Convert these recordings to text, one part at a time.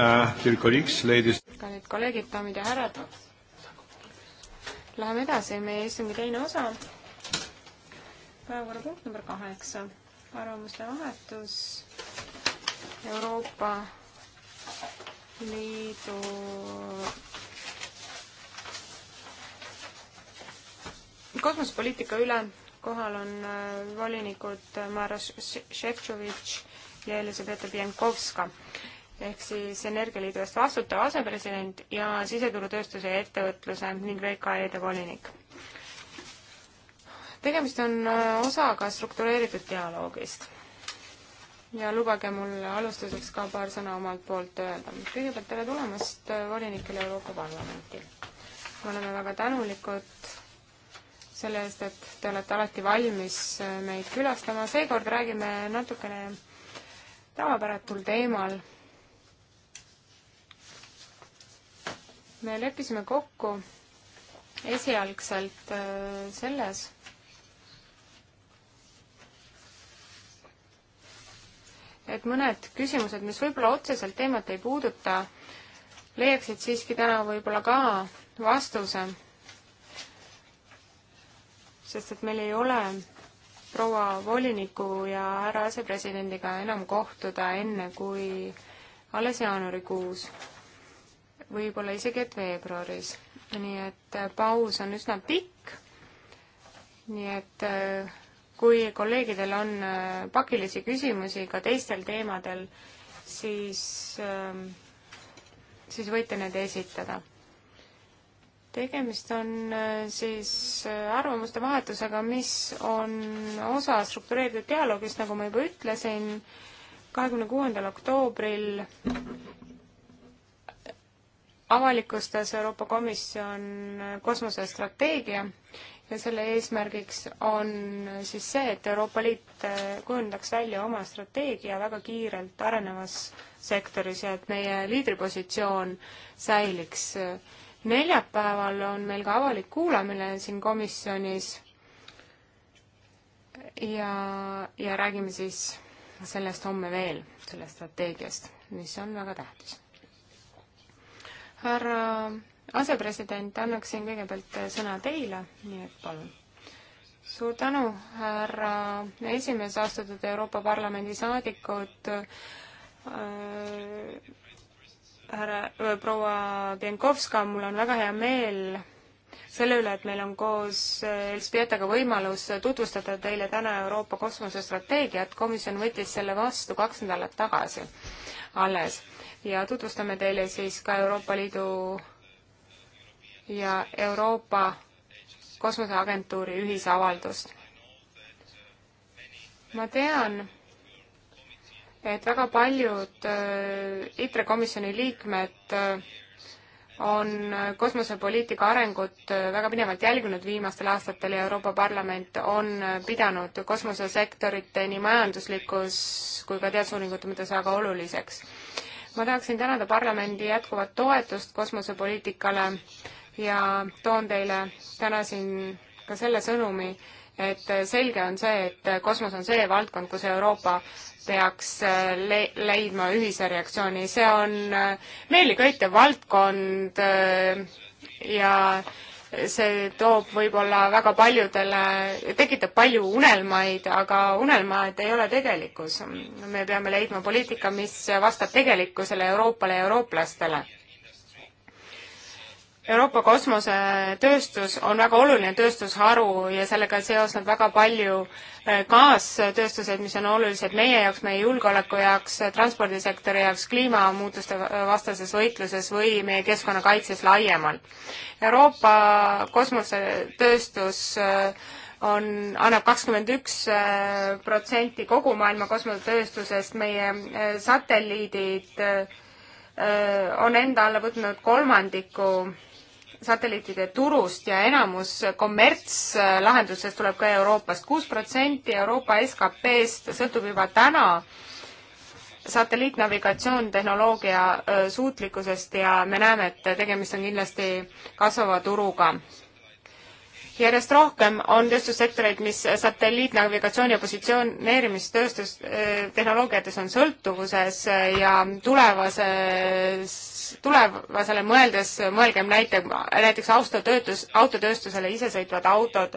Uh, kallid kolleegid, daamid ja härrad. Läheme edasi, meie istungi teine osa. päevakorrapunkt number kaheksa, arvamuste vahetus Euroopa Liidu kosmosepoliitika üle. kohal on äh, volinikud Maros Šefčovitš ja Elisabetta Pienkovska ehk siis Energialiidu eest vastutav asepresident ja siseturutööstuse ja ettevõtluse ning VKE-de volinik. tegemist on äh, osaga struktureeritud dialoogist. ja lubage mul alustuseks ka paar sõna omalt poolt öelda. kõigepealt tere tulemast äh, volinikele Euroopa Parlamenti. me oleme väga tänulikud selle eest, et te olete alati valmis äh, meid külastama, seekord räägime natukene tavapäratul teemal me leppisime kokku esialgselt äh, selles, et mõned küsimused, mis võib-olla otseselt teemat ei puuduta, leiaksid siiski täna võib-olla ka vastuse. sest et meil ei ole proua voliniku ja härra asepresidendiga enam kohtuda enne kui alles jaanuarikuus võib-olla isegi, et veebruaris. nii et äh, paus on üsna pikk, nii et äh, kui kolleegidel on äh, pakilisi küsimusi ka teistel teemadel, siis, ähm, siis võite need esitada. tegemist on siis arvamuste vahetusega, mis on osa struktureeritud dialoogist, nagu ma juba ütlesin, kahekümne kuuendal oktoobril avalikustas Euroopa Komisjon kosmosestrateegia ja selle eesmärgiks on siis see, et Euroopa Liit kujundaks välja oma strateegia väga kiirelt arenevas sektoris ja et meie liidripositsioon säiliks. neljapäeval on meil ka avalik kuulamine siin komisjonis ja, ja räägime siis sellest homme veel, sellest strateegiast, mis on väga tähtis härra asepresident, annaksin kõigepealt sõna teile, nii et palun. suur tänu, härra esimees, austatud Euroopa Parlamendi saadikud äh,, härra, äh, proua Genkovska, mul on väga hea meel selle üle, et meil on koos äh, Elspietaga võimalus tutvustada teile täna Euroopa kosmosestrateegiat. komisjon võttis selle vastu kaks nädalat tagasi alles ja tutvustame teile siis ka Euroopa Liidu ja Euroopa Kosmoseagentuuri ühisavaldust. ma tean, et väga paljud äh, ITRE komisjoni liikmed äh, on äh, kosmosepoliitika arengut väga pinevalt jälginud viimastel aastatel ja Euroopa Parlament on pidanud kosmosesektorit nii majanduslikus kui ka teadusuuringute mõttes väga oluliseks ma tahaksin tänada parlamendi jätkuvat toetust kosmosepoliitikale ja toon teile täna siin ka selle sõnumi, et selge on see, et kosmos on see valdkond, kus Euroopa peaks le leidma ühise reaktsiooni, see on meeliköitev valdkond äh, ja äh, see toob võib-olla väga paljudele, tekitab palju unelmaid, aga unelmad ei ole tegelikkus. me peame leidma poliitika, mis vastab tegelikkusele Euroopale ja eurooplastele Euroopa kosmosetööstus on väga oluline tööstusharu ja sellega seosnud väga palju äh, kaastööstuseid, mis on olulised meie jaoks, meie julgeoleku jaoks, transpordisektori jaoks, kliimamuutuste vastases võitluses või meie keskkonnakaitses laiemalt. Euroopa kosmosetööstus äh, on, annab kakskümmend üks äh, protsenti kogu maailma kosmosetööstusest, meie satelliidid on enda alla võtnud kolmandiku satelliitide turust ja enamus kommertslahendustest tuleb ka Euroopast. kuus protsenti Euroopa SKP-st sõltub juba täna satelliitnavigatsioon tehnoloogia äh, suutlikkusest ja me näeme, et tegemist on kindlasti kasvava turuga järjest rohkem on tööstussektoreid, mis satelliitnavigatsiooni ja positsioneerimistööstustehnoloogiates eh, on sõltuvuses eh, ja tulevases, tulevasele mõeldes mõelgem näite, näiteks autotöötus, autotööstusele isesõitvad autod.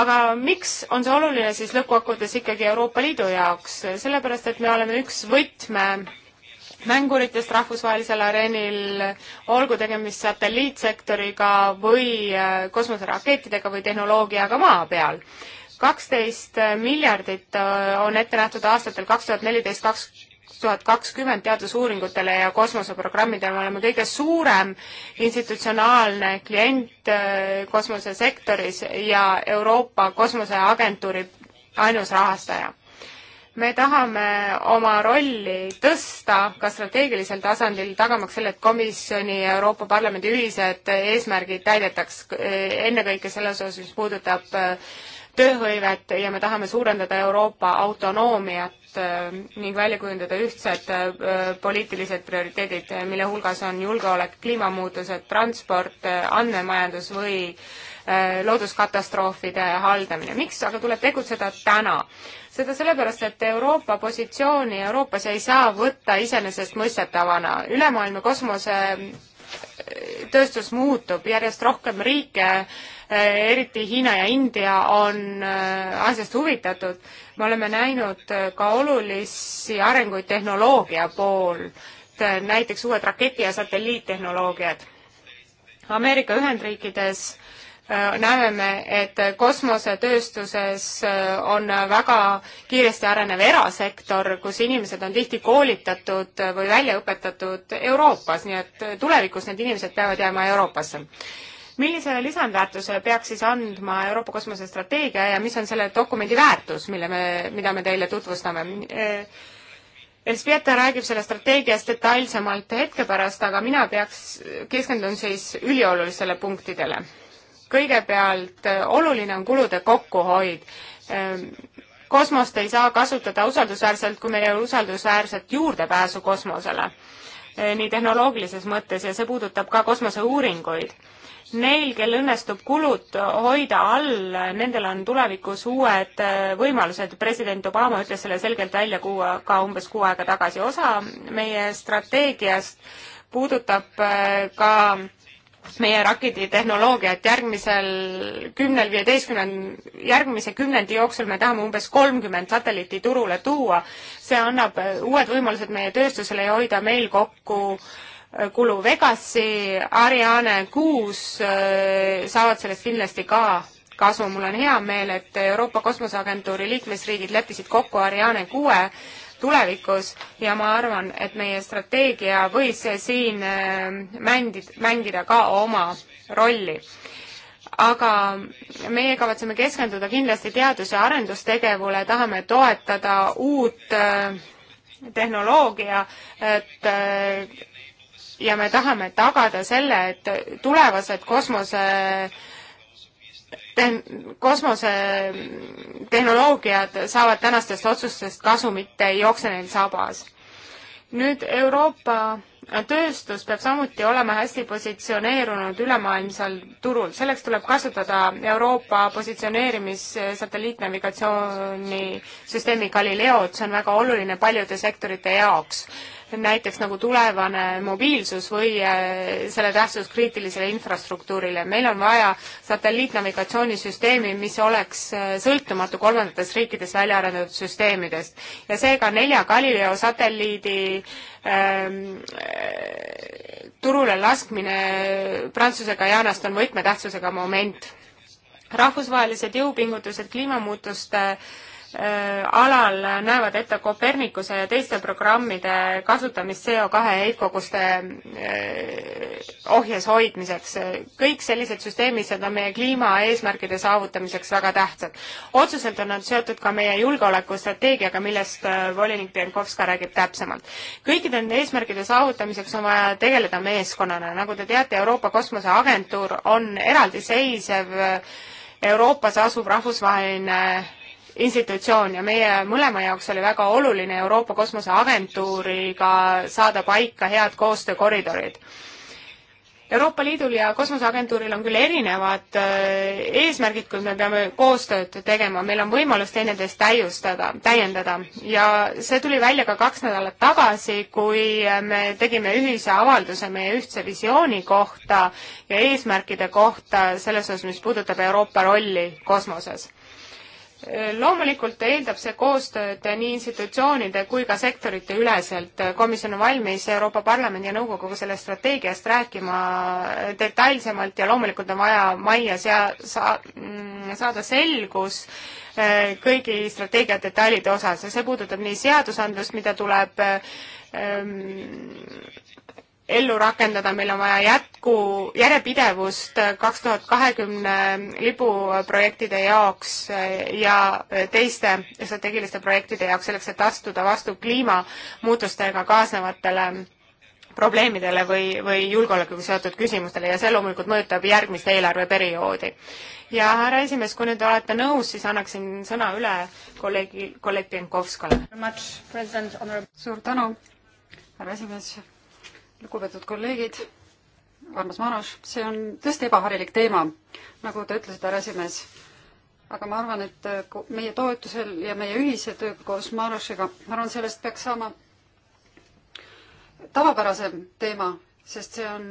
aga miks on see oluline siis lõppkokkuvõttes ikkagi Euroopa Liidu jaoks? sellepärast, et me oleme üks võtme mänguritest rahvusvahelisel areenil, olgu tegemist satelliitsektoriga või äh, kosmoserakettidega või tehnoloogiaga maa peal. kaksteist äh, miljardit äh, on ette nähtud aastatel kaks tuhat neliteist, kaks tuhat kakskümmend teadusuuringutele ja kosmoseprogrammidele, me oleme kõige suurem institutsionaalne klient kosmosesektoris ja Euroopa Kosmoseagentuuri ainus rahastaja me tahame oma rolli tõsta ka strateegilisel tasandil, tagamaks selle, et komisjoni ja Euroopa Parlamendi ühised eesmärgid täidetaks eh, ennekõike selles osas, mis puudutab eh, tööhõivet ja me tahame suurendada Euroopa autonoomiat eh, ning välja kujundada ühtsed poliitilised prioriteedid, mille hulgas on julgeolek, kliimamuutused, transport, andmemajandus või Äh, looduskatastroofide haldamine. miks aga tuleb tegutseda täna? seda sellepärast, et Euroopa positsiooni Euroopas ei saa võtta iseenesestmõistetavana. ülemaailmne kosmose äh, tööstus muutub, järjest rohkem riike, äh, eriti Hiina ja India, on asjast huvitatud. me oleme näinud ka olulisi arenguid tehnoloogia pool, näiteks uued raketi- ja satelliittehnoloogiad. Ameerika Ühendriikides Äh, näeme me, et kosmosetööstuses äh, on väga kiiresti arenev erasektor, kus inimesed on tihti koolitatud äh, või välja õpetatud Euroopas, nii et tulevikus need inimesed peavad jääma Euroopasse millisele lisandväärtusele peaks siis andma Euroopa kosmosestrateegia ja mis on selle dokumendi väärtus, mille me, mida me teile tutvustame? Elspieta räägib sellest strateegiast detailsemalt hetke pärast, aga mina peaks, keskendun siis üliolulistele punktidele kõigepealt äh, oluline on kulude kokkuhoid. Ähm, kosmost ei saa kasutada usaldusväärselt, kui meil ei ole usaldusväärset juurdepääsu kosmosele, äh, nii tehnoloogilises mõttes ja see puudutab ka kosmoseuuringuid. Neil, kel õnnestub kulud hoida all, nendel on tulevikus uued äh, võimalused, president Obama ütles selle selgelt välja kuu, ka umbes kuu aega tagasi. osa meie strateegiast puudutab ka äh, meie raketitehnoloogiat järgmisel kümnel, viieteistkümnel, järgmise kümnendi jooksul me tahame umbes kolmkümmend satelliiti turule tuua. see annab äh, uued võimalused meie tööstusele ja hoida meil kokku äh, kulu Vegasi, Ariane kuus äh, saavad sellest kindlasti ka kasu. mul on hea meel, et Euroopa Kosmoseagentuuri liikmesriigid leppisid kokku Ariane kuue tulevikus ja ma arvan, et meie strateegia võis siin ähm, mängid, mängida ka oma rolli aga meie kavatseme keskenduda kindlasti teadus- ja arendustegevule, tahame toetada uut ähm, tehnoloogiat äh, ja me tahame tagada selle, et tulevased kosmose tehn-, kosmosetehnoloogiad saavad tänastest otsustest kasu, mitte ei jookse neil sabas. nüüd Euroopa tööstus peab samuti olema hästi positsioneerunud ülemaailmsel turul, selleks tuleb kasutada Euroopa positsioneerimissatelliitnavigatsiooni süsteemi Galileod, see on väga oluline paljude sektorite jaoks näiteks nagu tulevane mobiilsus või äh, selle tähtsus kriitilisele infrastruktuurile. meil on vaja satelliitnavigatsioonisüsteemi, mis oleks äh, sõltumatu kolmandates riikides välja arendatud süsteemidest ja seega nelja Galileo satelliidi ähm, äh, turule laskmine Prantsuse Guyanast on võtmetähtsusega moment. rahvusvahelised jõupingutused kliimamuutuste äh, Äh, alal näevad ette Kopernikuse ja teiste programmide kasutamist CO2 heitkoguste äh, ohjes hoidmiseks. kõik sellised süsteemid on meie kliimaeesmärkide saavutamiseks väga tähtsad. otseselt on nad seotud ka meie julgeolekustrateegiaga, millest äh, volinik Pienkovska räägib täpsemalt. kõikide nende eesmärkide saavutamiseks on vaja tegeleda meeskonnana, nagu te teate, Euroopa Kosmoseagentuur on eraldiseisev Euroopas asuv rahvusvaheline institutsioon ja meie mõlema jaoks oli väga oluline Euroopa Kosmoseagentuuriga saada paika head koostöökoridorid. Euroopa Liidul ja Kosmoseagentuuril on küll erinevad äh, eesmärgid, kuid me peame koostööd tegema, meil on võimalus teineteist täiustada, täiendada ja see tuli välja ka kaks nädalat tagasi, kui me tegime ühise avalduse meie ühtse visiooni kohta ja eesmärkide kohta selles osas, mis puudutab Euroopa rolli kosmoses loomulikult eeldab see koostööd nii institutsioonide kui ka sektorite üleselt. komisjon on valmis Euroopa Parlamendi ja Nõukoguga sellest strateegiast rääkima detailsemalt ja loomulikult on vaja majja sea-, sa-, mm, saada selgus eh, kõigi strateegia detailide osas ja see puudutab nii seadusandlust, mida tuleb ähm, ellu rakendada, meil on vaja jätku, järjepidevust kaks tuhat kahekümne lipuprojektide jaoks eh, ja eh, teiste strateegiliste projektide jaoks, selleks et astuda vastu kliimamuutustega kaasnevatele probleemidele või, või julgeolekuga seotud küsimustele ja see loomulikult mõjutab järgmist eelarveperioodi. ja härra esimees, kui nüüd olete nõus, siis annaksin sõna üle kolleegi, kolleeg Pienkovskale. suur tänu, härra esimees lugupeetud kolleegid, armas Manos, see on tõesti ebaharilik teema, nagu te ütlesite, härra esimees. aga ma arvan, et äh, meie toetusel ja meie ühise tööga koos Marosiga, ma arvan, sellest peaks saama tavapärasem teema, sest see on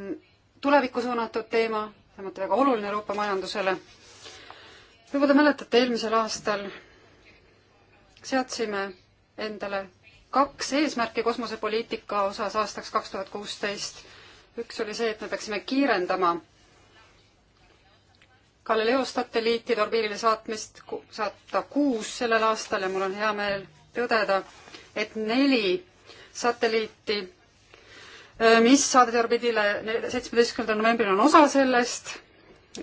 tulevikku suunatud teema, samuti väga oluline Euroopa majandusele. võib-olla mäletate, eelmisel aastal seadsime endale kaks eesmärki kosmosepoliitika osas aastaks kaks tuhat kuusteist. üks oli see, et me peaksime kiirendama Galileo satelliitide orbiidile saatmist, saata kuus sellel aastal ja mul on hea meel tõdeda, et neli satelliiti, mis saadeti orbiidile seitsmeteistkümnendal novembril, on osa sellest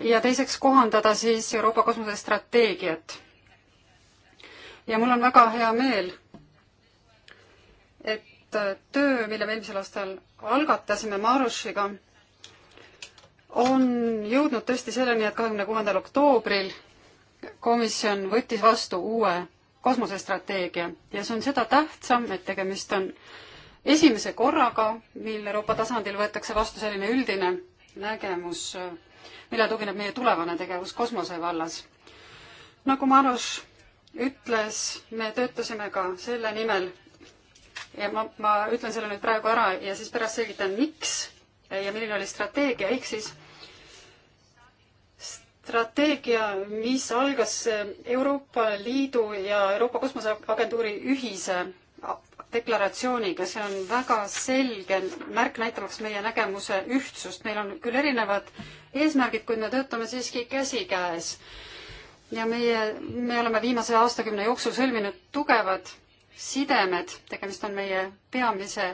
ja teiseks kohandada siis Euroopa kosmosestrateegiat. ja mul on väga hea meel et äh, töö, mille me eelmisel aastal algatasime Marušiga, on jõudnud tõesti selleni, et kahekümne kuuendal oktoobril komisjon võttis vastu uue kosmosestrateegia ja see on seda tähtsam, et tegemist on esimese korraga, mil Euroopa tasandil võetakse vastu selline üldine nägemus, millele tugineb meie tulevane tegevus kosmose vallas. nagu Marus ütles, me töötasime ka selle nimel, ja ma, ma ütlen selle nüüd praegu ära ja siis pärast selgitan, miks ja milline oli strateegia, ehk siis strateegia, mis algas Euroopa Liidu ja Euroopa Kosmoseagentuuri ühise deklaratsiooniga, see on väga selge märk näitamaks meie nägemuse ühtsust, meil on küll erinevad eesmärgid, kuid me töötame siiski käsikäes. ja meie, me oleme viimase aastakümne jooksul sõlminud tugevad sidemed, tegemist on meie peamise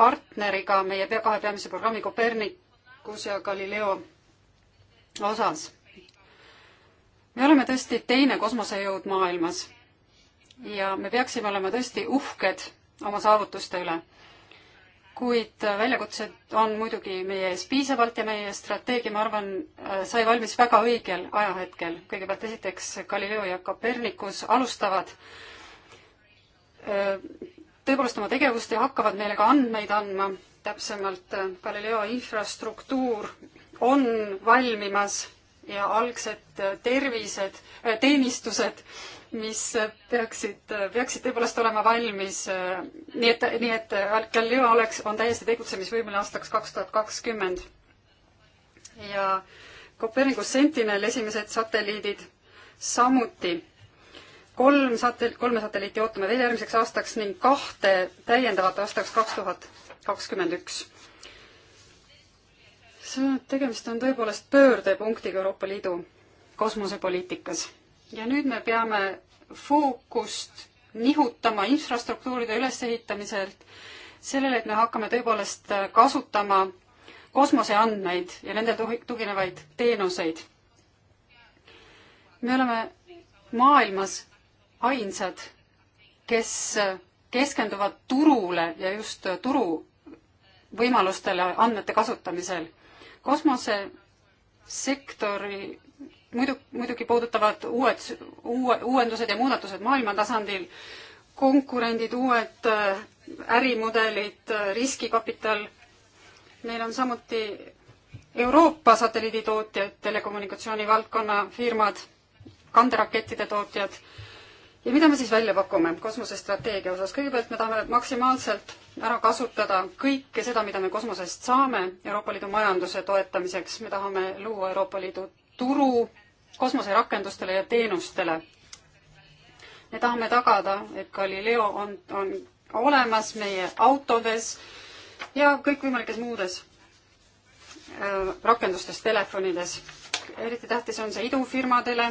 partneriga meie pea, kahe peamise programmi Copernicus ja Galileo osas. me oleme tõesti teine kosmosejõud maailmas ja me peaksime olema tõesti uhked oma saavutuste üle. kuid väljakutsed on muidugi meie ees piisavalt ja meie strateegia, ma arvan, sai valmis väga õigel ajahetkel. kõigepealt esiteks Galileo ja Copernicus alustavad tõepoolest oma tegevust ja hakkavad meile ka andmeid andma. täpsemalt äh, Galileo infrastruktuur on valmimas ja algsed äh, tervised, äh, teenistused, mis peaksid, peaksid tõepoolest olema valmis. nii et, nii et Galileo oleks, on täiesti tegutsemisvõimeline aastaks kaks tuhat kakskümmend. ja Copernicus Sentinel esimesed satelliidid samuti kolm satel-, kolme satelliiti ootame veel järgmiseks aastaks ning kahte täiendavat aastaks kaks tuhat kakskümmend üks. see on, tegemist on tõepoolest pöördepunktiga Euroopa Liidu kosmosepoliitikas. ja nüüd me peame fookust nihutama infrastruktuuride ülesehitamiselt sellele, et me hakkame tõepoolest kasutama kosmoseandmeid ja nendel tuginevaid teenuseid. me oleme maailmas ainsad, kes keskenduvad turule ja just turu võimalustele andmete kasutamisel. kosmosesektori muidu, muidugi puudutavad uued, uue, uuendused ja muudatused maailma tasandil, konkurendid, uued äh, ärimudelid, äh, riskikapital. meil on samuti Euroopa satelliiditootjad, telekommunikatsiooni valdkonna firmad, kanderakettide tootjad ja mida me siis välja pakume kosmosestrateegia osas? kõigepealt me tahame maksimaalselt ära kasutada kõike seda, mida me kosmosest saame Euroopa Liidu majanduse toetamiseks. me tahame luua Euroopa Liidu turu kosmoserakendustele ja teenustele. me tahame tagada, et Galileo on, on olemas meie autodes ja kõikvõimalikes muudes äh, rakendustes, telefonides. eriti tähtis on see idufirmadele.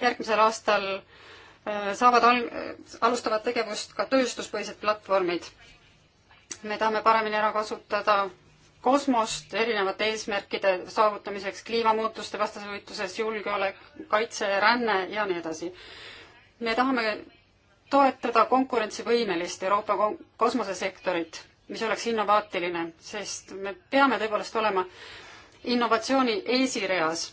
järgmisel aastal äh, Äh, saavad al-, alustavad tegevust ka tööstuspõhised platvormid. me tahame paremini ära kasutada kosmost erinevate eesmärkide saavutamiseks, kliimamuutuste vastases võitluses, julgeolek, kaitse, ränne ja nii edasi. me tahame toetada konkurentsivõimelist Euroopa kosmosesektorit, mis oleks innovaatiline, sest me peame tõepoolest olema innovatsiooni esireas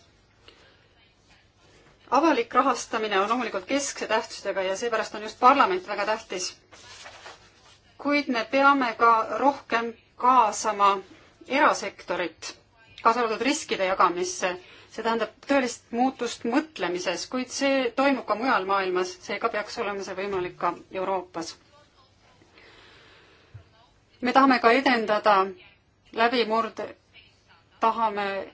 avalik rahastamine on loomulikult keskse tähtsusega ja seepärast on just parlament väga tähtis. kuid me peame ka rohkem kaasama erasektorit, kaasa arvatud riskide jagamisse. see tähendab tõelist muutust mõtlemises, kuid see toimub ka mujal maailmas, seega peaks olema see võimalik ka Euroopas. me tahame ka edendada läbimurde, tahame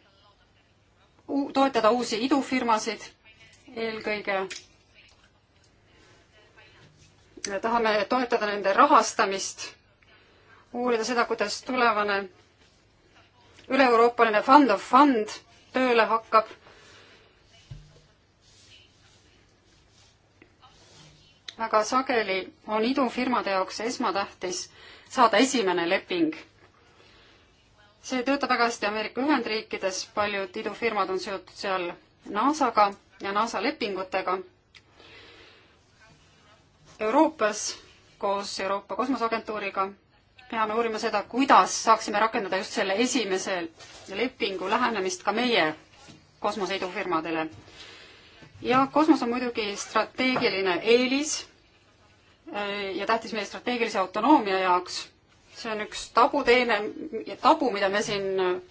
toetada uusi idufirmasid eelkõige tahame toetada nende rahastamist, uurida seda, kuidas tulevane üle-euroopaline fund of fund tööle hakkab. väga sageli on idufirmade jaoks esmatähtis saada esimene leping. see töötab väga hästi Ameerika Ühendriikides, paljud idufirmad on seotud seal NASA-ga ja NASA lepingutega. Euroopas koos Euroopa Kosmoseagentuuriga peame uurima seda, kuidas saaksime rakendada just selle esimese lepingu lähenemist ka meie kosmoseidufirmadele. ja kosmos on muidugi strateegiline eelis äh, ja tähtis meie strateegilise autonoomia jaoks. see on üks tabuteene, tabu, mida me siin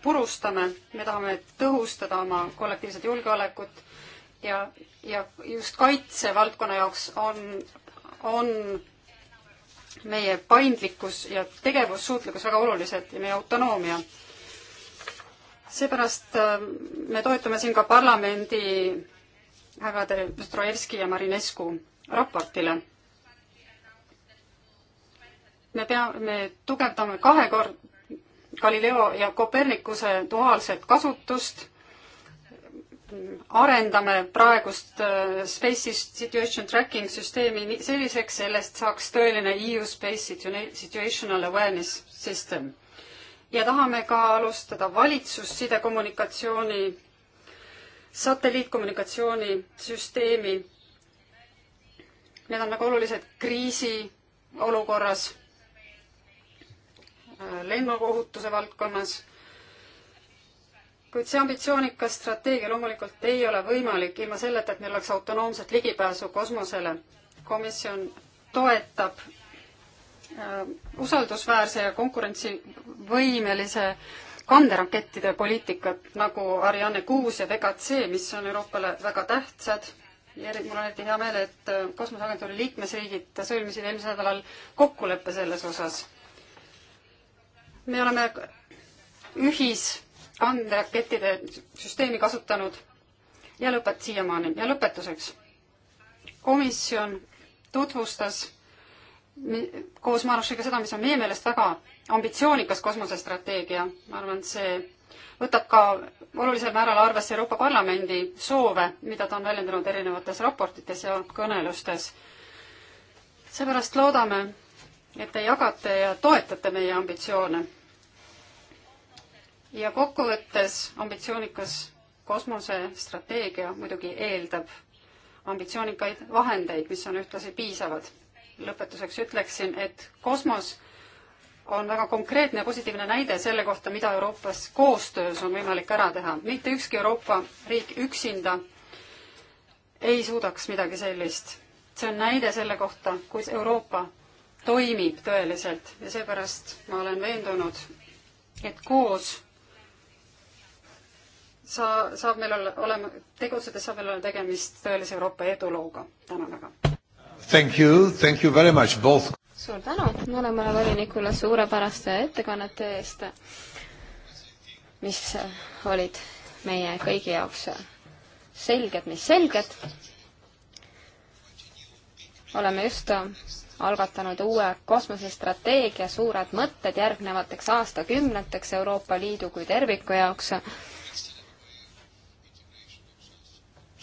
purustame. me tahame tõhustada oma kollektiivset julgeolekut ja, ja just kaitsevaldkonna jaoks on, on meie paindlikkus ja tegevussuutlikkus väga olulised ja meie autonoomia. seepärast äh, me toetame siin ka parlamendi härrade Strojevski ja Marinescu raportile. me pea, me tugevdame kahekord Galileo ja Kopernikuse duaalset kasutust arendame praegust äh, Space Situation Tracking süsteemi selliseks, sellest saaks tõeline EU Space Situational Awareness System. ja tahame ka alustada valitsussidekommunikatsiooni, satelliitkommunikatsioonisüsteemi. Need on väga olulised kriisiolukorras, äh, lennuohutuse valdkonnas kuid see ambitsioonikas strateegia loomulikult ei ole võimalik ilma selleta, et meil oleks autonoomset ligipääsu kosmosele. komisjon toetab äh, usaldusväärse ja konkurentsivõimelise kanderakettide poliitikat nagu Ariane kuus ja Vega C, mis on Euroopale väga tähtsad. ja mul on eriti hea meel, et äh, Kosmoseagentuuri liikmesriigid sõlmisid eelmisel nädalal kokkuleppe selles osas. me oleme ühis anderakettide süsteemi kasutanud ja lõpet siiamaani. ja lõpetuseks. komisjon tutvustas koos Marušiga seda, mis on meie meelest väga ambitsioonikas kosmosestrateegia. ma arvan, et see võtab ka olulisel määral arvesse Euroopa Parlamendi soove, mida ta on väljendanud erinevates raportites ja kõnelustes. seepärast loodame, et te jagate ja toetate meie ambitsioone ja kokkuvõttes ambitsioonikas kosmosestrateegia muidugi eeldab ambitsioonikaid vahendeid, mis on ühtlasi piisavad. lõpetuseks ütleksin, et kosmos on väga konkreetne ja positiivne näide selle kohta, mida Euroopas koostöös on võimalik ära teha. mitte ükski Euroopa riik üksinda ei suudaks midagi sellist. see on näide selle kohta, kus Euroopa toimib tõeliselt ja seepärast ma olen veendunud, et koos saa, saab meil olla, olema, tegutsedes saab meil olla tegemist tõelise Euroopa edulooga. tänan väga! Thank you, thank you very much both! suur tänu mõlemale volinikule suurepäraste ettekannete eest, mis olid meie kõigi jaoks selged, mis selged. oleme just algatanud uue kosmosestrateegia Suured mõtted järgnevateks aastakümneteks Euroopa Liidu kui terviku jaoks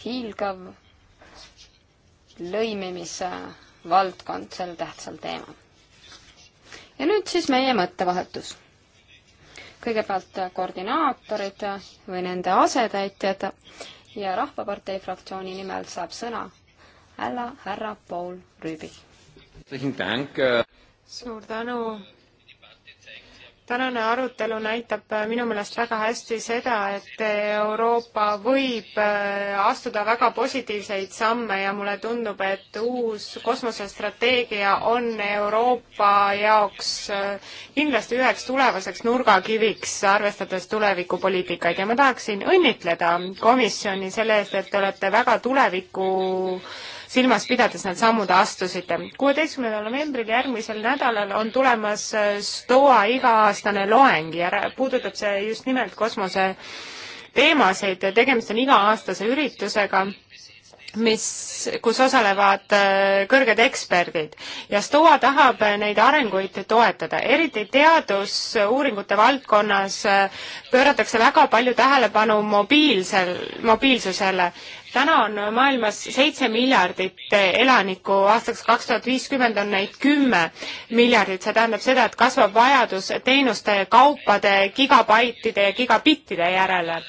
hiilgav lõimimise valdkond sel tähtsal teemal. ja nüüd siis meie mõttevahetus. kõigepealt koordinaatorid või nende asetäitjad ja Rahvapartei fraktsiooni nimel saab sõna härra, härra Paul Rüübi. suur tänu tänane arutelu näitab äh, minu meelest väga hästi seda, et Euroopa võib äh, astuda väga positiivseid samme ja mulle tundub, et uus kosmosestrateegia on Euroopa jaoks äh, kindlasti üheks tulevaseks nurgakiviks, arvestades tulevikupoliitikaid ja ma tahaksin õnnitleda komisjoni selle eest, et te olete väga tuleviku silmas pidades need sammud astusite. kuueteistkümnendal novembril järgmisel nädalal on tulemas äh, STOA iga-aastane loeng ja puudutab see just nimelt kosmose teemasid, tegemist on iga-aastase üritusega mis, kus osalevad äh, kõrged eksperdid ja STOA tahab äh, neid arenguid toetada, eriti teadusuuringute valdkonnas äh, pööratakse väga palju tähelepanu mobiilsel, mobiilsusele. täna on maailmas seitse miljardit elanikku, aastaks kaks tuhat viiskümmend on neid kümme miljardit, see tähendab seda, et kasvab vajadus teenuste, kaupade, gigabaitide ja gigabittide järele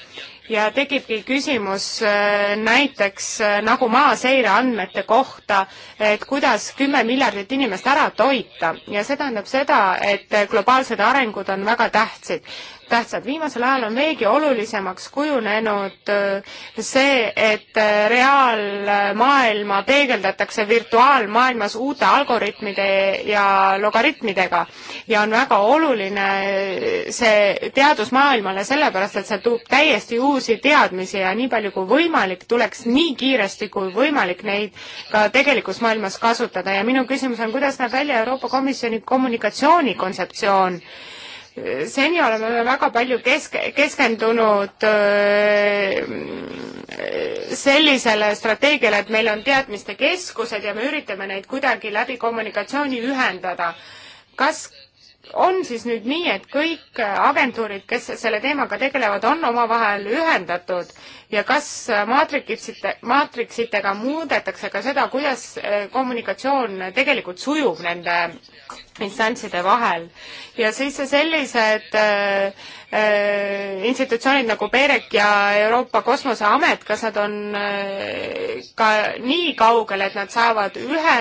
ja tekibki küsimus äh, näiteks äh, nagu maaseire andmete kohta, et kuidas kümme miljardit inimest ära toita ja see tähendab seda, et äh, globaalsed arengud on väga tähtsad tähtsad. viimasel ajal on veelgi olulisemaks kujunenud äh, see, et äh, reaalmaailma peegeldatakse virtuaalmaailmas uute algoritmide ja logaritmidega ja on väga oluline äh, see teadusmaailmale, sellepärast et see toob täiesti uusi teadmisi ja nii palju kui võimalik, tuleks nii kiiresti kui võimalik neid ka tegelikus maailmas kasutada ja minu küsimus on, kuidas näeb välja Euroopa Komisjoni kommunikatsioonikontseptsioon? seni oleme me väga palju kesk-, keskendunud äh, sellisele strateegiale, et meil on teadmiste keskused ja me üritame neid kuidagi läbi kommunikatsiooni ühendada. kas on siis nüüd nii, et kõik agentuurid, kes selle teemaga tegelevad, on omavahel ühendatud ja kas maatriksite, maatriksitega muudetakse ka seda, kuidas eh, kommunikatsioon tegelikult sujub nende instantside vahel ja siis sellised äh, Äh, institutsioonid nagu PEREC ja Euroopa Kosmoseamet, kas nad on äh, ka nii kaugel, et nad saavad ühe,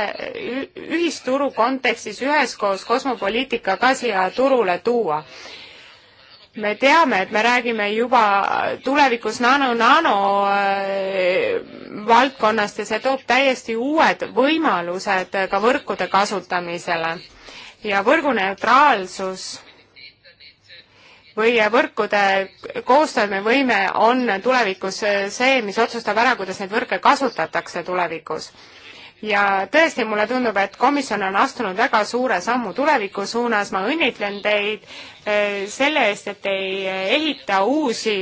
ühisturu kontekstis üheskoos kosmopoliitika ka siia turule tuua? me teame, et me räägime juba tulevikus nano-nano äh, valdkonnast ja see toob täiesti uued võimalused ka võrkude kasutamisele. ja võrguneutraalsus või võrkude koostöövõime on tulevikus see, mis otsustab ära, kuidas neid võrke kasutatakse tulevikus. ja tõesti, mulle tundub, et komisjon on astunud väga suure sammu tuleviku suunas, ma õnnitlen teid eh, selle eest, et ei ehita uusi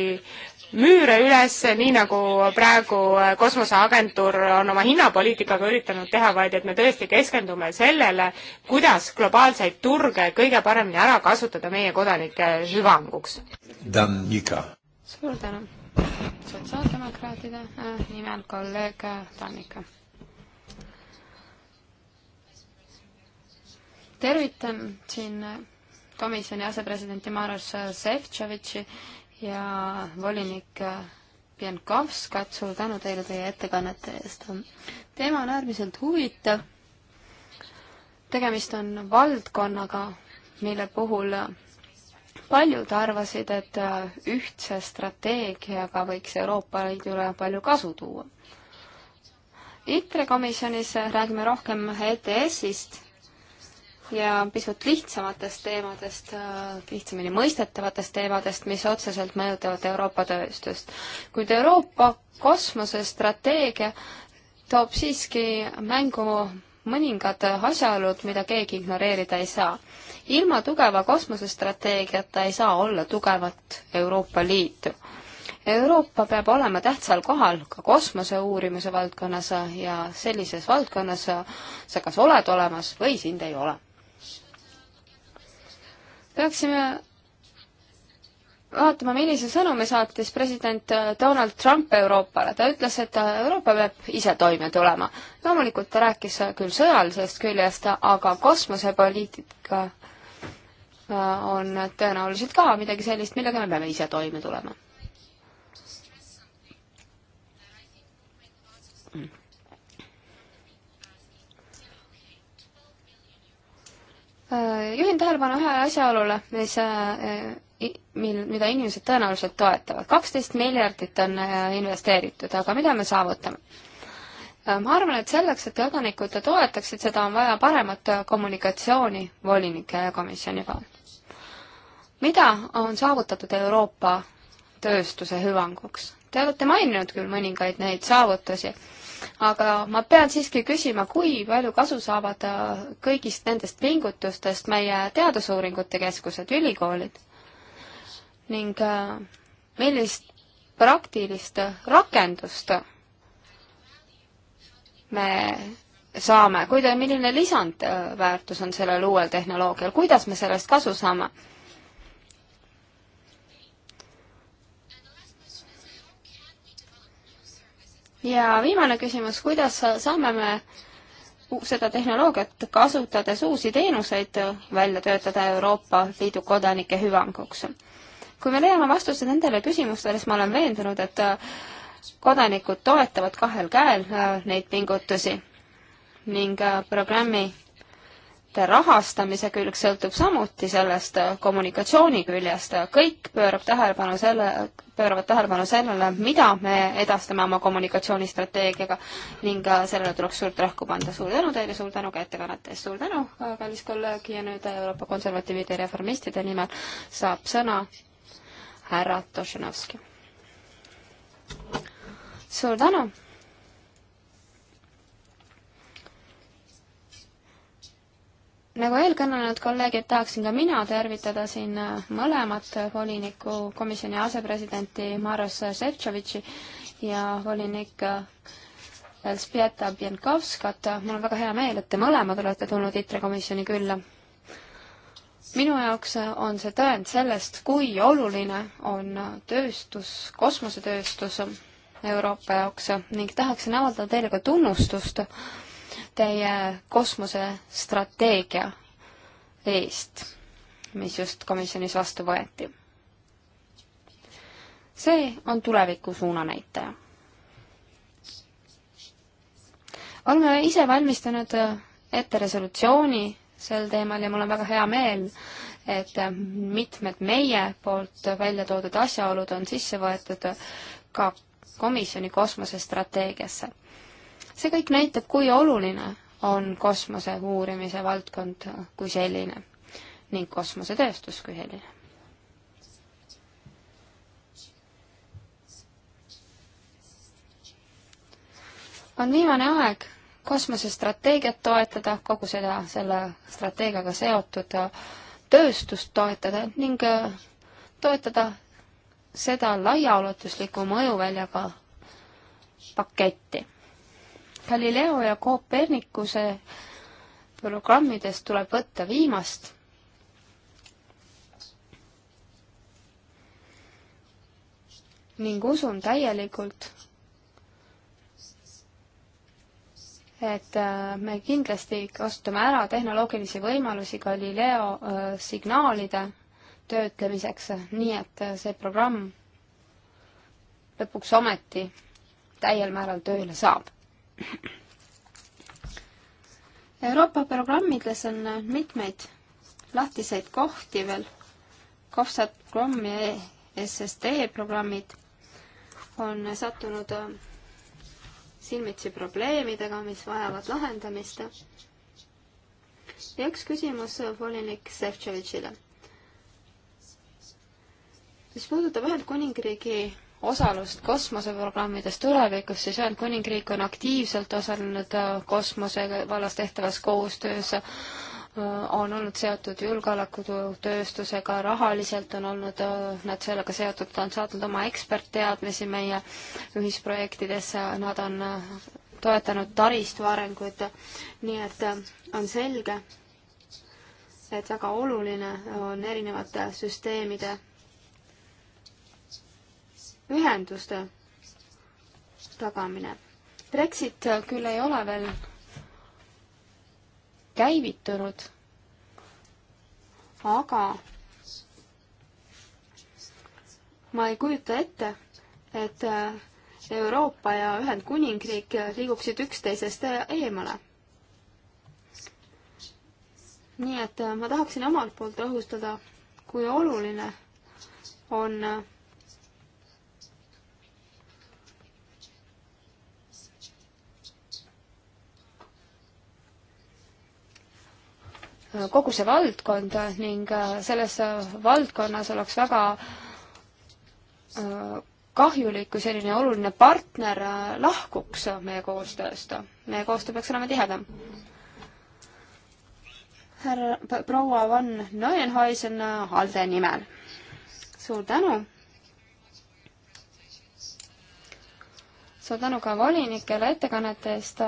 müüre üles, nii nagu praegu äh, kosmoseagentuur on oma hinnapoliitikaga üritanud teha, vaid et me tõesti keskendume sellele, kuidas globaalseid turge kõige paremini ära kasutada meie kodanike hüvanguks. suur tänu. sotsiaaldemokraatide äh, nimel kolleeg Tannika. Äh, tervitan siin komisjoni asepresidenti Maros Šefčovitši ja volinik Pienkovskat, suur tänu teile teie ettekannete eest. teema on äärmiselt huvitav. tegemist on valdkonnaga, mille puhul paljud arvasid, et ühtse strateegiaga võiks Euroopa Liidule palju kasu tuua. ITRE komisjonis räägime rohkem ETS-ist ja pisut lihtsamatest teemadest, lihtsamini mõistetavatest teemadest, mis otseselt mõjutavad Euroopa tööstust. kuid Euroopa kosmosestrateegia toob siiski mängu mõningad asjaolud, mida keegi ignoreerida ei saa. ilma tugeva kosmosestrateegiata ei saa olla tugevat Euroopa Liitu. Euroopa peab olema tähtsal kohal ka kosmose uurimise valdkonnas ja sellises valdkonnas sa kas oled olemas või sind ei ole peaksime vaatama, millise sõnumi saatis president äh, Donald Trump Euroopale. ta ütles, et äh, Euroopa peab ise toime tulema. loomulikult ta rääkis äh, küll sõjalisest küljest, aga kosmosepoliitika on tõenäoliselt ka midagi sellist, millega me peame ise toime tulema. Äh, juhin tähelepanu ühele asjaolule, mis äh, mil, mida inimesed tõenäoliselt toetavad. kaksteist miljardit on äh, investeeritud, aga mida me saavutame? ma arvan, et selleks, et kodanikud toetaksid seda, on vaja paremat kommunikatsiooni volinike ja komisjoni vahel. mida on saavutatud Euroopa tööstuse hüvanguks? Te olete maininud küll mõningaid neid saavutusi aga ma pean siiski küsima, kui palju kasu saavad äh, kõigist nendest pingutustest meie teadusuuringute keskused, ülikoolid ning äh, millist praktilist rakendust me saame, kuida-, milline lisandväärtus on sellel uuel tehnoloogial, kuidas me sellest kasu saame? ja viimane küsimus, kuidas saame me seda tehnoloogiat kasutades uusi teenuseid välja töötada Euroopa Liidu kodanike hüvanguks? kui me leiame vastuse nendele küsimustele, siis ma olen veendunud, et kodanikud toetavad kahel käel äh, neid pingutusi ning äh, programmi rahastamise külg sõltub samuti sellest äh, kommunikatsiooni küljest, kõik pöörab tähelepanu selle, pööravad tähelepanu sellele, mida me edastame oma kommunikatsioonistrateegiaga ning äh, sellele tuleks suurt rõhku panda. suur tänu teile, suur tänu ka ettekannete eest, suur tänu, äh, kallis kolleeg, ja nüüd Euroopa Konservatiivide ja Reformistide nimel saab sõna härra Tošenovski. suur tänu nagu eelkõnelenud kolleegid, tahaksin ka mina tervitada siin äh, mõlemat voliniku komisjoni asepresidenti Maros Šefčovitši ja volinik äh, Elspieta Bienkovskat. mul on väga hea meel, et te mõlemad olete tulnud ITRE komisjoni külla. minu jaoks äh, on see tõend sellest, kui oluline on tööstus, kosmosetööstus Euroopa jaoks ning tahaksin avaldada teile ka tunnustust äh, teie kosmosestrateegia eest, mis just komisjonis vastu võeti. see on tuleviku suunanäitaja. oleme ise valmistanud ette resolutsiooni sel teemal ja mul on väga hea meel, et mitmed meie poolt välja toodud asjaolud on sisse võetud ka komisjoni kosmosestrateegiasse see kõik näitab, kui oluline on kosmose uurimise valdkond kui selline ning kosmosetööstus kui selline. on viimane aeg kosmosestrateegiat toetada, kogu seda, selle strateegiaga seotud tööstust toetada ning äh, toetada seda laiaulatusliku mõjuväljaga paketti Galileo ja Kopernikuse programmidest tuleb võtta viimast. ning usun täielikult, et äh, me kindlasti kasutame ära tehnoloogilisi võimalusi Galileo äh, signaalide töötlemiseks, nii et äh, see programm lõpuks ometi täiel määral tööle saab Euroopa programmides on mitmeid lahtiseid kohti veel, COFSAT programm ja SSD programmid on sattunud äh, silmitsi probleemidega, mis vajavad lahendamist. ja üks küsimus volinik Šefčovitšile. mis puudutab Ühendkuningriigi osalust kosmoseprogrammides tulevikus, siis Ühendkuningriik on aktiivselt osalenud äh, kosmose vallas tehtavas koostöös, äh, on olnud seotud julgeolekutööstusega, rahaliselt on olnud äh, nad sellega seotud, on saatnud oma ekspertteadmisi meie ühisprojektidesse, nad on toetanud taristu arengut, nii et on selge, et väga oluline on erinevate süsteemide ühenduste tagamine. Brexit küll ei ole veel käivitunud, aga ma ei kujuta ette, et Euroopa ja Ühendkuningriik liiguksid üksteisest eemale. nii et ma tahaksin omalt poolt rõhustada, kui oluline on kogu see valdkond ning äh, selles äh, valdkonnas oleks väga äh, kahjulik, kui selline oluline partner lahkuks meie koostööst. meie koostöö peaks olema tihedam. härra proua Van Neuenhuisen ALDE nimel. suur tänu. suur tänu ka volinikele ettekannete eest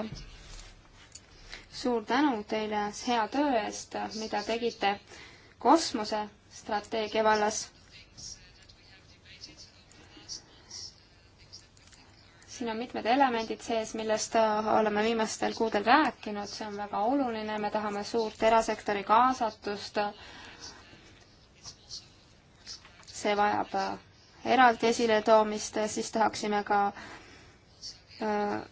suur tänu teile hea töö eest, mida tegite kosmosestrateegia vallas. siin on mitmed elemendid sees, millest äh, oleme viimastel kuudel rääkinud, see on väga oluline, me tahame suurt erasektori kaasatust. see vajab äh, eraldi esiletoomist, siis tahaksime ka äh,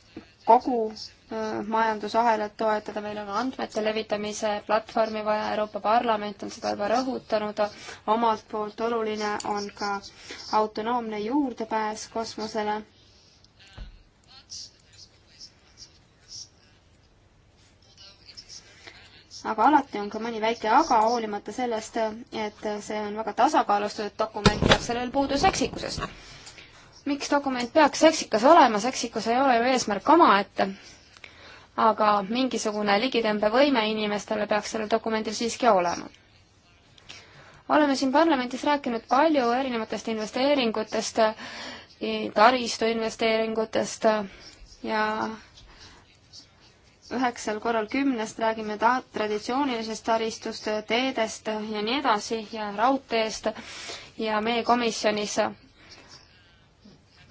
kogu Äh, majandusahelat toetada, meil on andmete levitamise platvormi vaja, Euroopa Parlament on seda juba rõhutanud, omalt poolt oluline on ka autonoomne juurdepääs kosmosele. aga alati on ka mõni väike aga, hoolimata sellest, et see on väga tasakaalustatud dokument, peab sellel puudu seksikusest. miks dokument peaks seksikas olema, seksikus ei ole ju eesmärk omaette et aga mingisugune ligitõmbevõime inimestele peaks sellel dokumendil siiski olema. oleme siin parlamendis rääkinud palju erinevatest investeeringutest, taristu investeeringutest ja üheksal korral kümnest räägime ta-, traditsioonilisest taristust, teedest ja nii edasi ja raudteest ja meie komisjonis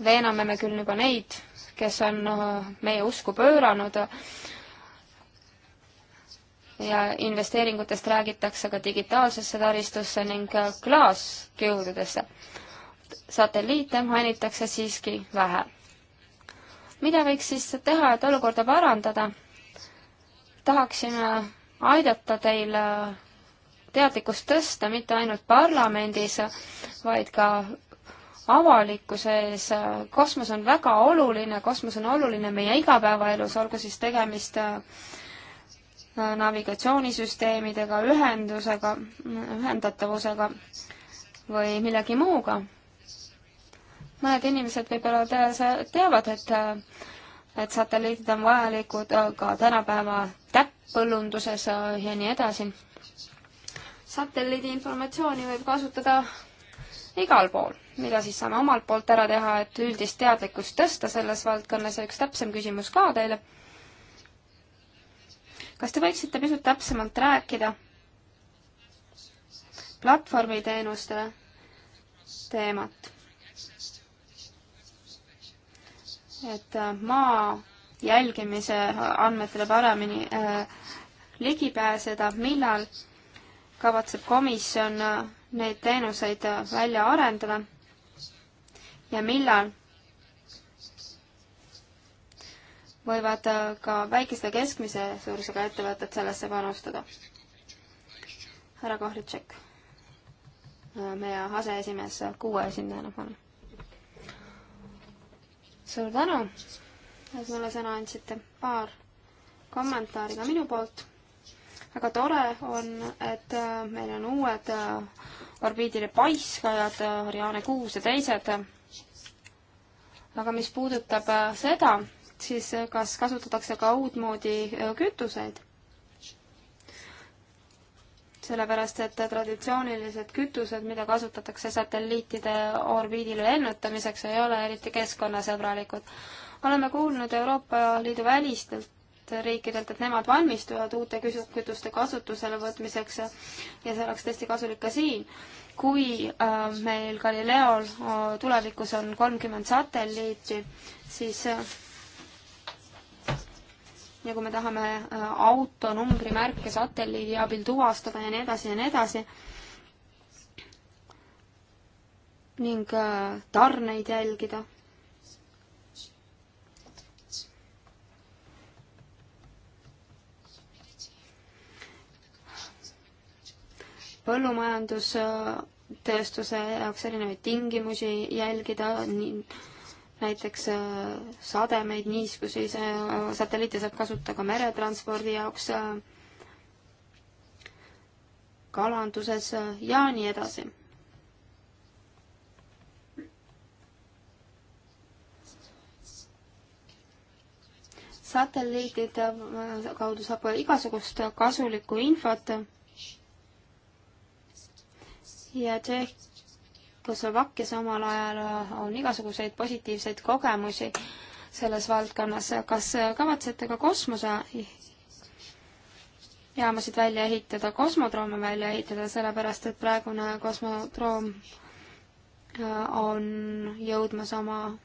veename me küll juba neid, kes on äh, meie usku pööranud ja investeeringutest räägitakse ka digitaalsesse taristusse ning äh, klaaskiududesse. satelliite mainitakse siiski vähe. mida võiks siis teha, et olukorda parandada? tahaksime aidata teil äh, teadlikkust tõsta mitte ainult parlamendis, vaid ka avalikkuse ees. kosmos on väga oluline, kosmos on oluline meie igapäevaelus, olgu siis tegemist äh, navigatsioonisüsteemidega, ühendusega, ühendatavusega või millegi muuga. mõned inimesed võib-olla te teavad, et äh, et satelliidid on vajalikud äh, ka tänapäeva täpppõllunduses ja nii edasi. satelliidi informatsiooni võib kasutada igal pool mida siis saame omalt poolt ära teha, et üldist teadlikkust tõsta selles valdkonnas ja üks täpsem küsimus ka teile. kas te võiksite pisut täpsemalt rääkida platvormiteenustele teemat? et äh, maa jälgimise andmetele paremini äh, ligi pääseda, millal kavatseb komisjon äh, neid teenuseid äh, välja arendada ja millal võivad äh, ka väikeste keskmise suurusega ettevõtted sellesse panustada. härra Kohlitšek, äh, meie aseesimees äh, kuue esindajana, palun. suur tänu, et mulle sõna andsite. paar kommentaari ka minu poolt. väga tore on, et meil on uued orbiidile paiskajad, Ariane kuus ja teised aga mis puudutab äh, seda, siis äh, kas kasutatakse ka uutmoodi äh, kütuseid? sellepärast, et traditsioonilised kütused, mida kasutatakse satelliitide orbiidile lennutamiseks, ei ole eriti keskkonnasõbralikud. oleme kuulnud Euroopa Liidu välistelt riikidelt, et nemad valmistuvad uute kütuste kasutusele võtmiseks ja see oleks tõesti kasulik ka siin kui äh, meil Galileol äh, tulevikus on kolmkümmend satelliiti, siis äh, ja kui me tahame auto numbrimärke satelliidi abil tuvastada ja nii edasi ja nii edasi, ning tarneid jälgida põllumajandustööstuse jaoks erinevaid tingimusi jälgida, näiteks äh, sademeid, niiskusi, see äh, satelliite saab kasutada ka meretranspordi jaoks, äh, kalanduses ja nii edasi satelliitide kaudu saab igasugust kasulikku infot ja Tšehhoslovakkias omal ajal on igasuguseid positiivseid kogemusi selles valdkonnas. kas kavatsete ka kosmose jaamasid välja ehitada, kosmodroome välja ehitada, sellepärast et praegune kosmodroom äh, on jõudmas oma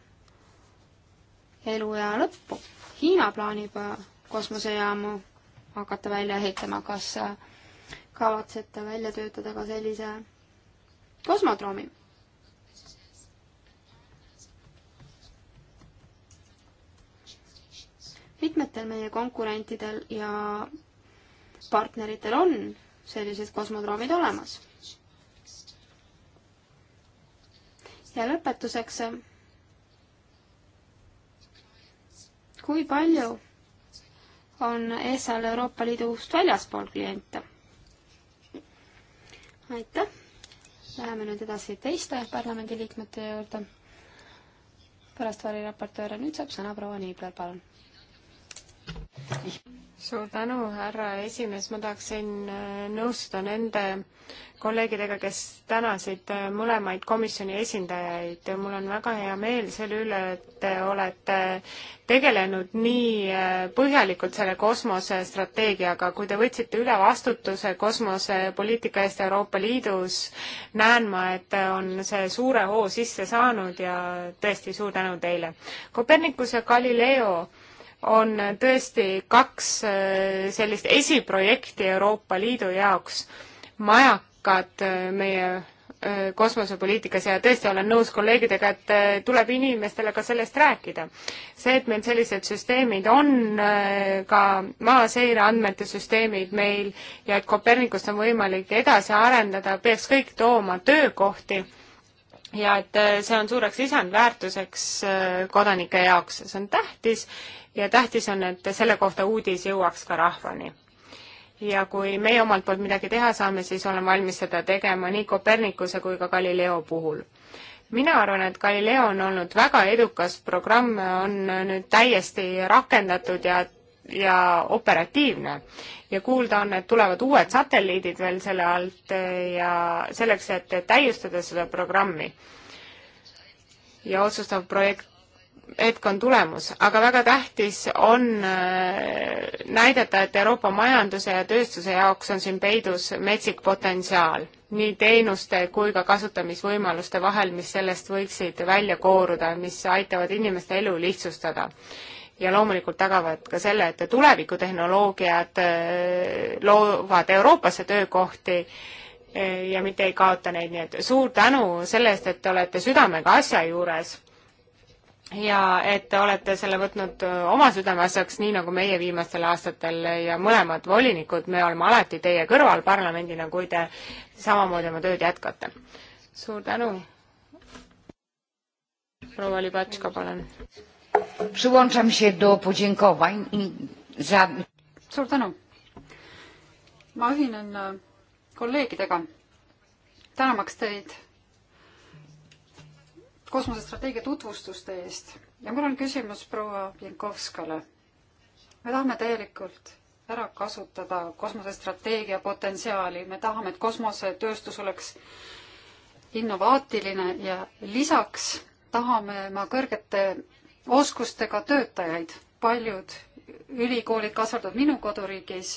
eluea lõppu. Hiina plaanib äh, kosmosejaamu hakata välja ehitama, kas äh, kavatsete välja töötada ka sellise kosmodroomi. mitmetel meie konkurentidel ja partneritel on sellised kosmodroomid olemas. ja lõpetuseks, kui palju on ESA-l Euroopa Liidust väljaspool kliente? aitäh! Läheme nüüd edasi teiste parlamendiliikmete juurde. pärast variraportööre, nüüd saab sõna proua Niibler, palun suur tänu, härra esimees, ma tahaksin äh, nõustuda nende kolleegidega, kes tänasid äh, mõlemaid komisjoni esindajaid. mul on väga hea meel selle üle, et te olete tegelenud nii äh, põhjalikult selle kosmosestrateegiaga. kui te võtsite üle vastutuse kosmosepoliitika eest Euroopa Liidus, näen ma, et on see suure hoo sisse saanud ja tõesti suur tänu teile. Copernicus ja Galileo on tõesti kaks äh, sellist esiprojekti Euroopa Liidu jaoks, majakad äh, meie äh, kosmosepoliitikas ja tõesti olen nõus kolleegidega, et tuleb inimestele ka sellest rääkida. see, et meil sellised süsteemid on, ka maaseire andmete süsteemid meil ja et Kopernikust on võimalik edasi arendada, peaks kõik tooma töökohti ja et see on suureks lisandväärtuseks kodanike jaoks, see on tähtis ja tähtis on, et selle kohta uudis jõuaks ka rahvani. ja kui meie omalt poolt midagi teha saame, siis olen valmis seda tegema nii Kopernikuse kui ka Galileo puhul mina arvan, et Galileo on olnud väga edukas programm, on nüüd täiesti rakendatud ja ja operatiivne. ja kuulda on, et tulevad uued satelliidid veel selle alt ja selleks, et täiustada seda programmi. ja otsustav projekt hetk on tulemus, aga väga tähtis on äh, näidata, et Euroopa majanduse ja tööstuse jaoks on siin peidus metsik potentsiaal nii teenuste kui ka kasutamisvõimaluste vahel, mis sellest võiksid välja kooruda, mis aitavad inimeste elu lihtsustada. ja loomulikult tagavad ka selle, et tulevikutehnoloogiad äh, loovad Euroopasse töökohti äh, ja mitte ei kaota neid, nii et suur tänu selle eest, et te olete südamega asja juures ja et te olete selle võtnud äh, oma südameasjaks, nii nagu meie viimastel aastatel ja mõlemad volinikud, me oleme alati teie kõrval parlamendina, kui te samamoodi oma tööd jätkate. suur tänu. proua Libatška, palun. suur tänu. ma ühinen äh, kolleegidega, tänamaks teid kosmosestrateegia tutvustuste eest ja mul on küsimus proua Pinkovskale. me tahame täielikult ära kasutada kosmosestrateegia potentsiaali, me tahame, et kosmosetööstus oleks innovaatiline ja lisaks tahame ma kõrgete oskustega töötajaid. paljud ülikoolid, kaasa arvatud minu koduriigis,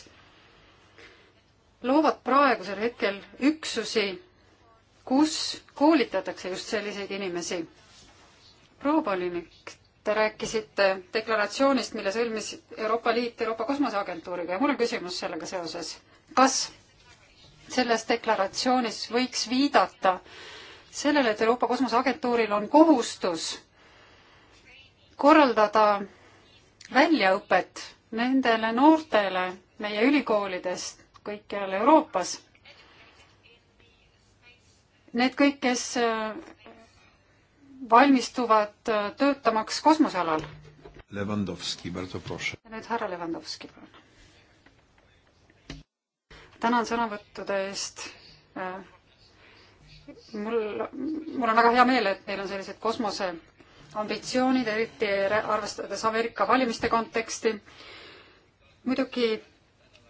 loovad praegusel hetkel üksusi kus koolitatakse just selliseid inimesi. proua Polinik, te rääkisite deklaratsioonist, mille sõlmis Euroopa Liit Euroopa Kosmoseagentuuriga ja mul on küsimus sellega seoses. kas selles deklaratsioonis võiks viidata sellele, et Euroopa Kosmoseagentuuril on kohustus korraldada väljaõpet nendele noortele meie ülikoolidest kõikjal Euroopas Need kõik, kes äh, valmistuvad äh, töötamaks kosmosealal. Levandovski, Barto Proše. ja nüüd härra Levandovski, palun. tänan sõnavõttude eest. Äh, mul, mul on väga hea meel, et meil on sellised kosmoseambitsioonid, eriti arvestades Ameerika valimiste konteksti. muidugi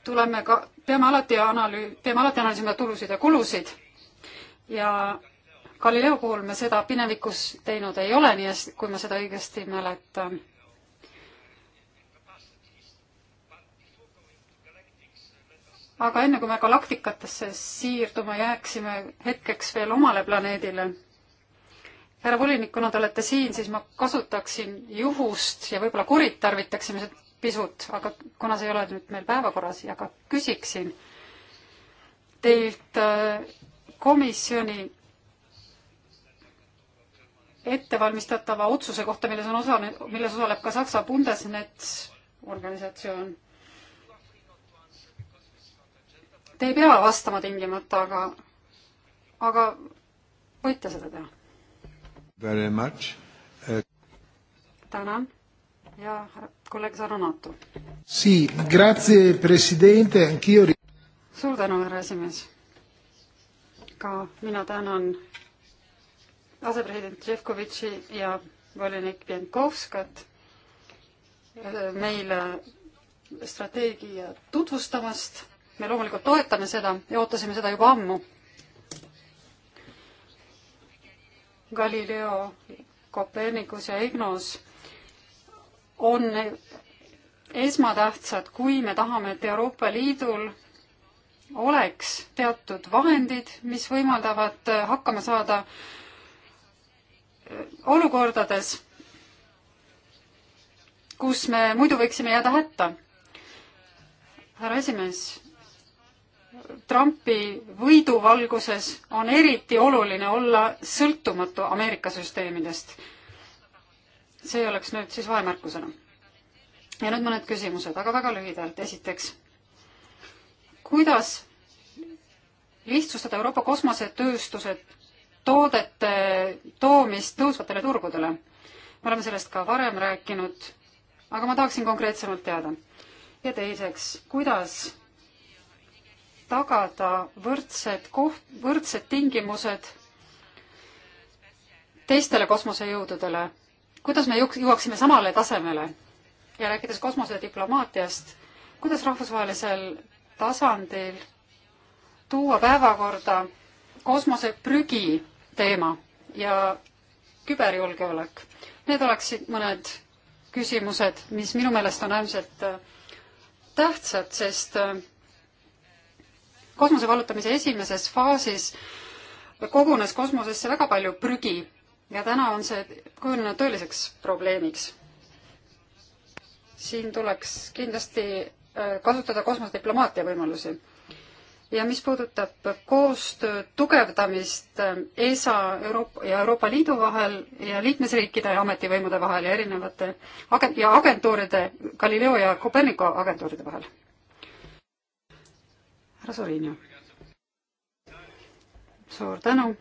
tuleme ka, peame alati analüü-, peame alati analüüsima tulusid ja kulusid ja Galileo puhul me seda minevikus teinud ei ole, nii et kui ma seda õigesti mäletan. aga enne kui me galaktikatesse siirduma jääksime hetkeks veel omale planeedile, härra volinik, kuna te olete siin, siis ma kasutaksin juhust ja võib-olla kuritarvitaksime seda pisut, aga kuna see ei ole nüüd meil päevakorras ja ka küsiksin teilt äh, komisjoni ettevalmistatava otsuse kohta, milles on osale, milles osaleb ka Saksa Bundesnetz organisatsioon. Te ei pea vastama tingimata, aga, aga võite seda teha. Very much uh.... tänan ja kolleeg Saronatu. Sii, grazie presidente, anch'io. suur tänu, härra esimees ka mina tänan asepresident Šefkovitši ja volinik Pienkovskat äh, meile strateegia tutvustamast. me loomulikult toetame seda ja ootasime seda juba ammu. Galileo, Copernicus ja Ignos on esmatähtsad, kui me tahame, et Euroopa Liidul oleks teatud vahendid, mis võimaldavad äh, hakkama saada äh, olukordades, kus me muidu võiksime jääda hätta. härra esimees, Trumpi võidu valguses on eriti oluline olla sõltumatu Ameerika süsteemidest. see oleks nüüd siis vahemärkusena. ja nüüd mõned küsimused, aga väga lühidalt. esiteks kuidas lihtsustada Euroopa kosmosetööstuse toodete toomist tõusvatele turgudele. me oleme sellest ka varem rääkinud, aga ma tahaksin konkreetsemalt teada. ja teiseks, kuidas tagada võrdsed koht, võrdsed tingimused teistele kosmosejõududele, kuidas me jõuaksime samale tasemele ja rääkides kosmosediplomaatiast, kuidas rahvusvahelisel tasandil tuua päevakorda kosmoseprügi teema ja küberjulgeolek. Need oleksid mõned küsimused, mis minu meelest on äärmiselt äh, tähtsad, sest äh, kosmose vallutamise esimeses faasis kogunes kosmosesse väga palju prügi ja täna on see kujunenud tõeliseks probleemiks. siin tuleks kindlasti Äh, kasutada kosmosediplomaatia võimalusi. ja mis puudutab koostöö tugevdamist äh, ESA Euroopa ja Euroopa Liidu vahel ja liikmesriikide ja ametivõimude vahel ja erinevate agent- ja agentuuride, Galileo ja Copernico agentuuride vahel. härra Sorinio. suur tänu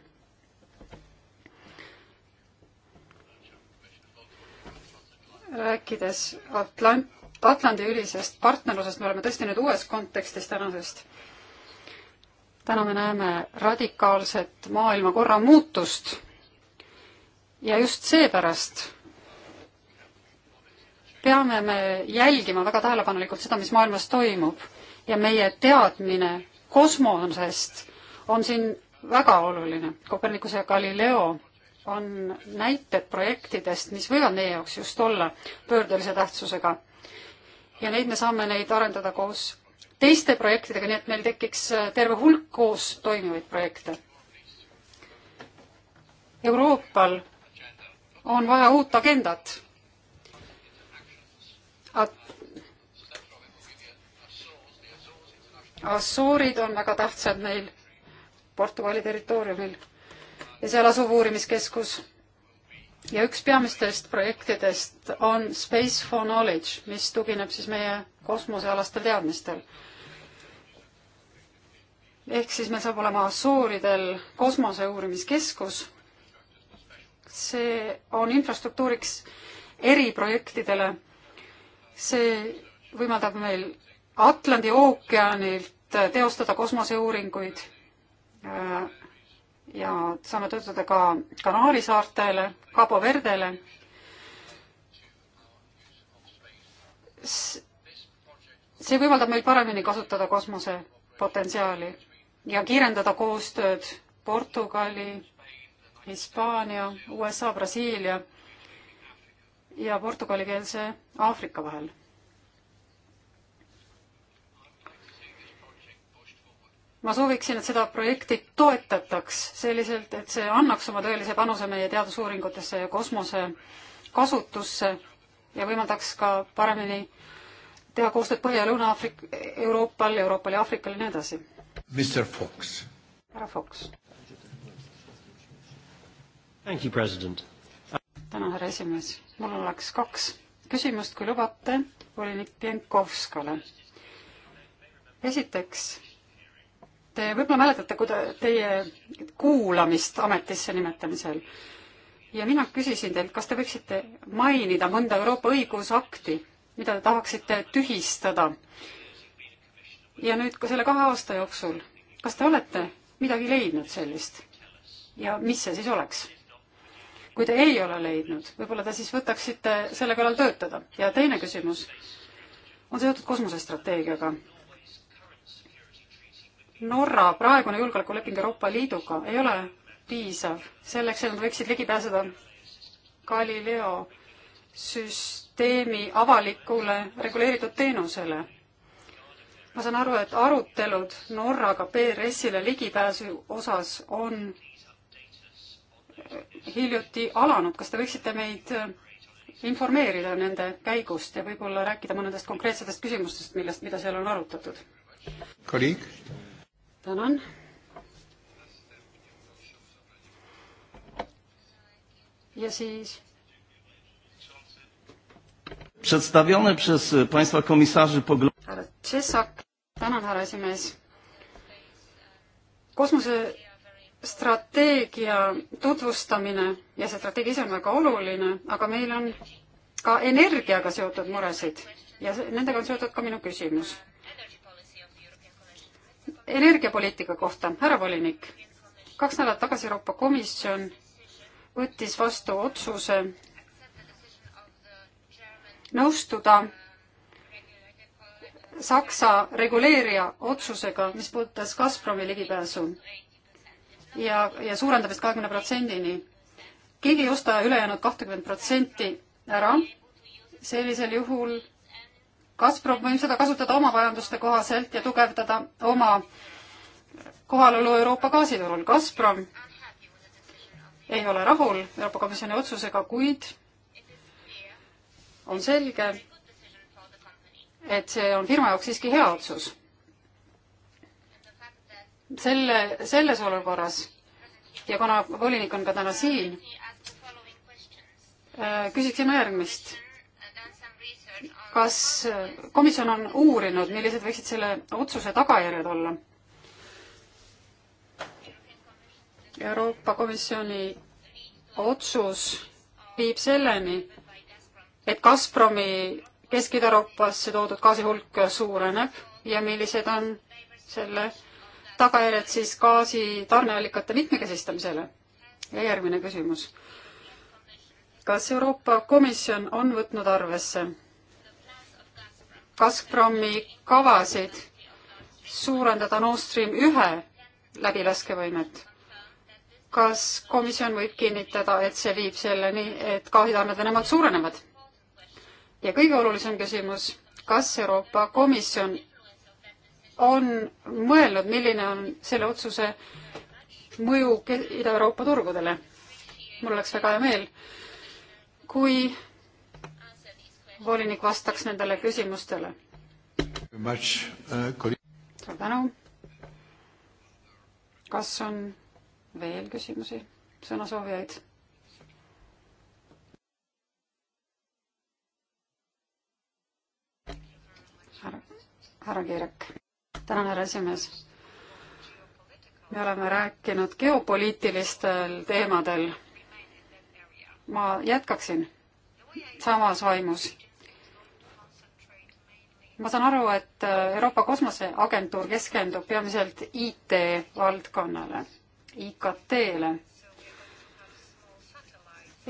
rääkides Atlant-, Atlandi-ülisest partnerlusest me oleme tõesti nüüd uues kontekstis tänasest. täna me näeme radikaalset maailmakorra muutust. ja just seepärast peame me jälgima väga tähelepanelikult seda, mis maailmas toimub ja meie teadmine kosmosest on siin väga oluline. Kopernikus ja Galileo on näited projektidest, mis võivad meie jaoks just olla pöördelise tähtsusega ja neid me saame neid arendada koos teiste projektidega, nii et meil tekiks äh, terve hulk koos toimivaid projekte. Euroopal on vaja uut agendat. Assoorid on väga tähtsad meil Portugali territooriumil ja seal asuv uurimiskeskus ja üks peamistest projektidest on Space for Knowledge, mis tugineb siis meie kosmosealastel teadmistel. ehk siis meil saab olema Assuuridel kosmose uurimiskeskus. see on infrastruktuuriks eriprojektidele. see võimaldab meil Atlandi ookeanilt teostada kosmoseuuringuid äh, ja saame töötada ka Kanaari saartele, Cabo Verdele. see võimaldab meil paremini kasutada kosmosepotentsiaali ja kiirendada koostööd Portugali, Hispaania, USA, Brasiilia ja portugalikeelse Aafrika vahel ma sooviksin, et seda projekti toetataks selliselt, et see annaks oma tõelise panuse meie teadusuuringutesse ja kosmose kasutusse ja võimaldaks ka paremini teha koostööd Põhja- ja Lõuna-Aafrika, Euroopal, Euroopal ja Aafrikal ja nii edasi. Mr Fox. härra Fox. tänan, härra esimees. mul oleks kaks küsimust, kui lubate, volinik Pienkovskale. esiteks Te võib-olla mäletate, kui te, teie kuulamist ametisse nimetamisel ja mina küsisin teilt, kas te võiksite mainida mõnda Euroopa õigusakti, mida te tahaksite tühistada. ja nüüd ka selle kahe aasta jooksul, kas te olete midagi leidnud sellist ja mis see siis oleks? kui te ei ole leidnud, võib-olla te siis võtaksite selle kallal töötada. ja teine küsimus on seotud kosmosestrateegiaga Norra praegune julgeolekuleping Euroopa Liiduga ei ole piisav selleks, et nad võiksid ligi pääseda Galileo süsteemi avalikule reguleeritud teenusele. ma saan aru, et arutelud Norraga PRS-ile ligipääsu osas on hiljuti alanud, kas te võiksite meid informeerida nende käigust ja võib-olla rääkida mõnedest konkreetsetest küsimustest, millest, mida seal on arutatud? kolleeg tänan. ja siis. Przedstawione przez e, Państwa komisarzy poglądy. härra Tšesak, tänan, härra esimees. kosmosestrateegia tutvustamine ja see strateegia ise on väga oluline, aga meil on ka energiaga seotud muresid ja nendega on seotud ka minu küsimus energiapoliitika kohta, härra volinik, kaks nädalat tagasi Euroopa Komisjon võttis vastu otsuse nõustuda Saksa reguleerija otsusega, mis puudutas Gazpromi ligipääsu ja, ja suurendamist kahekümne protsendini. keegi ei osta ülejäänud kahtekümmet protsenti ära, sellisel juhul Gazprom võib seda kasutada oma vajaduste kohaselt ja tugevdada oma kohalolu Euroopa gaasiturul. Gazprom ei ole rahul Euroopa Komisjoni otsusega, kuid on selge, et see on firma jaoks siiski hea otsus. selle, selles olukorras ja kuna volinik on ka täna siin, äh, küsiksin ma järgmist kas komisjon on uurinud, millised võiksid selle otsuse tagajärjed olla? Euroopa Komisjoni otsus viib selleni, et Gazpromi Kesk-Ida-Euroopasse toodud gaasi hulk suureneb ja millised on selle tagajärjed siis gaasi tarneallikate mitmekesistamisele? ja järgmine küsimus. kas Euroopa Komisjon on võtnud arvesse Gazpromi kavasid suurendada Nord Stream ühe läbilaskevõimet. kas komisjon võib kinnitada, et see viib selleni, et gaasitarned Venemaalt suurenevad? ja kõige olulisem küsimus, kas Euroopa Komisjon on mõelnud, milline on selle otsuse mõju Ida-Euroopa turgudele? mul oleks väga hea meel, kui volinik vastaks nendele küsimustele. suur tänu. kas on veel küsimusi, sõnasoovijaid? härra, härra Kiirek. tänan, härra esimees. me oleme rääkinud geopoliitilistel teemadel. ma jätkaksin samas vaimus ma saan aru, et äh, Euroopa Kosmoseagentuur keskendub peamiselt IT-valdkonnale, IKT-le.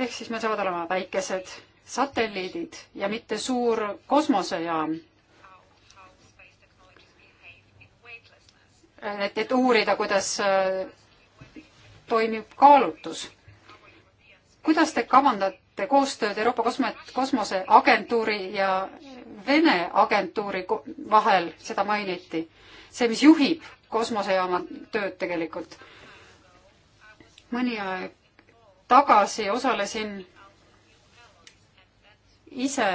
ehk siis meil saavad olema väikesed satelliidid ja mitte suur kosmosejaam. et, et uurida, kuidas äh, toimib kaalutlus. kuidas te kavandate koostööd Euroopa Kosmo-, Kosmoseagentuuri ja Vene agentuuri vahel, seda mainiti. see, mis juhib kosmosejaama tööd tegelikult. mõni aeg tagasi osalesin ise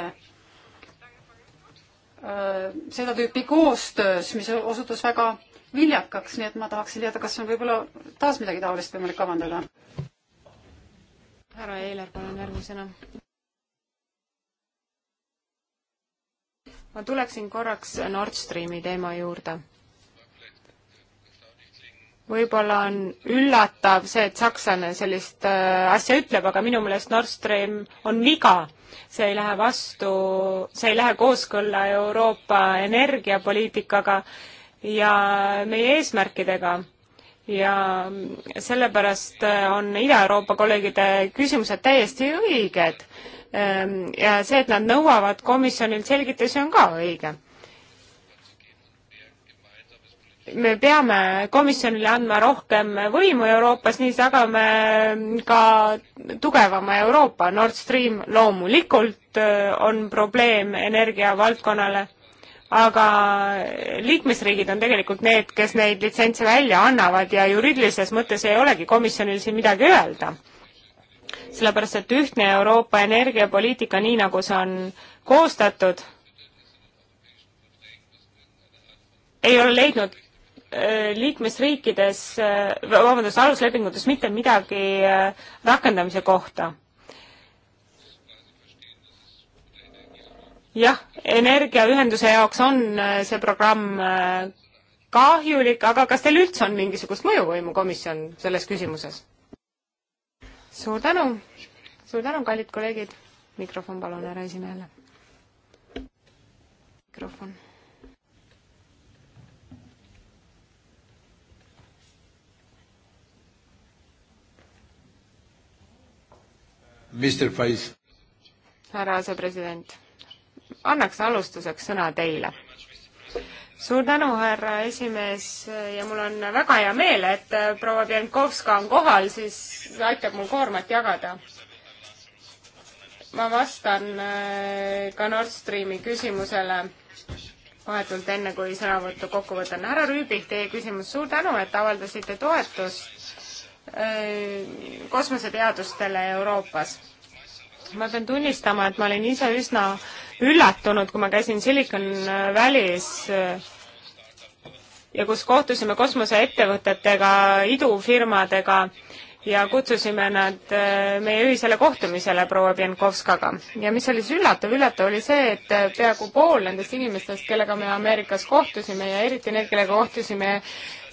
seda tüüpi koostöös, mis osutus väga viljakaks, nii et ma tahaksin teada, kas on võib-olla taas midagi taolist võimalik kavandada. härra Eiler, palun järgmisena. ma tuleksin korraks Nord Streami teema juurde. võib-olla on üllatav see, et sakslane sellist äh, asja ütleb, aga minu meelest Nord Stream on viga. see ei lähe vastu, see ei lähe kooskõlla Euroopa energiapoliitikaga ja meie eesmärkidega ja sellepärast äh, on Ida-Euroopa kolleegide küsimused täiesti õiged. Ehm, ja see, et nad nõuavad komisjonilt selgitusi, on ka õige. me peame komisjonile andma rohkem võimu Euroopas, nii tagame ka tugevama Euroopa. Nord Stream loomulikult eh, on probleem energiavaldkonnale aga liikmesriigid on tegelikult need, kes neid litsentse välja annavad ja juriidilises mõttes ei olegi komisjonil siin midagi öelda sellepärast et ühtne Euroopa energiapoliitika, nii nagu see on koostatud, ei ole leidnud äh, liikmesriikides, äh, vabandust, aluslepingutes mitte midagi äh, rakendamise kohta. jah, energiaühenduse jaoks on see programm kahjulik, aga kas teil üldse on mingisugust mõjuvõimu, komisjon, selles küsimuses? suur tänu, suur tänu, kallid kolleegid. mikrofon palun härra esimehele. mikrofon. Mr Fais. härra asepresident, annaks alustuseks sõna teile suur tänu, härra esimees ja mul on väga hea meel, et äh, proua Pjankovska on kohal, siis aitab mul koormat jagada. ma vastan äh, ka Nord Streami küsimusele vahetult enne, kui sõnavõttu kokku võtan. härra Rüübik, teie küsimus, suur tänu, et avaldasite toetust äh, kosmoseteadustele Euroopas. ma pean tunnistama, et ma olin ise üsna äh, üllatunud, kui ma käisin Silicon Valley's ja kus kohtusime kosmoseettevõtetega, idufirmadega ja kutsusime nad äh, meie ühisele kohtumisele proua Pienkovskaga. ja mis oli siis üllatav, üllatav oli see, et äh, peaaegu pool nendest inimestest, kellega me Ameerikas kohtusime ja eriti need, kellega kohtusime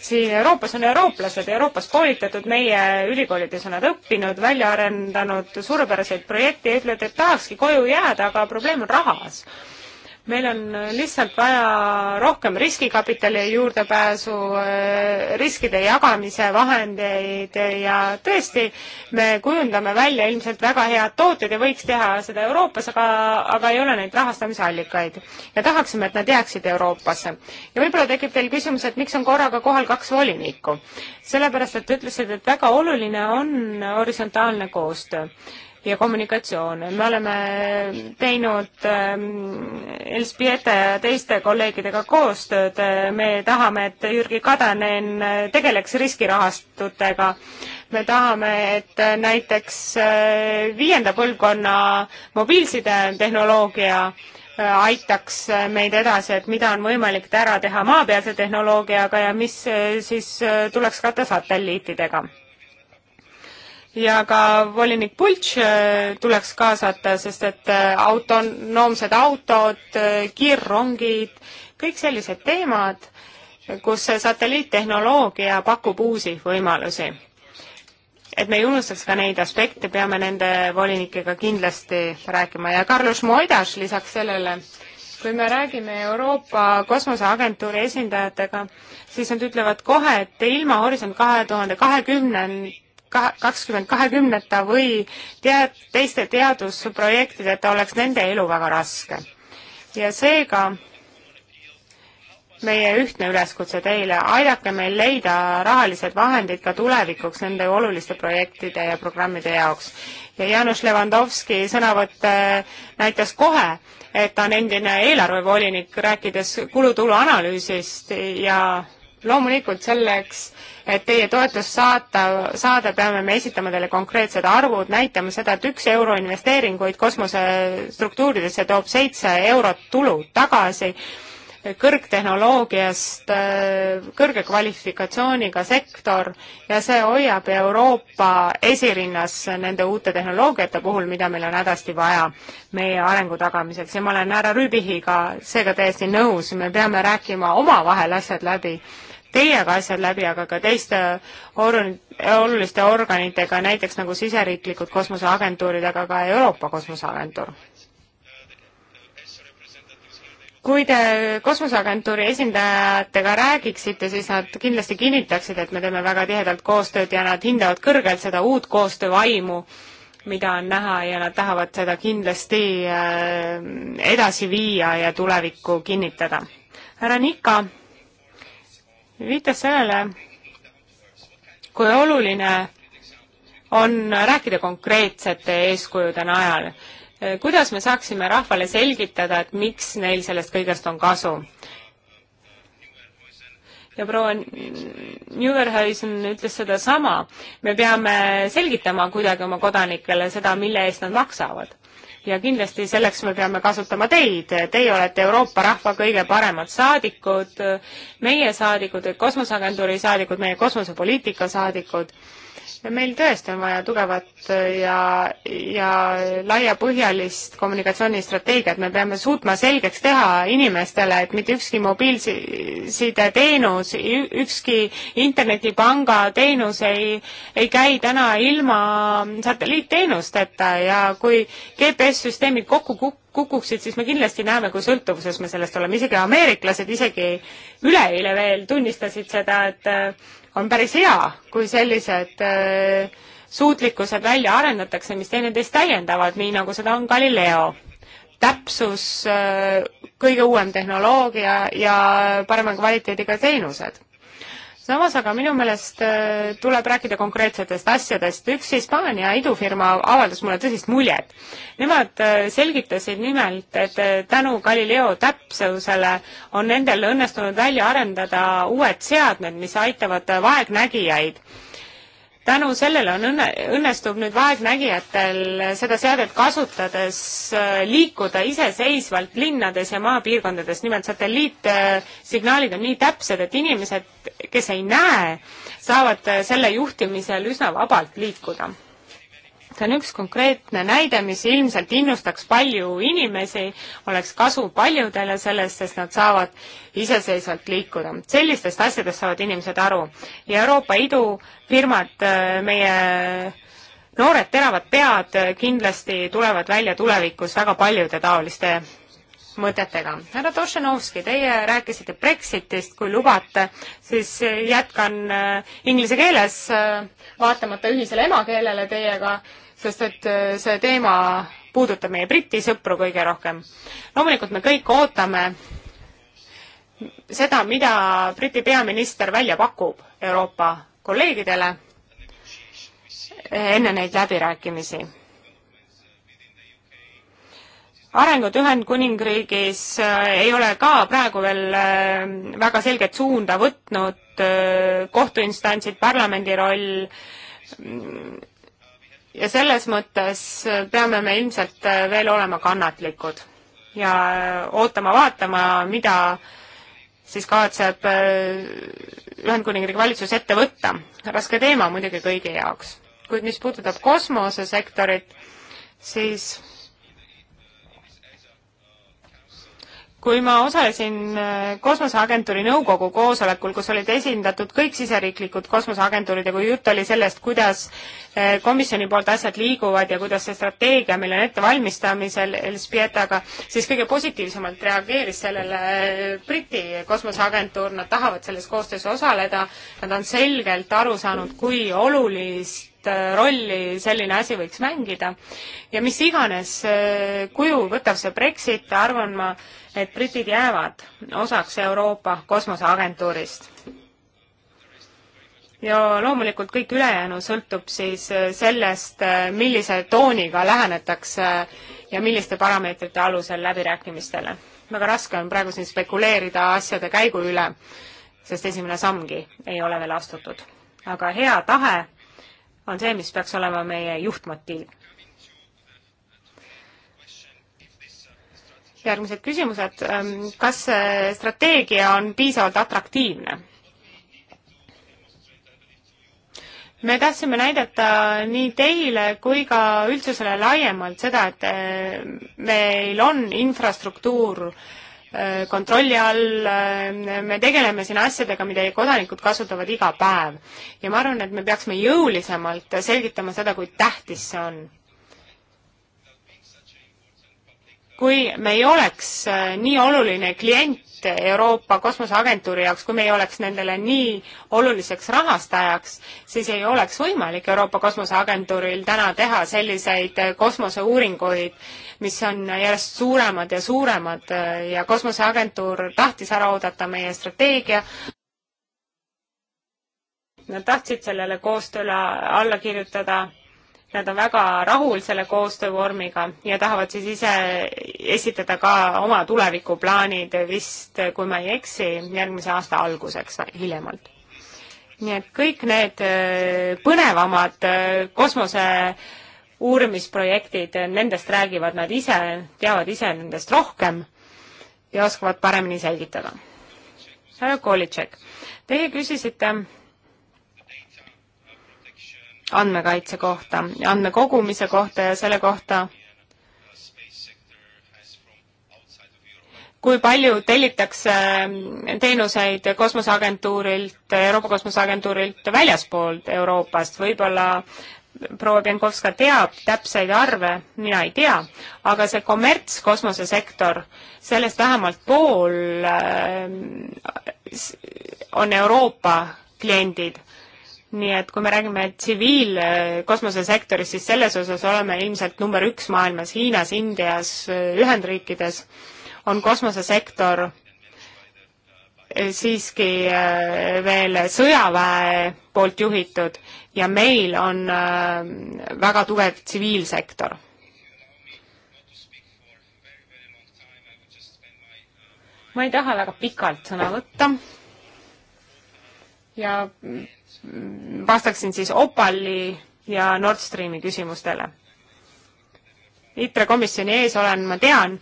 siin Euroopas on eurooplased Euroopas koolitatud, meie ülikoolides on nad õppinud, välja arendanud suurepäraseid projekte ja ütlevad, et tahakski koju jääda, aga probleem on rahas meil on lihtsalt vaja rohkem riskikapitali juurdepääsu, eh, riskide jagamise vahendeid ja tõesti, me kujundame välja ilmselt väga head tooted ja võiks teha seda Euroopas, aga, aga ei ole neid rahastamisallikaid. ja tahaksime, et nad jääksid Euroopasse. ja võib-olla tekib teil küsimus, et miks on korraga kohal kaks volinikku? sellepärast, et ütlesid, et väga oluline on horisontaalne koostöö ja kommunikatsioon. me oleme teinud ähm, Elspieta ja teiste kolleegidega koostööd, me tahame, et Jürgi Kadanen tegeleks riskirahastutega, me tahame, et näiteks äh, viienda põlvkonna mobiilsidetehnoloogia äh, aitaks meid edasi, et mida on võimalik ära teha maapealse tehnoloogiaga ja mis äh, siis tuleks katta satelliitidega ja ka volinik Pultš äh, tuleks kaasata, sest et äh, autonoomsed autod, äh, kiirrongid, kõik sellised teemad, kus satelliittehnoloogia pakub uusi võimalusi. et me ei unustaks ka neid aspekte, peame nende volinikega kindlasti rääkima ja Carlos Moedas lisaks sellele, kui me räägime Euroopa Kosmoseagentuuri esindajatega, siis nad ütlevad kohe, et ilma Horisont kahe tuhande kahekümnenda kakskümmend kahekümneta või tead, teiste teadusprojektideta oleks nende elu väga raske. ja seega meie ühtne üleskutse teile, aidake meil leida rahalised vahendid ka tulevikuks nende oluliste projektide ja programmide jaoks. ja Jaanus Levandovski sõnavõtt näitas kohe, et ta on endine eelarvevolinik, rääkides kulutulu analüüsist ja loomulikult selleks, et teie toetust saata, saada, peame me esitama teile konkreetsed arvud, näitama seda, et üks euro investeeringuid kosmosestruktuuridesse toob seitse eurot tulu tagasi kõrgtehnoloogiast kõrge kvalifikatsiooniga sektor ja see hoiab Euroopa esirinnas nende uute tehnoloogiate puhul, mida meil on hädasti vaja meie arengu tagamiseks ja ma olen härra Rüübihiga seega täiesti nõus, me peame rääkima omavahel asjad läbi teiega asjad läbi, aga ka teiste orun-, oluliste organitega, näiteks nagu siseriiklikud kosmoseagentuurid, aga ka Euroopa Kosmoseagentuur? kui te Kosmoseagentuuri esindajatega räägiksite, siis nad kindlasti kinnitaksid, et me teeme väga tihedalt koostööd ja nad hindavad kõrgelt seda uut koostöövaimu, mida on näha ja nad tahavad seda kindlasti äh, edasi viia ja tulevikku kinnitada. härra Nika viitas sellele, kui oluline on rääkida konkreetsete eeskujude najal. kuidas me saaksime rahvale selgitada, et miks neil sellest kõigest on kasu? ja proua Neuerhuisen ütles sedasama, me peame selgitama kuidagi oma kodanikele seda, mille eest nad maksavad ja kindlasti selleks me peame kasutama teid. Teie olete Euroopa rahva kõige paremad saadikud, meie saadikud, kosmoseagentuuri saadikud, meie kosmosepoliitika saadikud meil tõesti on vaja tugevat äh, ja, ja laiapõhjalist kommunikatsioonistrateegiat, me peame suutma selgeks teha inimestele, et mitte ükski mobiilsideteenus, ükski internetipanga teenus ei, ei käi täna ilma satelliitteenusteta ja kui GPS-süsteemid kokku kukuvad, kukuksid, siis me kindlasti näeme, kui sõltuvuses me sellest oleme, isegi ameeriklased isegi üleeile veel tunnistasid seda, et äh, on päris hea, kui sellised äh, suutlikkused välja arendatakse, mis teineteist täiendavad, nii nagu seda on Galileo. täpsus, äh, kõige uuem tehnoloogia ja parema kvaliteediga teenused samas aga minu meelest äh, tuleb rääkida konkreetsetest asjadest. üks Hispaania idufirma avaldas mulle tõsist muljet. Nemad äh, selgitasid nimelt, et äh, tänu Galileo täpsusele on nendel õnnestunud välja arendada uued seadmed, mis aitavad vaegnägijaid tänu sellele on õnne, õnnestub nüüd vaegnägijatel seda seadet kasutades äh, liikuda iseseisvalt linnades ja maapiirkondades, nimelt satelliitsignaalid on nii täpsed, et inimesed, kes ei näe, saavad äh, selle juhtimisel üsna vabalt liikuda see on üks konkreetne näide, mis ilmselt innustaks palju inimesi, oleks kasu paljudele sellest, sest nad saavad iseseisvalt liikuda. sellistest asjadest saavad inimesed aru ja Euroopa idufirmad, äh, meie noored teravad pead äh, kindlasti tulevad välja tulevikus väga paljude taoliste mõtetega. härra Tošenovski, teie rääkisite Brexitist, kui lubate, siis äh, jätkan inglise keeles, vaatamata ühisele emakeelele teiega, sest et äh, see teema puudutab meie Briti sõpru kõige rohkem. loomulikult me kõik ootame seda, mida Briti peaminister välja pakub Euroopa kolleegidele enne neid läbirääkimisi. arengud Ühendkuningriigis äh, ei ole ka praegu veel äh, väga selget suunda võtnud, kohtuinstantsid, parlamendi roll, mm, ja selles mõttes peame me ilmselt äh, veel olema kannatlikud ja äh, ootama-vaatama, mida siis kavatseb äh, Ühendkuningriigi valitsus ette võtta. raske teema muidugi kõigi jaoks. kuid mis puudutab kosmosesektorit, siis kui ma osalesin äh, Kosmoseagentuuri nõukogu koosolekul, kus olid esindatud kõik siseriiklikud kosmoseagentuurid ja kui jutt oli sellest, kuidas äh, komisjoni poolt asjad liiguvad ja kuidas see strateegia meil on ettevalmistamisel Elspietaga, äh, siis kõige positiivsemalt reageeris sellele Briti kosmoseagentuur, nad tahavad selles koostöös osaleda, nad on selgelt aru saanud, kui olulist olulist äh, rolli selline asi võiks mängida. ja mis iganes äh, kuju võtab see Brexit, arvan ma, et britid jäävad osaks Euroopa kosmoseagentuurist. ja loomulikult kõik ülejäänu sõltub siis äh, sellest, millise tooniga lähenetakse ja milliste parameetrite alusel läbirääkimistele. väga raske on praegu siin spekuleerida asjade käigu üle sest esimene sammgi ei ole veel astutud. aga hea tahe on see, mis peaks olema meie juhtmotiiv. järgmised küsimused, ähm, kas strateegia on piisavalt atraktiivne? me tahtsime näidata nii teile kui ka üldsusele laiemalt seda, et äh, meil on infrastruktuur äh, Äh, kontrolli all, äh, me tegeleme siin asjadega, mida kodanikud kasutavad iga päev. ja ma arvan, et me peaksime jõulisemalt selgitama seda, kui tähtis see on kui me ei oleks äh, nii oluline klient Euroopa Kosmoseagentuuri jaoks, kui me ei oleks nendele nii oluliseks rahastajaks, siis ei oleks võimalik Euroopa Kosmoseagentuuril täna teha selliseid äh, kosmoseuuringuid, mis on järjest suuremad ja suuremad äh, ja Kosmoseagentuur tahtis ära oodata meie strateegia, Nad tahtsid sellele koostööle alla kirjutada nad on väga rahul selle koostöövormiga ja tahavad siis ise esitada ka oma tulevikuplaanid vist, kui ma ei eksi, järgmise aasta alguseks hiljemalt. nii et kõik need äh, põnevamad äh, kosmose uurimisprojektid, nendest räägivad nad ise, teavad ise nendest rohkem ja oskavad paremini selgitada. härra Kolitšek, teie küsisite andmekaitse kohta, andmekogumise kohta ja selle kohta, kui palju tellitakse eh, teenuseid kosmoseagentuurilt, Euroopa Kosmoseagentuurilt väljaspoolt Euroopast, võib-olla proua Pienkovska teab täpseid arve, mina ei tea, aga see kommertskosmosesektor, sellest vähemalt pool eh, on Euroopa kliendid nii et kui me räägime tsiviilkosmosesektorist, äh, siis selles osas oleme ilmselt number üks maailmas, Hiinas, Indias, äh, Ühendriikides on kosmosesektor äh, siiski veel sõjaväe poolt juhitud ja meil on väga tugev tsiviilsektor ma ei taha väga pikalt sõna võtta, ja vastaksin siis Opali ja Nord Streami küsimustele. ITRE komisjoni ees olen, ma tean,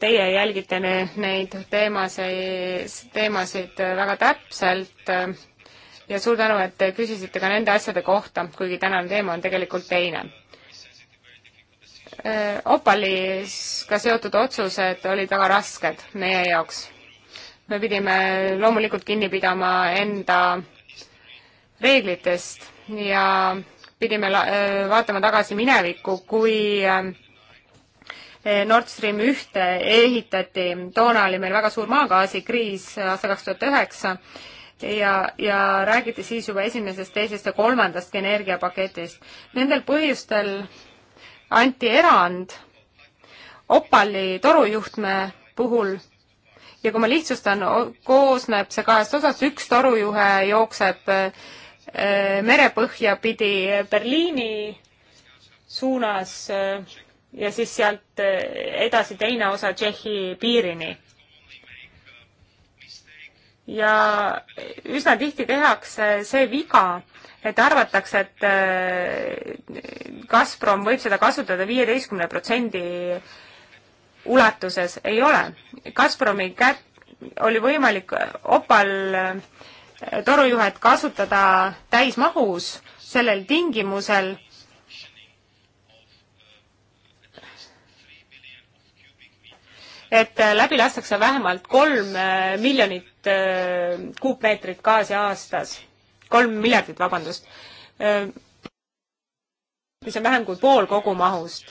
teie jälgite neid teemasid, teemasid väga täpselt ja suur tänu, et te küsisite ka nende asjade kohta, kuigi tänane teema on tegelikult teine. Opalis ka seotud otsused olid väga rasked meie jaoks me pidime loomulikult kinni pidama enda reeglitest ja pidime äh, vaatama tagasi minevikku, kui äh, Nord Stream ühte ehitati, toona oli meil väga suur maagaasikriis aasta kaks tuhat üheksa ja, ja räägiti siis juba esimesest, teisest ja kolmandast energiapaketist. Nendel põhjustel anti erand Opali torujuhtme puhul ja kui ma lihtsustan, koosneb see kahest osast, üks torujuhe jookseb äh, merepõhja pidi Berliini suunas äh, ja siis sealt äh, edasi teine osa Tšehhi piirini. ja üsna tihti tehakse see viga, et arvatakse, et Gazprom võib seda kasutada viieteistkümne protsendi ulatuses ei ole. Gazpromi kätt oli võimalik Opal äh, torujuhet kasutada täismahus sellel tingimusel, et äh, läbi lastakse vähemalt kolm äh, miljonit kuupmeetrit gaasi aastas, kolm miljardit, vabandust, mis on vähem kui pool kogumahust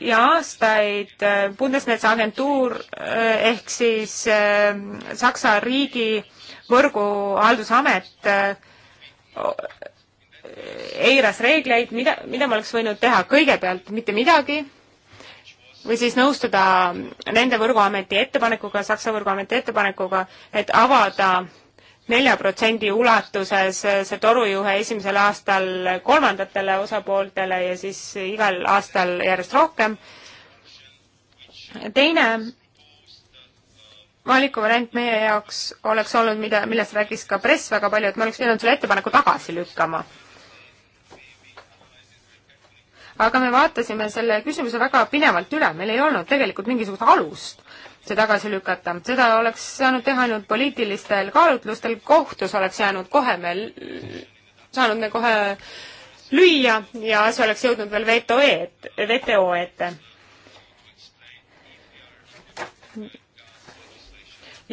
ja aastaid äh, Bundesnetzagentuur äh, ehk siis äh, Saksa riigi võrguhaldusamet eiras reegleid, mida, mida ma oleks võinud teha kõigepealt, mitte midagi, või siis nõustuda nende Võrguameti ettepanekuga, Saksa Võrguameti ettepanekuga, et avada nelja protsendi ulatuses eh, see torujuhe esimesel aastal kolmandatele osapooltele ja siis igal aastal järjest rohkem. teine valikuvariant meie jaoks oleks olnud, mida, millest rääkis ka press väga palju, et me oleks pidanud selle ettepaneku tagasi lükkama. aga me vaatasime selle küsimuse väga pinevalt üle, meil ei olnud tegelikult mingisugust alust see tagasi lükata. seda oleks saanud teha ainult poliitilistel kaalutlustel, kohtus oleks jäänud kohe meil, saanud me kohe lüüa ja see oleks jõudnud veel WTO et-, WTO ette.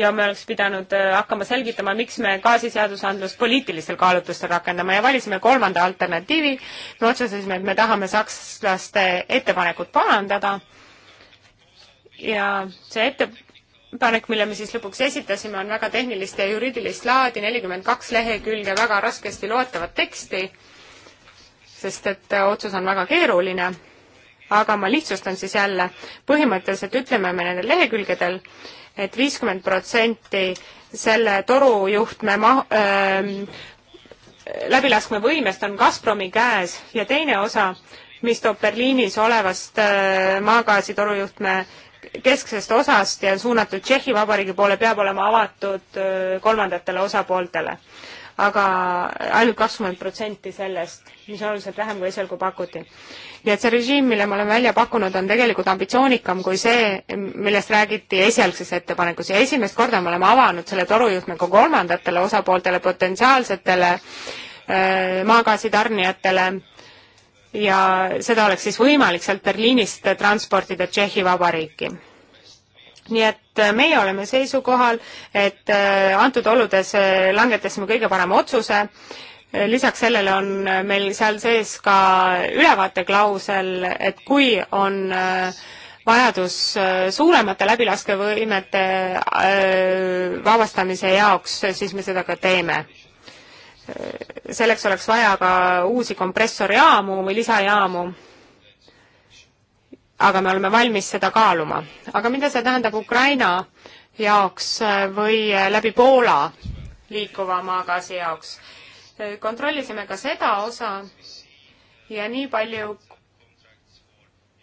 ja me oleks pidanud äh, hakkama selgitama, miks me gaasiseadusandlust poliitilistel kaalutlustel rakendame ja valisime kolmanda alternatiivi. me otsustasime, et me tahame sakslaste ettepanekut parandada ja see ettepanek, mille me siis lõpuks esitasime, on väga tehnilist ja juriidilist laadi, nelikümmend kaks lehekülge väga raskesti loetavat teksti, sest et äh, otsus on väga keeruline aga ma lihtsustan siis jälle, põhimõtteliselt ütleme me nendel lehekülgedel et, et viiskümmend protsenti selle torujuhtme ma- äh,, läbilaskmevõimest on Gazpromi käes ja teine osa, mis toob Berliinis olevast äh, maagaasi torujuhtme äh, kesksest osast ja on suunatud Tšehhi Vabariigi poole, peab olema avatud kolmandatele osapooltele. aga ainult kakskümmend protsenti sellest, mis on oluliselt vähem kui esialgu pakuti. nii et see režiim, mille me oleme välja pakkunud, on tegelikult ambitsioonikam kui see, millest räägiti esialgses ettepanekus ja esimest korda me oleme avanud selle torujuhtme ka kolmandatele osapooltele, potentsiaalsetele maagaasitarnijatele ja seda oleks siis võimalik sealt Berliinist transportida Tšehhi Vabariiki. nii et äh, meie oleme seisukohal, et äh, antud oludes äh, langetasime kõige parema otsuse, lisaks sellele on meil seal sees ka ülevaateklausel, et kui on vajadus suuremate läbilaskevõimete vabastamise jaoks, siis me seda ka teeme selleks oleks vaja ka uusi kompressorjaamu või lisajaamu. aga me oleme valmis seda kaaluma. aga mida see tähendab Ukraina jaoks või läbi Poola liikuva maagaasi jaoks? kontrollisime ka seda osa ja nii palju,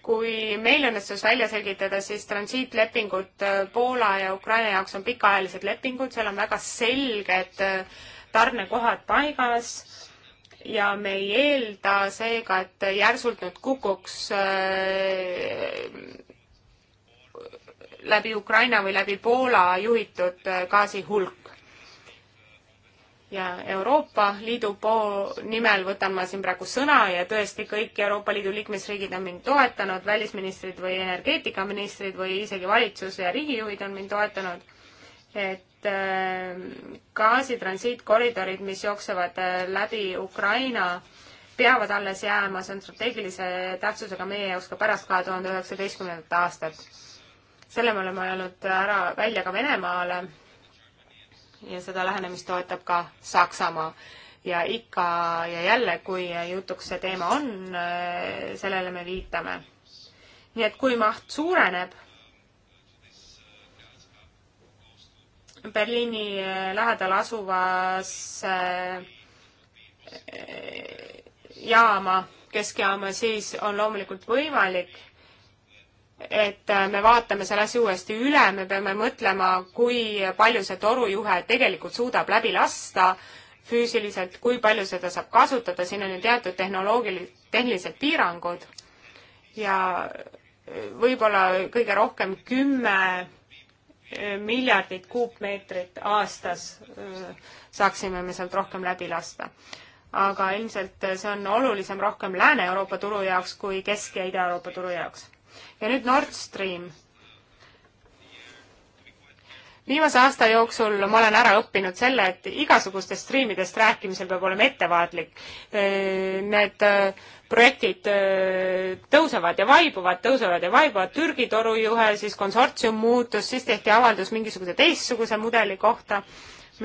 kui meil õnnestus välja selgitada, siis transiitlepingud Poola ja Ukraina jaoks on pikaajalised lepingud, seal on väga selged äh, tarnekohad paigas ja me ei eelda seega, et järsult nüüd kukuks äh, läbi Ukraina või läbi Poola juhitud äh, gaasi hulk. ja Euroopa Liidu po-, nimel võtan ma siin praegu sõna ja tõesti kõik Euroopa Liidu liikmesriigid on mind toetanud, välisministrid või energeetikaministrid või isegi valitsus ja riigijuhid on mind toetanud, et Ehm, gaasitransiitkoridorid, mis jooksevad eh, läbi Ukraina, peavad alles jääma, see on strateegilise tähtsusega meie jaoks ka pärast kahe tuhande üheksateistkümnendat aastat. selle me oleme öelnud ära välja ka Venemaale ja seda lähenemist toetab ka Saksamaa. ja ikka ja jälle, kui jutuks see teema on, eh, sellele me viitame. nii et kui maht suureneb Berliini eh, lähedal asuvasse eh, jaama, keskjaama, siis on loomulikult võimalik, et eh, me vaatame selle asja uuesti üle, me peame mõtlema, kui palju see torujuhe tegelikult suudab läbi lasta füüsiliselt, kui palju seda saab kasutada, siin on ju teatud tehnoloogilised, tehnilised piirangud ja võib-olla kõige rohkem kümme miljardit kuupmeetrit aastas saaksime me sealt rohkem läbi lasta. aga ilmselt see on olulisem rohkem Lääne-Euroopa turu jaoks kui Kesk- ja Ida-Euroopa turu jaoks. ja nüüd Nord Stream viimase aasta jooksul ma olen ära õppinud selle, et igasugustest striimidest rääkimisel peab olema ettevaatlik. Need projektid tõusevad ja vaibuvad, tõusevad ja vaibuvad, Türgi torujuhe, siis konsortsium muutus, siis tehti avaldus mingisuguse teistsuguse mudeli kohta,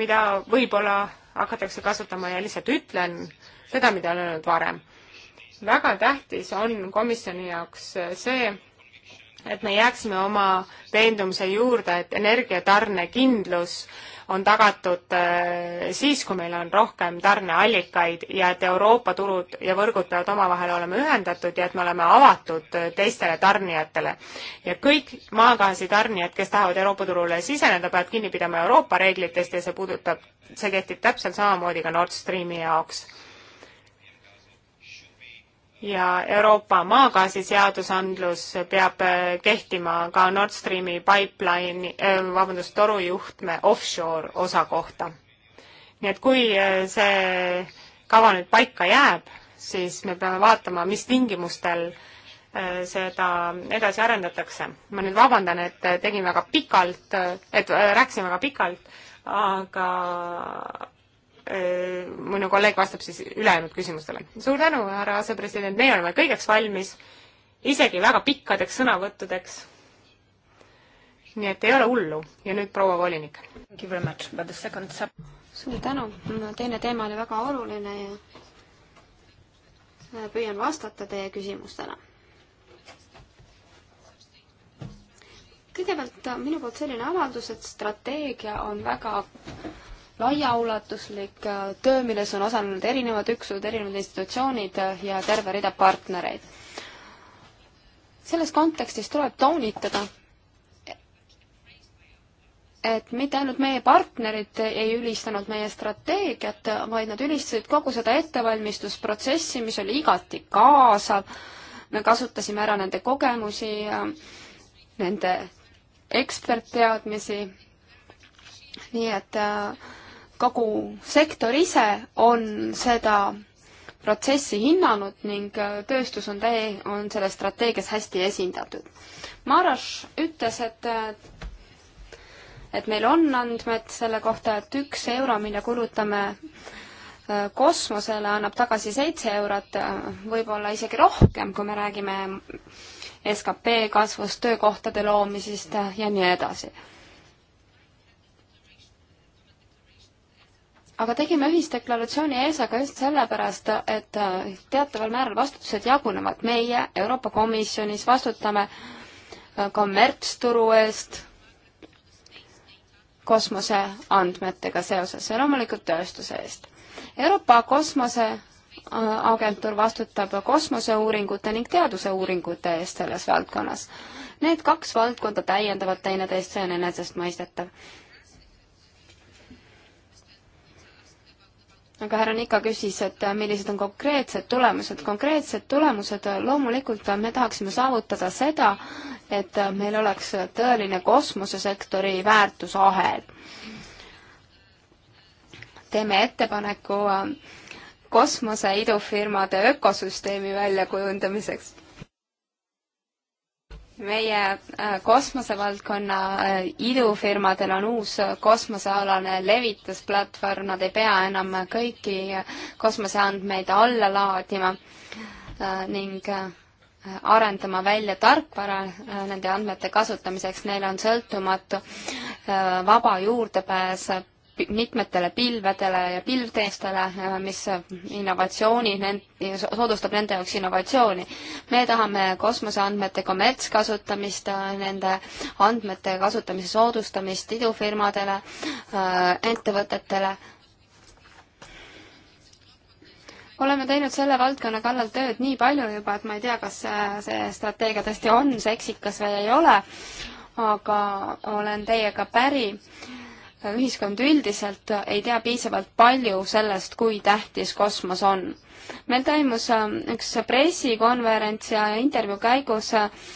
mida võib-olla hakatakse kasutama ja lihtsalt ütlen seda, mida olen öelnud varem. väga tähtis on komisjoni jaoks see, et me jääksime oma veendumuse juurde, et energiatarnekindlus on tagatud äh, siis, kui meil on rohkem tarneallikaid ja et Euroopa turud ja võrgud peavad omavahel olema ühendatud ja et me oleme avatud äh, teistele tarnijatele. ja kõik maagaasi tarnijad, kes tahavad Euroopa turule siseneda, peavad kinni pidama Euroopa reeglitest ja see puudutab, see kehtib täpselt samamoodi ka Nord Streami jaoks ja Euroopa maagaasiseadusandlus peab äh, kehtima ka Nord Streami pipeline, äh, vabandust, torujuhtme offshore osa kohta. nii et kui äh, see kava nüüd paika jääb, siis me peame vaatama, mis tingimustel seda edasi arendatakse. ma nüüd vabandan, et tegin väga pikalt, et rääkisin väga pikalt, aga Äh, minu kolleeg vastab siis ülejäänud küsimustele. suur tänu, härra asepresident, meie oleme kõigeks valmis, isegi väga pikkadeks sõnavõttudeks. nii et ei ole hullu ja nüüd proua volinik. suur tänu, teine teema oli väga oluline ja äh, püüan vastata teie küsimustele. kõigepealt äh, minu poolt selline avaldus, et strateegia on väga laiaulatuslik äh, töö, milles on osalenud erinevad üksused, erinevad institutsioonid äh, ja terve rida partnereid. selles kontekstis tuleb toonitada, et mitte ainult meie partnerid ei ülistanud meie strateegiat, vaid nad ülistasid kogu seda ettevalmistusprotsessi, mis oli igati kaasav. me kasutasime ära nende kogemusi, nende ekspertteadmisi. nii et äh, kogu sektor ise on seda protsessi hinnanud ning äh, tööstus on täie, on selles strateegias hästi esindatud. Maroš ütles, et äh, et meil on andmed selle kohta, et üks euro, mille kulutame äh, kosmosele, annab tagasi seitse eurot, võib-olla isegi rohkem, kui me räägime skp kasvust, töökohtade loomisest ja nii edasi aga tegime ühisdeklaratsiooni ESA-ga just sellepärast, et äh, teataval määral vastutused jagunevad. meie Euroopa Komisjonis vastutame äh, kommertsturu eest kosmoseandmetega seoses ja loomulikult tööstuse eest. Euroopa Kosmoseagentuur äh, vastutab kosmoseuuringute ning teaduseuuringute eest selles valdkonnas. Need kaks valdkonda täiendavad teineteist, see on enesestmõistetav aga härra Nika küsis, et äh, millised on konkreetsed tulemused. konkreetsed tulemused, äh, loomulikult äh, me tahaksime saavutada seda, et meil oleks tõeline kosmosesektori väärtusahel. teeme ettepaneku kosmose idufirmade ökosüsteemi väljakujundamiseks meie äh, kosmosevaldkonna äh, idufirmadel on uus kosmosealane levitusplatvorm, nad ei pea enam kõiki kosmoseandmeid alla laadima äh, ning arendama välja tarkvara nende andmete kasutamiseks, neil on sõltumatu vaba juurdepääs mitmetele pilvedele ja pilvteenustele, äh, mis äh, innovatsiooni, soodustab nende jaoks innovatsiooni. me tahame kosmoseandmete kommertskasutamist, äh, nende andmete kasutamise soodustamist idufirmadele, ettevõtetele. oleme teinud selle valdkonna kallal tööd nii palju juba, et ma ei tea, kas see strateegia tõesti on seksikas või ei ole, aga olen teiega päri ühiskond üldiselt ei tea piisavalt palju sellest, kui tähtis kosmos on. meil toimus ähm, üks pressikonverents ja intervjuu käigus äh,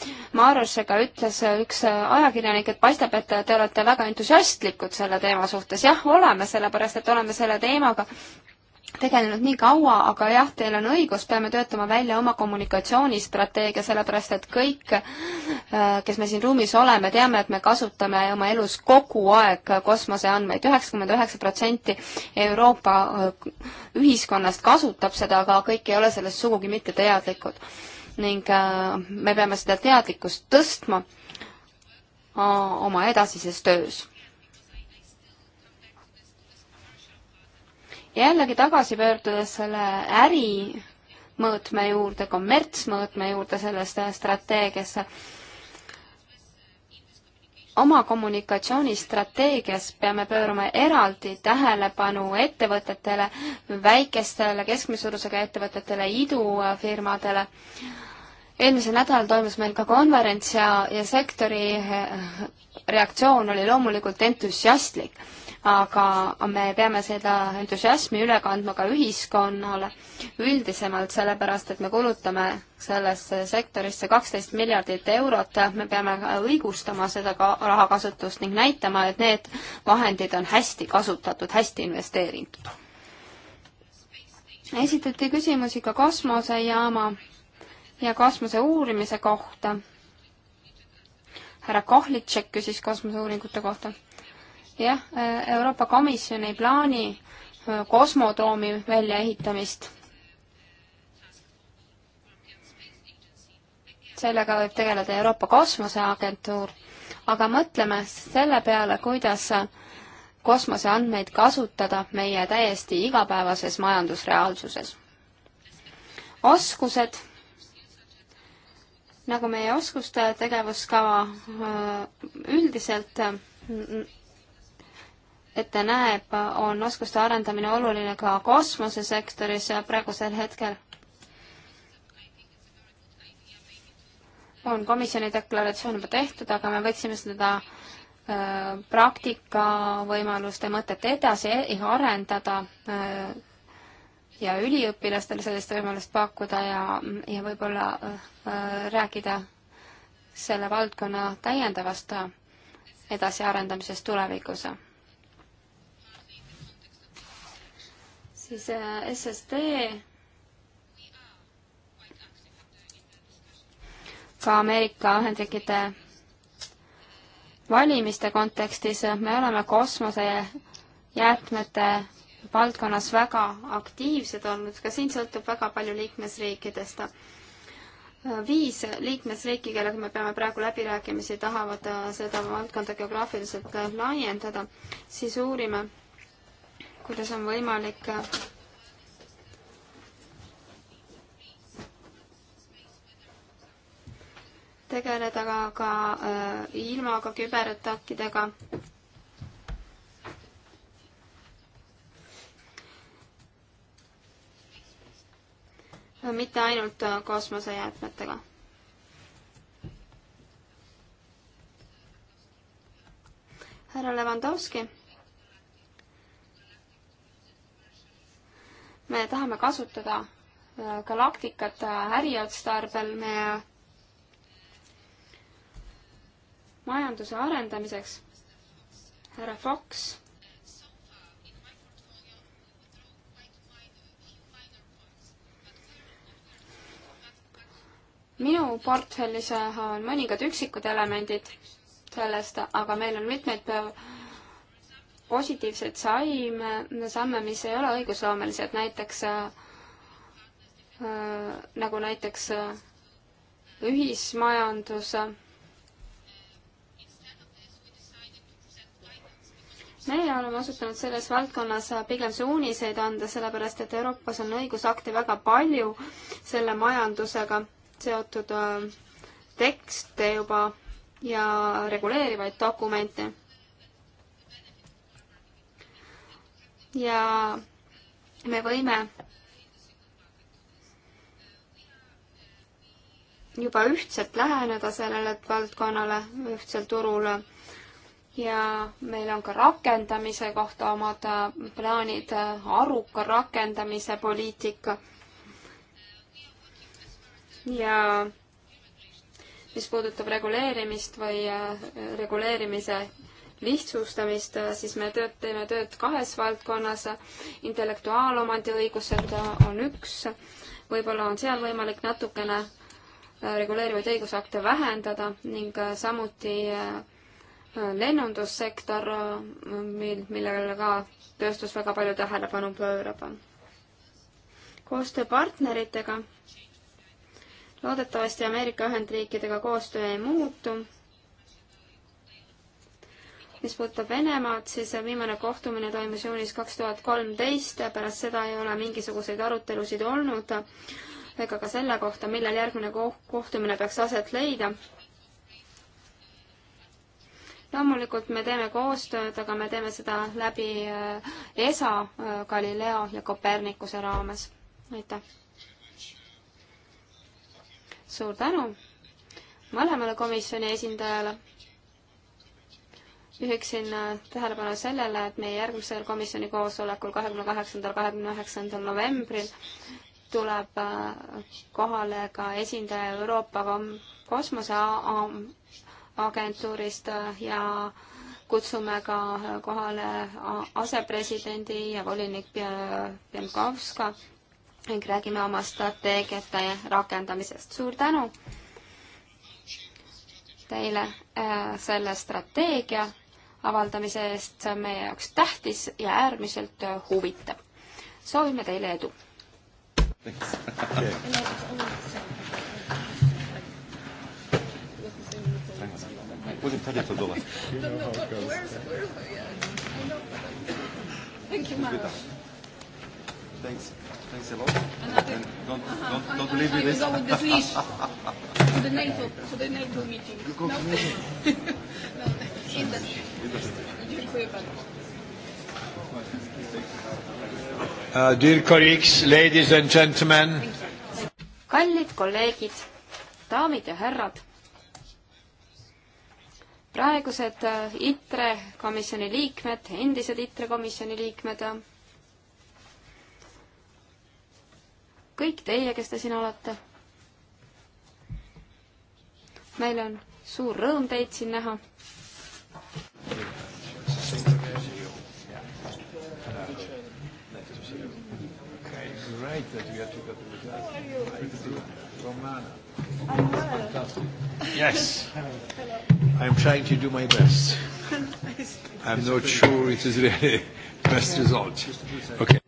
Maarusega ütles äh, üks äh, ajakirjanik, et paistab, et te olete väga entusiastlikud selle teema suhtes. jah, oleme, sellepärast et oleme selle teemaga tegelenud nii kaua, aga jah, teil on õigus, peame töötama välja oma kommunikatsioonistrateegia, sellepärast et kõik, äh, kes me siin ruumis oleme, teame, et me kasutame oma elus kogu aeg kosmoseandmeid. üheksakümmend üheksa protsenti Euroopa äh, ühiskonnast kasutab seda, aga kõik ei ole sellest sugugi mitte teadlikud. ning äh, me peame seda teadlikkust tõstma oma edasises töös jällegi tagasi pöördudes selle ärimõõtme juurde, kommertsmõõtme juurde selles äh, strateegias, oma kommunikatsioonistrateegias peame pöörama eraldi tähelepanu ettevõtetele, väikestele, keskmise suurusega ettevõtetele, idufirmadele äh,, eelmisel nädalal toimus meil ka konverents ja, ja sektori eh, reaktsioon oli loomulikult entusiastlik, aga me peame seda entusiasmi üle kandma ka ühiskonnale üldisemalt, sellepärast et me kulutame sellesse sektorisse kaksteist miljardit eurot, me peame õigustama seda ka rahakasutust ning näitama, et need vahendid on hästi kasutatud, hästi investeeritud. esitati küsimusi ka kosmosejaama ja kosmose uurimise kohta. härra Kohlitšek küsis kosmoseuuringute kohta. jah, Euroopa Komisjon ei plaani äh, kosmodroomi väljaehitamist. sellega võib tegeleda Euroopa Kosmoseagentuur, aga mõtleme selle peale, kuidas kosmoseandmeid kasutada meie täiesti igapäevases majandusreaalsuses. oskused nagu meie oskuste tegevuskava äh, üldiselt ette näeb, on oskuste arendamine oluline ka kosmosesektoris praegusel hetkel. on komisjoni deklaratsioon juba tehtud, aga me võiksime seda äh, praktika võimaluste mõtet edasi e-, arendada äh, ja üliõpilastele sellist võimalust pakkuda ja, ja võib-olla äh, rääkida selle valdkonna täiendavast edasiarendamisest tulevikus. siis äh, SSD ka Ameerika Ühendriikide valimiste kontekstis me oleme kosmose jäätmete valdkonnas väga aktiivsed olnud, ka siin sõltub väga palju liikmesriikidest. viis liikmesriiki, kellega me peame praegu läbirääkimisi, tahavad äh, seda valdkonda geograafiliselt äh, laiendada, siis uurime, kuidas on võimalik äh, tegeleda ka, ka ilmaga, küberattakkidega mitte ainult äh, kosmosejäätmetega. härra Levandovski. me tahame kasutada äh, galaktikat äh, äriotstarbel meie majanduse arendamiseks. härra Fox minu portfellis on mõningad üksikud elemendid sellest, aga meil on mitmeid positiivseid saime, samme, mis ei ole õigusloomelised, näiteks äh, nagu näiteks äh, ühismajandus. meie oleme osutanud selles valdkonnas pigem suuniseid anda, sellepärast et Euroopas on õigusakte väga palju selle majandusega seotud äh, tekste juba ja reguleerivaid dokumente. ja me võime juba ühtselt läheneda sellele valdkonnale, ühtsel turul. ja meil on ka rakendamise kohta omad äh, plaanid, äh, aruka rakendamise poliitika ja mis puudutab reguleerimist või äh, reguleerimise lihtsustamist, äh, siis me tööd, teeme tööd kahes valdkonnas. intellektuaalomandi õigused äh, on üks, võib-olla on seal võimalik natukene reguleerivaid õigusakte vähendada ning samuti lennundussektor, mil, millele ka tööstus väga palju tähelepanu pöörab. koostöö partneritega loodetavasti Ameerika Ühendriikidega koostöö ei muutu. mis puudutab Venemaad, siis viimane kohtumine toimus juunis kaks tuhat kolmteist ja pärast seda ei ole mingisuguseid arutelusid olnud ega ka selle kohta, millal järgmine kohtumine peaks aset leida. loomulikult me teeme koostööd, aga me teeme seda läbi äh, ESA, äh, Galileo ja Kopernikuse raames. aitäh! suur tänu mõlemale komisjoni esindajale. juhiksin tähelepanu sellele, et meie järgmisel komisjoni koosolekul kahekümne kaheksandal, kahekümne üheksandal novembril tuleb äh, kohale ka esindaja Euroopa kosmoseagentuurist äh, ja kutsume ka äh, kohale asepresidendi ja volinik Pienkovska ning räägime oma strateegiate rakendamisest. suur tänu teile äh, selle strateegia avaldamise eest, see on meie jaoks tähtis ja äärmiselt äh, huvitav. soovime teile edu! Thank you, Mara. Thanks. Thanks a lot. Another, and don't, uh-huh, don't, don't I, leave I, I this. will go with this leash to the NATO, to the NATO meeting. You go no? to NATO. no, in the... Dziękuję bardzo. Uh, dear colleagues, ladies and gentlemen. kallid kolleegid, daamid ja härrad. praegused uh, ITRE komisjoni liikmed, endised ITRE komisjoni liikmed kõik teie, kes te siin olete. meil on suur rõõm teid siin näha. Great that you have to go to the class. Romana. I'm well. Yes. I'm trying to do my best. I'm not sure it is really best result. Okay.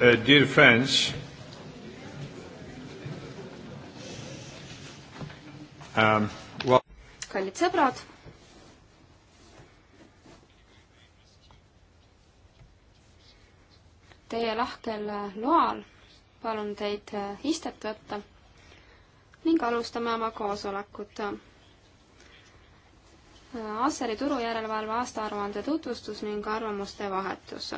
Uh, dear friends, um, well... kallid sõbrad. Teie lahkel loal palun teid äh, istet võtta ning alustame oma koosolekut. Äh, Asseri turujärelevalve aastaaruande tutvustus ning arvamuste vahetus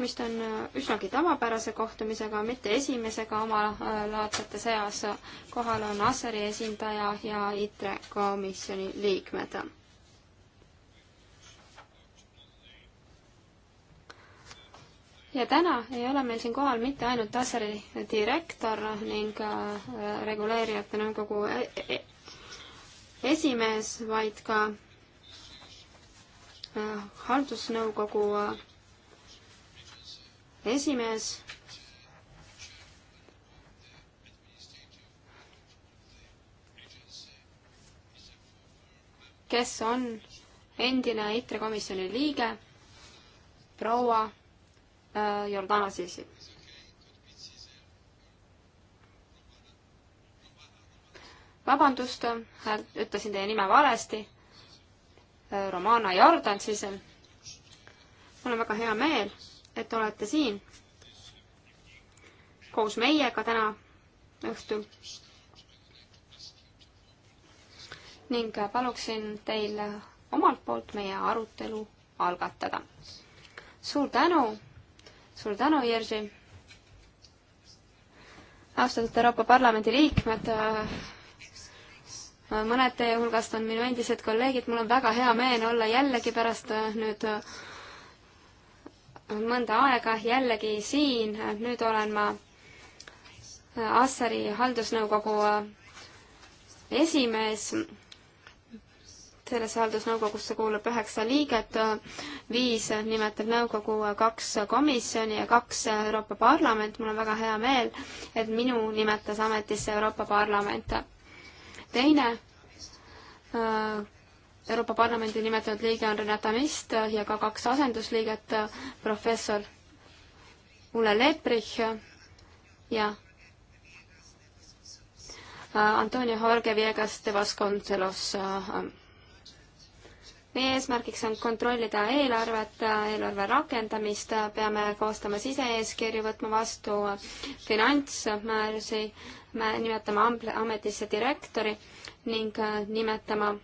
tegemist on äh, üsnagi tavapärase kohtumisega, mitte esimesega omalaadsete äh, seas. kohal on Asseri esindaja ja ITRE komisjoni liikmed. ja täna ei ole meil siin kohal mitte ainult Asseri direktor ning äh, reguleerijate nõukogu e, e, esimees, vaid ka haldusnõukogu esimees kes on endine ITRE komisjoni liige, proua äh, Jordana Sisi. vabandust, äh, ütlesin teie nime valesti äh,. Romana Jordan Sisel. mul on väga hea meel et olete siin koos meiega täna õhtul. ning paluksin teil omalt poolt meie arutelu algatada. suur tänu, suur tänu, Jerzy. austatud Euroopa Parlamendi liikmed mõned teie hulgast on minu endised kolleegid, mul on väga hea meel olla jällegi pärast nüüd mõnda aega jällegi siin, nüüd olen ma Assari haldusnõukogu esimees. sellesse haldusnõukogusse kuulub üheksa liiget, viis nimetab nõukogu, kaks komisjoni ja kaks Euroopa Parlament. mul on väga hea meel, et minu nimetas ametisse Euroopa Parlament. teine Euroopa Parlamendi nimetatud liige on Renata Mist ja ka kaks asendusliiget, professor Ulle Leprich ja äh, Antonio Jorge Viegas de Vasconcelos. Äh, meie eesmärgiks on kontrollida eelarvet, eelarve rakendamist, peame koostama sise-eeskirju, võtma vastu finantsmäärusi, nimetama ametisse direktori ning äh, nimetama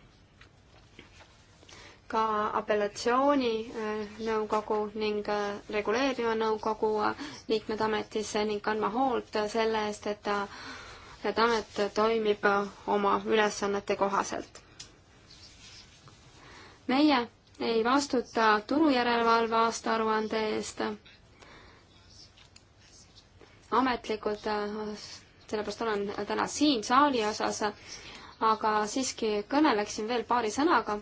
ka apellatsiooninõukogu äh, ning äh, reguleeriva nõukogu äh, liikmed ametisse ning kandma hoolt selle eest, et ta, et amet toimib oma ülesannete kohaselt. meie ei vastuta turujärelevalve aastaaruande eest ametlikult, sellepärast olen täna siin saali osas, aga siiski kõneleksin veel paari sõnaga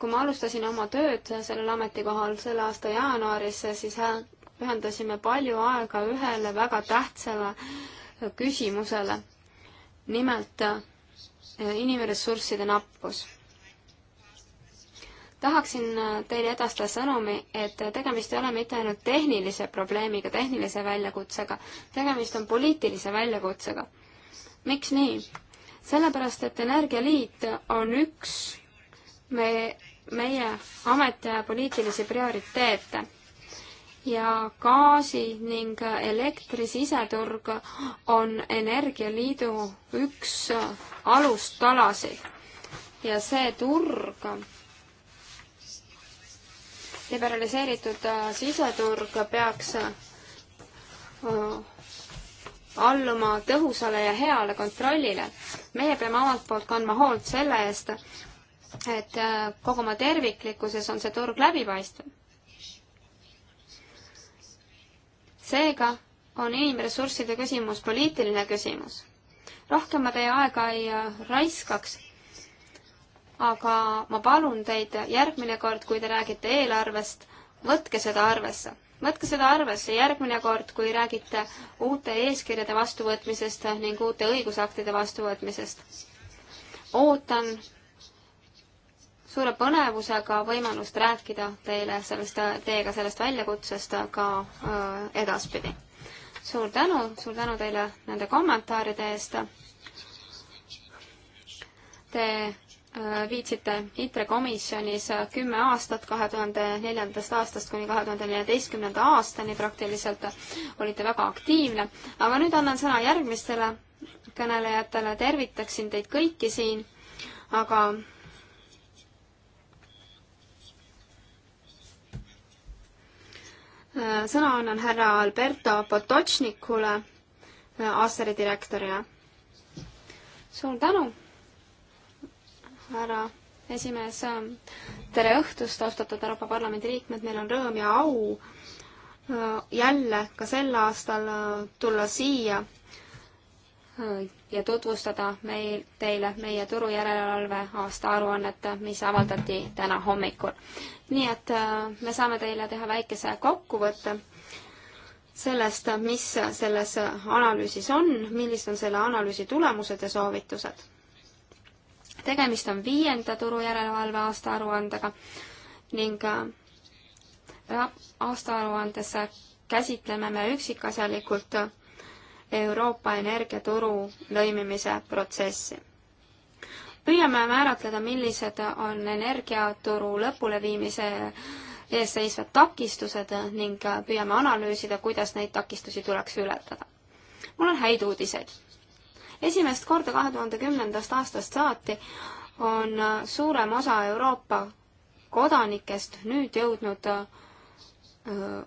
kui ma alustasin oma tööd sellel ametikohal selle aasta jaanuaris, siis pühendasime palju aega ühele väga tähtsale küsimusele. nimelt äh, inimressursside nappus. tahaksin äh, teile edastada sõnumi, et äh, tegemist ei ole mitte ainult tehnilise probleemiga, tehnilise väljakutsega, tegemist on poliitilise väljakutsega. miks nii? sellepärast, et Energialiit on üks me meie ametiaja poliitilisi prioriteete ja gaasi ning elektri siseturg on Energialiidu üks alustalasid. ja see turg, liberaliseeritud äh, siseturg peaks äh, alluma tõhusale ja heale kontrollile. meie peame omalt poolt kandma hoolt selle eest, et äh, kogu oma terviklikkuses on see turg läbipaistev. seega on inimressursside küsimus poliitiline küsimus. rohkem ma teie aega ei äh, raiskaks, aga ma palun teid järgmine kord, kui te räägite eelarvest, võtke seda arvesse. võtke seda arvesse järgmine kord, kui räägite uute eeskirjade vastuvõtmisest ning uute õigusaktide vastuvõtmisest. ootan suure põnevusega võimalust rääkida teile sellest, teiega sellest väljakutsest ka äh, edaspidi. suur tänu, suur tänu teile nende kommentaaride eest. Te äh, viitsite ITRE komisjonis kümme aastat, kahe tuhande neljandast aastast kuni kahe tuhande neljateistkümnenda aastani praktiliselt olite väga aktiivne, aga nüüd annan sõna järgmistele kõnelejatele, tervitaksin teid kõiki siin, aga Äh, sõna annan härra Alberto Potočnikule, äh, Asseri direktorile. suur tänu, härra esimees. Ähm, tere õhtust, austatud Euroopa Parlamendi liikmed, meil on rõõm ja au äh, jälle ka sel aastal tulla siia Äh, ja tutvustada meil, teile meie turujärelevalve aastaaruannet, mis avaldati täna hommikul. nii et äh, me saame teile teha väikese kokkuvõtte sellest, mis selles analüüsis on, millised on selle analüüsi tulemused ja soovitused. tegemist on viienda turujärelevalve aastaaruandega ning äh, aastaaruandes käsitleme me üksikasjalikult Euroopa energiaturu lõimimise protsessi. püüame määratleda, millised on energiaturu lõpuleviimise ees seisvad takistused ning püüame analüüsida, kuidas neid takistusi tuleks ületada. mul on häid uudiseid. esimest korda kahe tuhande kümnendast aastast saati on suurem osa Euroopa kodanikest nüüd jõudnud öö, äh,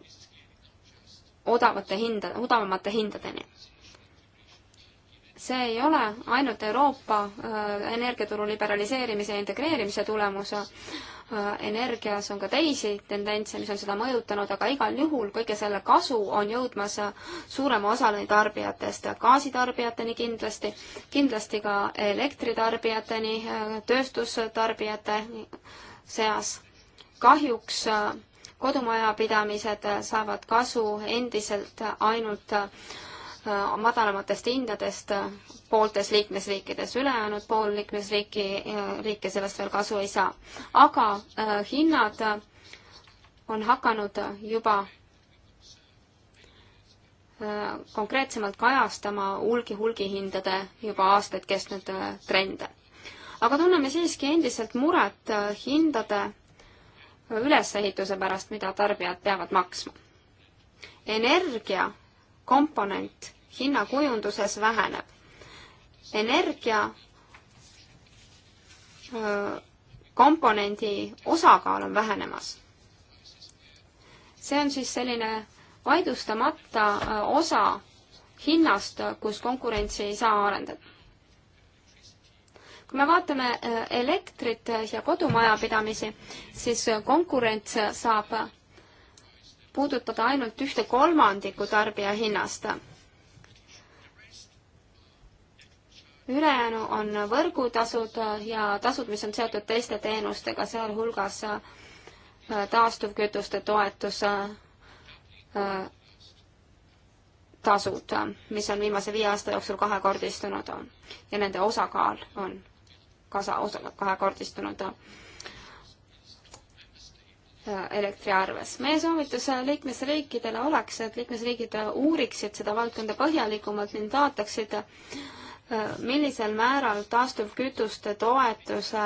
odavate hindade, odavamate hindadeni see ei ole ainult Euroopa äh, energiaturu liberaliseerimise ja integreerimise tulemus, äh, energias on ka teisi tendentse, mis on seda mõjutanud, aga igal juhul kõige selle kasu on jõudmas äh, suurema osani tarbijatest, gaasitarbijateni kindlasti, kindlasti ka elektritarbijateni, tööstustarbijate seas. kahjuks kodumajapidamised saavad kasu endiselt ainult Äh, madalamatest hindadest pooltes liikmesriikides, ülejäänud pool liikmesriiki, äh, riike sellest veel kasu ei saa. aga äh, hinnad äh, on hakanud juba äh, konkreetsemalt kajastama hulgi-hulgihindade juba aastaid kestnud äh, trende. aga tunneme siiski endiselt muret hindade ülesehituse pärast, mida tarbijad peavad maksma. energia komponent hinnakujunduses väheneb. energia komponendi osakaal on vähenemas. see on siis selline vaidlustamata osa hinnast, kus konkurentsi ei saa arendada. kui me vaatame elektrit ja kodumajapidamisi, siis konkurents saab puudutada ainult ühte kolmandikku tarbijahinnast. ülejäänu on võrgutasud ja tasud, mis on seotud teiste teenustega, sealhulgas äh, taastuvkütuste toetus, äh, tasud, mis on viimase viie aasta jooksul kahekordistunud ja nende osakaal on kasa, osa kahekordistunud Äh, elektriarves. meie soovitus äh, liikmesriikidele oleks, et liikmesriigid äh, uuriksid seda valdkonda põhjalikumalt ning vaataksid, millisel määral taastuvkütuste toetuse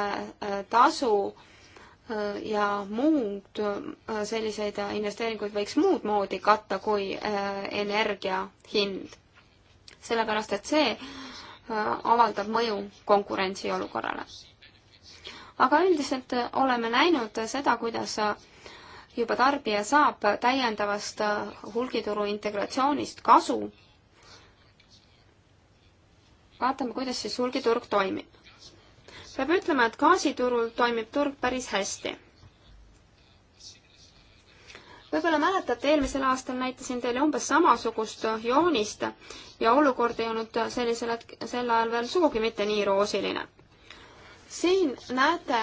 tasu ja muud selliseid investeeringuid võiks muud moodi katta kui energia hind. sellepärast, et see avaldab mõju konkurentsiolukorrale aga üldiselt oleme näinud seda, kuidas juba tarbija saab täiendavast hulgituru integratsioonist kasu. vaatame, kuidas siis hulgiturg toimib. peab ütlema, et gaasiturul toimib turg päris hästi võib-olla mäletate, eelmisel aastal näitasin teile umbes samasugust joonist ja olukord ei olnud sellisel hetkel, sel ajal veel sugugi mitte nii roosiline siin näete,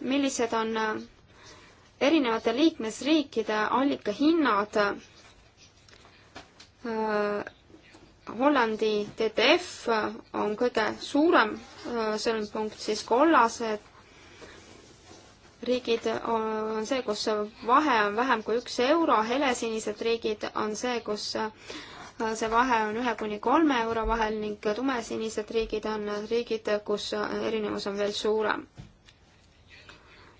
millised on äh, erinevate liikmesriikide allikahinnad äh, Hollandi TTF äh, on kõige suurem sõlmpunkt, siis kollased riigid on see, kus vahe on vähem kui üks euro, helesinised riigid on see, kus see vahe on ühe kuni kolme euro vahel ning tumesinised riigid on riigid, kus erinevus on veel suurem.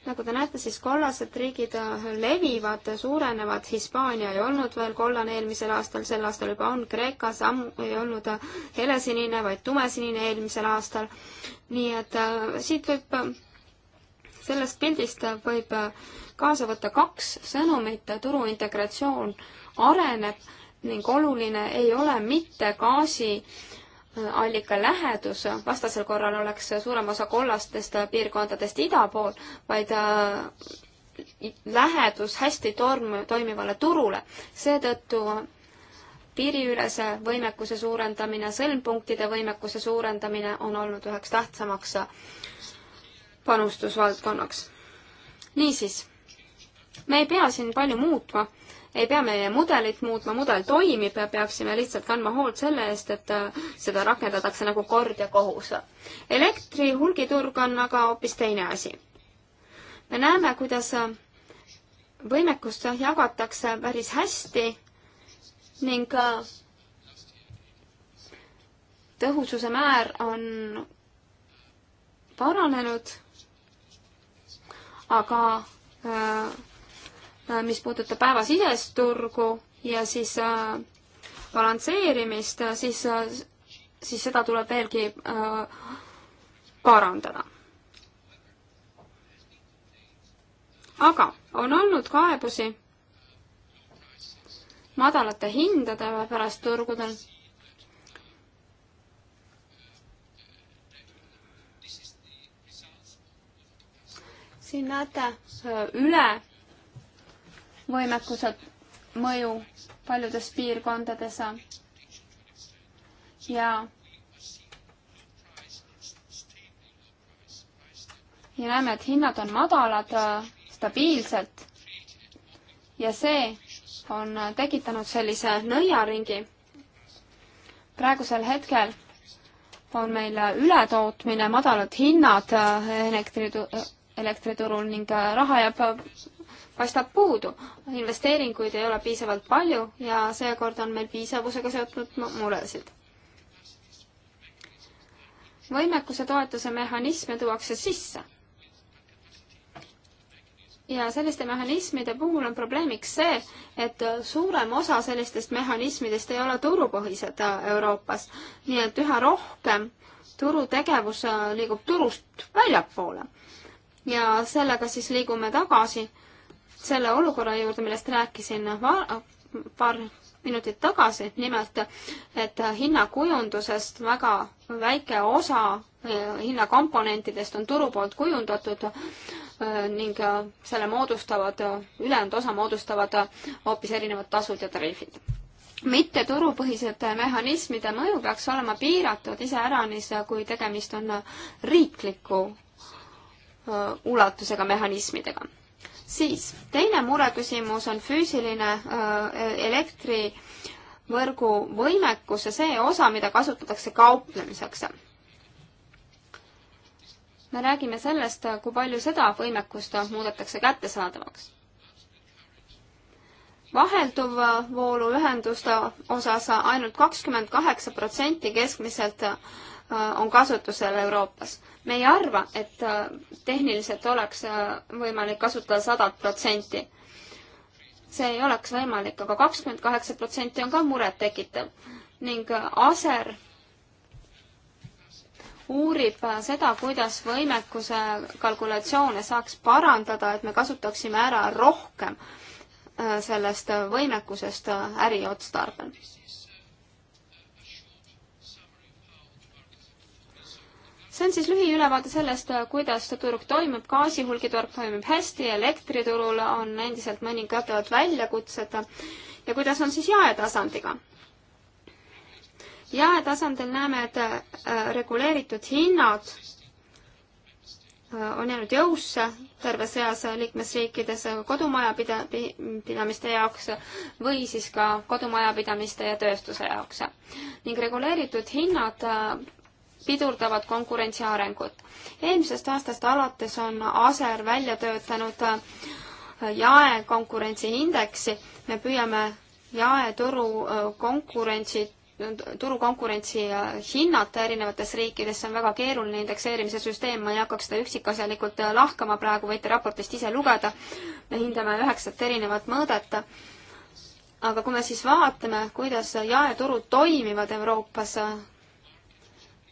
nagu te näete, siis kollased riigid levivad, suurenevad, Hispaania ei olnud veel kollane eelmisel aastal, sel aastal juba on, Kreekas ammu ei olnud helesinine, vaid tumesinine eelmisel aastal. nii et äh, siit võib, sellest pildist võib kaasa võtta kaks sõnumit, turuintegratsioon areneb ning oluline ei ole mitte gaasi äh, allika lähedus, vastasel korral oleks suurem osa kollastest piirkondadest ida pool, vaid äh, lähedus hästi torm-, toimivale turule. seetõttu piiriülese võimekuse suurendamine, sõlmpunktide võimekuse suurendamine on olnud üheks tähtsamaks panustusvaldkonnaks. niisiis, me ei pea siin palju muutma ei pea meie mudelit muutma, mudel toimib ja peaksime lihtsalt kandma hoolt selle eest, et äh, seda rakendatakse nagu kord ja kohus. elektri hulgiturg on aga hoopis teine asi. me näeme, kuidas äh, võimekust jagatakse päris hästi ning äh, tõhususe määr on paranenud, aga äh, Äh, mis puudutab päevasisest turgu ja siis äh, balansseerimist, siis, äh, siis seda tuleb veelgi parandada. aga on olnud kaebusi madalate hindade pärast turgudel siin näete üle võimekuse mõju paljudes piirkondades ja ja näeme, et hinnad on madalad stabiilselt ja see on tekitanud sellise nõiaringi. praegusel hetkel on meil ületootmine, madalad hinnad elektritu-, elektriturul ning raha jääb paistab puudu. investeeringuid ei ole piisavalt palju ja seekord on meil piisavusega seotud muresid võimekuse toetuse mehhanisme tuuakse sisse. ja selliste mehhanismide puhul on probleemiks see, et suurem osa sellistest mehhanismidest ei ole turupõhised Euroopas, nii et üha rohkem turutegevus liigub turust väljapoole. ja sellega siis liigume tagasi selle olukorra juurde, millest rääkisin paar minutit tagasi, et nimelt, et hinnakujundusest väga väike osa eh, hinnakomponentidest on turu poolt kujundatud eh, ning eh, selle moodustavad, ülejäänud osa moodustavad hoopis erinevad tasud ja tariifid. mitte turupõhised mehhanismide mõju peaks olema piiratud iseäranis, kui tegemist on riikliku ulatusega mehhanismidega siis teine mureküsimus on füüsiline elektrivõrgu võimekus ja see osa, mida kasutatakse kauplemiseks. me räägime sellest, kui palju seda võimekust muudetakse kättesaadavaks vahelduva vooluühenduste osas ainult kakskümmend kaheksa protsenti keskmiselt on kasutusel Euroopas me ei arva, et äh, tehniliselt oleks äh, võimalik kasutada sadat protsenti. see ei oleks võimalik aga, aga kakskümmend kaheksa protsenti on ka murettekitav ning äh, Aser uurib seda, kuidas võimekuse kalkulatsioone saaks parandada, et me kasutaksime ära rohkem sellest võimekusest äriotstarbel. see on siis lühiülevaade sellest, äh, kuidas turg toimib, gaasihulgiturg toimib hästi, elektriturul on endiselt mõningad väljakutsed ja kuidas on siis jaetasandiga. jaetasandil näeme, et äh, reguleeritud hinnad äh, on jäänud jõusse terves eas liikmesriikides kodumajapidamiste jaoks või siis ka kodumajapidamiste ja tööstuse jaoks. ning reguleeritud hinnad pidurdavad konkurentsi arengut. eelmisest aastast alates on ASER välja töötanud äh, jaekonkurentsiindeksi, me püüame jaeturu äh, konkurentsi turukonkurentsi äh, hinnata erinevates riikides, see on väga keeruline indekseerimise süsteem, ma ei hakkaks seda üksikasjalikult lahkama praegu, võite raportist ise lugeda. me hindame üheksat erinevat mõõdet. aga kui me siis vaatame, kuidas jaeturud toimivad Euroopas,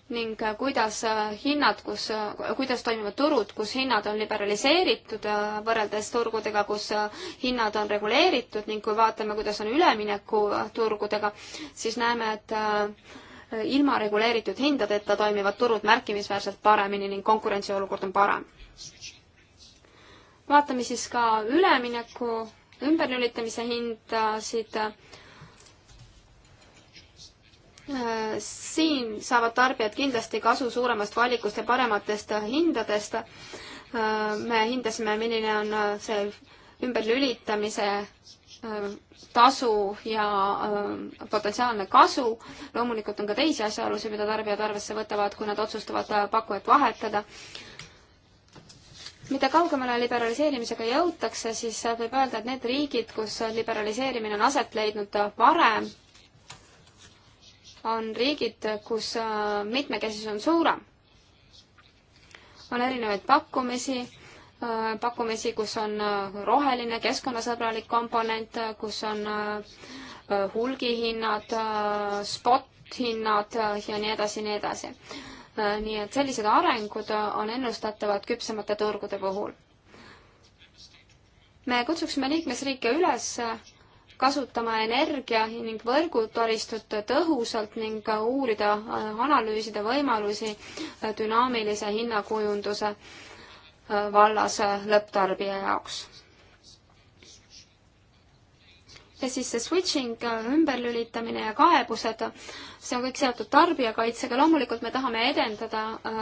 ning äh, kuidas äh, hinnad, kus, äh, kuidas toimivad turud, kus hinnad on liberaliseeritud võrreldes turgudega, kus hinnad on reguleeritud ning kui vaatame, kuidas on üleminekuturgudega, siis näeme, et ilma reguleeritud hindadeta toimivad turud märkimisväärselt paremini ning konkurentsiolukord on parem. vaatame siis ka ülemineku, ümberlülitamise hindasid Äh, siin saavad tarbijad kindlasti kasu suuremast valikust ja parematest hindadest. Äh, me hindasime, milline on äh, see ümberlülitamise tasu ja potentsiaalne kasu. loomulikult on ka teisi asjaolusid, mida tarbijad arvesse võtavad, kui nad otsustavad pakkujat vahetada mida kaugemale liberaliseerimisega jõutakse, siis võib öelda, et need riigid, kus liberaliseerimine on aset leidnud varem, on riigid, kus äh, mitmekesisus on suurem. on erinevaid pakkumisi, äh, pakkumisi, kus on äh, roheline keskkonnasõbralik komponent, kus on hulgihinnad, spot-hinnad ja nii edasi, nii edasi. nii et sellised arengud on ennustatavad küpsemate turgude puhul. me kutsuksime liikmesriike üles kasutama energia ning võrgutaristut tõhusalt ning uurida, analüüsida võimalusi dünaamilise hinnakujunduse vallas lõpptarbija jaoks ja siis see switching, ümberlülitamine ja kaebused, see on kõik seotud tarbijakaitsega, loomulikult me tahame edendada äh,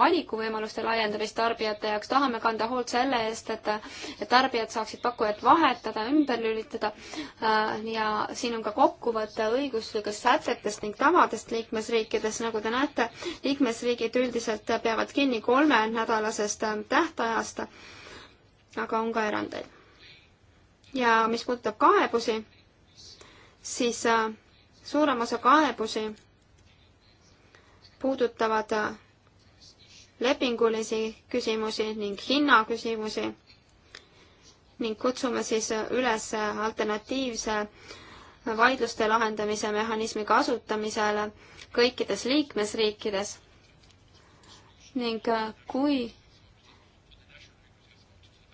valikuvõimaluste laiendamist tarbijate jaoks, tahame kanda hoolt selle eest, et et tarbijad saaksid pakkujat vahetada, ümber lülitada äh, ja siin on ka kokkuvõte õiguslikest sätetest ning tavadest liikmesriikides, nagu te näete, liikmesriigid üldiselt peavad kinni kolmenädalasest äh, tähtajast, aga on ka erandeid ja mis puudutab kaebusi, siis äh, suurem osa kaebusi puudutavad äh, lepingulisi küsimusi ning hinnaküsimusi ning kutsume siis äh, üles alternatiivse vaidluste lahendamise mehhanismi kasutamisele kõikides liikmesriikides ning kui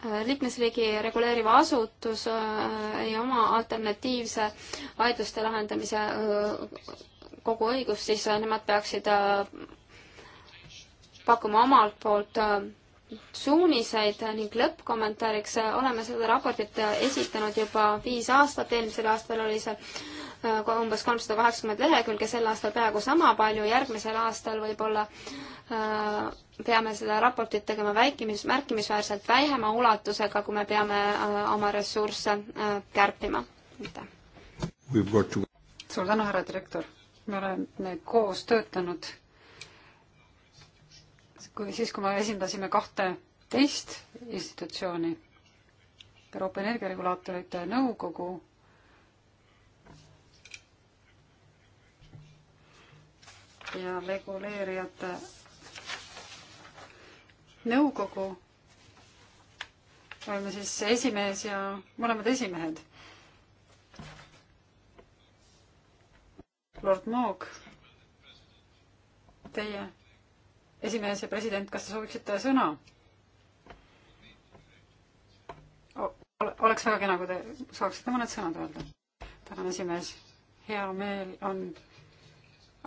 Äh, liikmesriigi reguleeriv asutus äh, ei oma alternatiivse vaidluste lahendamise äh, kogu õigust, siis nemad peaksid pakkuma omalt poolt suuniseid ning lõppkommentaariks oleme seda raportit esitanud juba viis aastat, eelmisel aastal oli see Äh, umbes kolmsada kaheksakümmend lehekülge, sel aastal peaaegu sama palju, järgmisel aastal võib-olla äh, peame seda raportit tegema väikimis, märkimisväärselt vähema ulatusega, kui me peame äh, oma ressursse kärpima. aitäh! suur tänu, härra direktor! me oleme koos töötanud kui siis, kui me esindasime kahte teist institutsiooni, Euroopa Energiaregulaatorite Nõukogu ja reguleerijate nõukogu oleme siis esimees ja mõlemad esimehed. Lord Moog, teie esimees ja president, kas te sooviksite sõna? oleks väga kena, kui te saaksite mõned sõnad öelda. tänan, esimees. hea meel on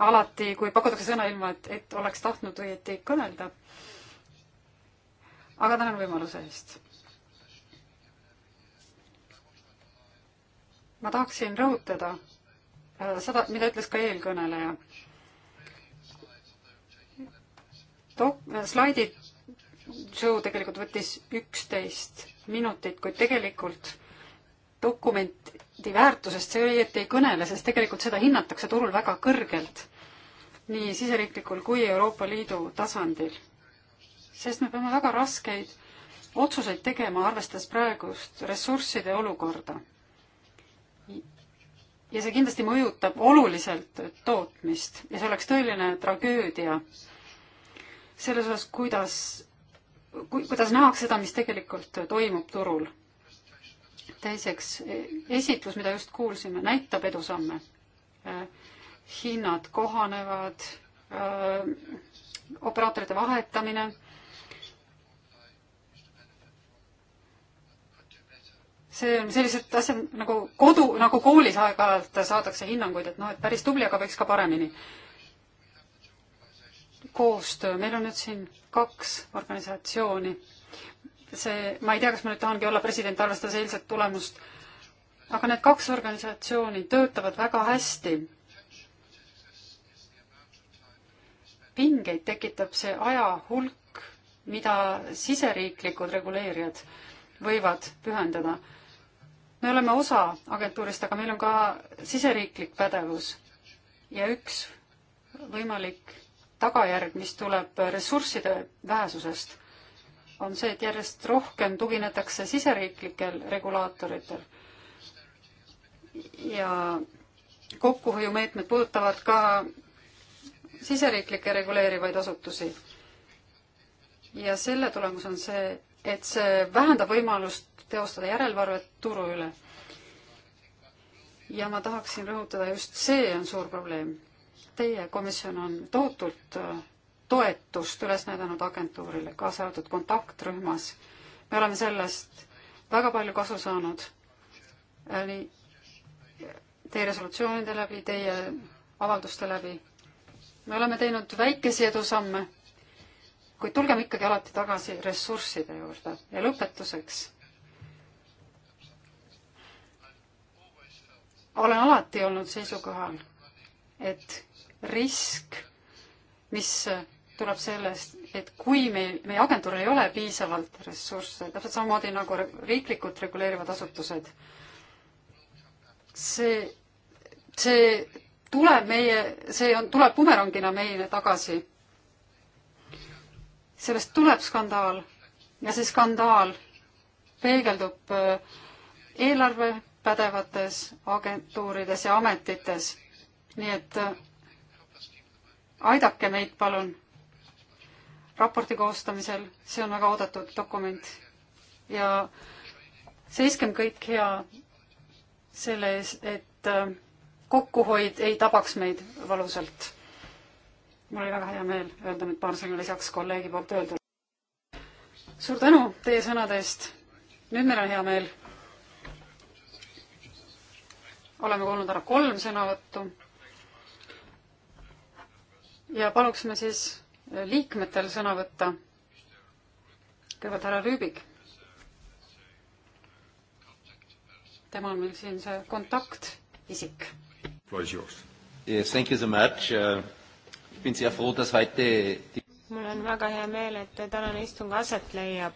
alati, kui pakutakse sõna ilma, et, et oleks tahtnud õieti kõnelda. aga tänan võimaluse eest. ma tahaksin rõhutada äh, seda, mida ütles ka eelkõneleja. Dok-, äh, slaidid, show tegelikult võttis üksteist minutit, kuid tegelikult dokumenti väärtusest see õieti ei kõnele, sest tegelikult seda hinnatakse turul väga kõrgelt, nii siseriiklikul kui Euroopa Liidu tasandil. sest me peame väga raskeid otsuseid tegema, arvestades praegust ressursside olukorda. ja see kindlasti mõjutab oluliselt tootmist ja see oleks tõeline tragöödia selles osas, kuidas, kuidas nähakse seda, mis tegelikult toimub turul teiseks, esitlus, mida just kuulsime, näitab edusamme. hinnad kohanevad, operaatorite vahetamine. see on sellised asjad nagu kodu, nagu koolis aeg-ajalt saadakse hinnanguid, et noh, et päris tubli, aga võiks ka paremini. koostöö, meil on nüüd siin kaks organisatsiooni see, ma ei tea, kas ma nüüd tahangi olla president, arvestades eilset tulemust, aga need kaks organisatsiooni töötavad väga hästi. pingeid tekitab see ajahulk, mida siseriiklikud reguleerijad võivad pühendada. me oleme osa agentuurist, aga meil on ka siseriiklik pädevus ja üks võimalik tagajärg, mis tuleb ressursside vähesusest on see, et järjest rohkem tuginetakse siseriiklikel regulaatoritel ja kokkuhoiumeetmed puudutavad ka siseriiklikke reguleerivaid asutusi. ja selle tulemus on see, et see vähendab võimalust teostada järelevalvet turu üle. ja ma tahaksin rõhutada, just see on suur probleem. Teie komisjon on tohutult äh, toetust üles näidanud agentuurile, kaasa arvatud kontaktrühmas. me oleme sellest väga palju kasu saanud äh, nii teie resolutsioonide läbi, teie avalduste läbi. me oleme teinud väikesi edusamme, kuid tulgem ikkagi alati tagasi ressursside juurde ja lõpetuseks. olen alati olnud seisukohal, et risk, mis tuleb sellest, et kui meil, meie agentuuril ei ole piisavalt ressursse, täpselt samamoodi nagu riiklikud reguleerivad asutused, see, see tuleb meie, see on, tuleb bumerangina meile tagasi. sellest tuleb skandaal ja see skandaal peegeldub äh, eelarve pädevates agentuurides ja ametites. nii et äh, aidake meid palun raporti koostamisel, see on väga oodatud dokument ja seiskem kõik hea selle ees, et äh, kokkuhoid ei tabaks meid valusalt. mul oli väga hea meel öelda nüüd paar sõna lisaks kolleegi poolt öeldule. suur tänu teie sõnade eest. nüüd meil on hea meel. oleme kuulnud ära kolm sõnavõttu. ja paluksime siis liikmetel sõna võtta. kõigepealt härra Rüübik. tema on meil siin see kontaktisik. Yes, thank you so much uh,. Ich bin sehr froh, dass heute die mul on väga hea meel, et tänane istung aset leiab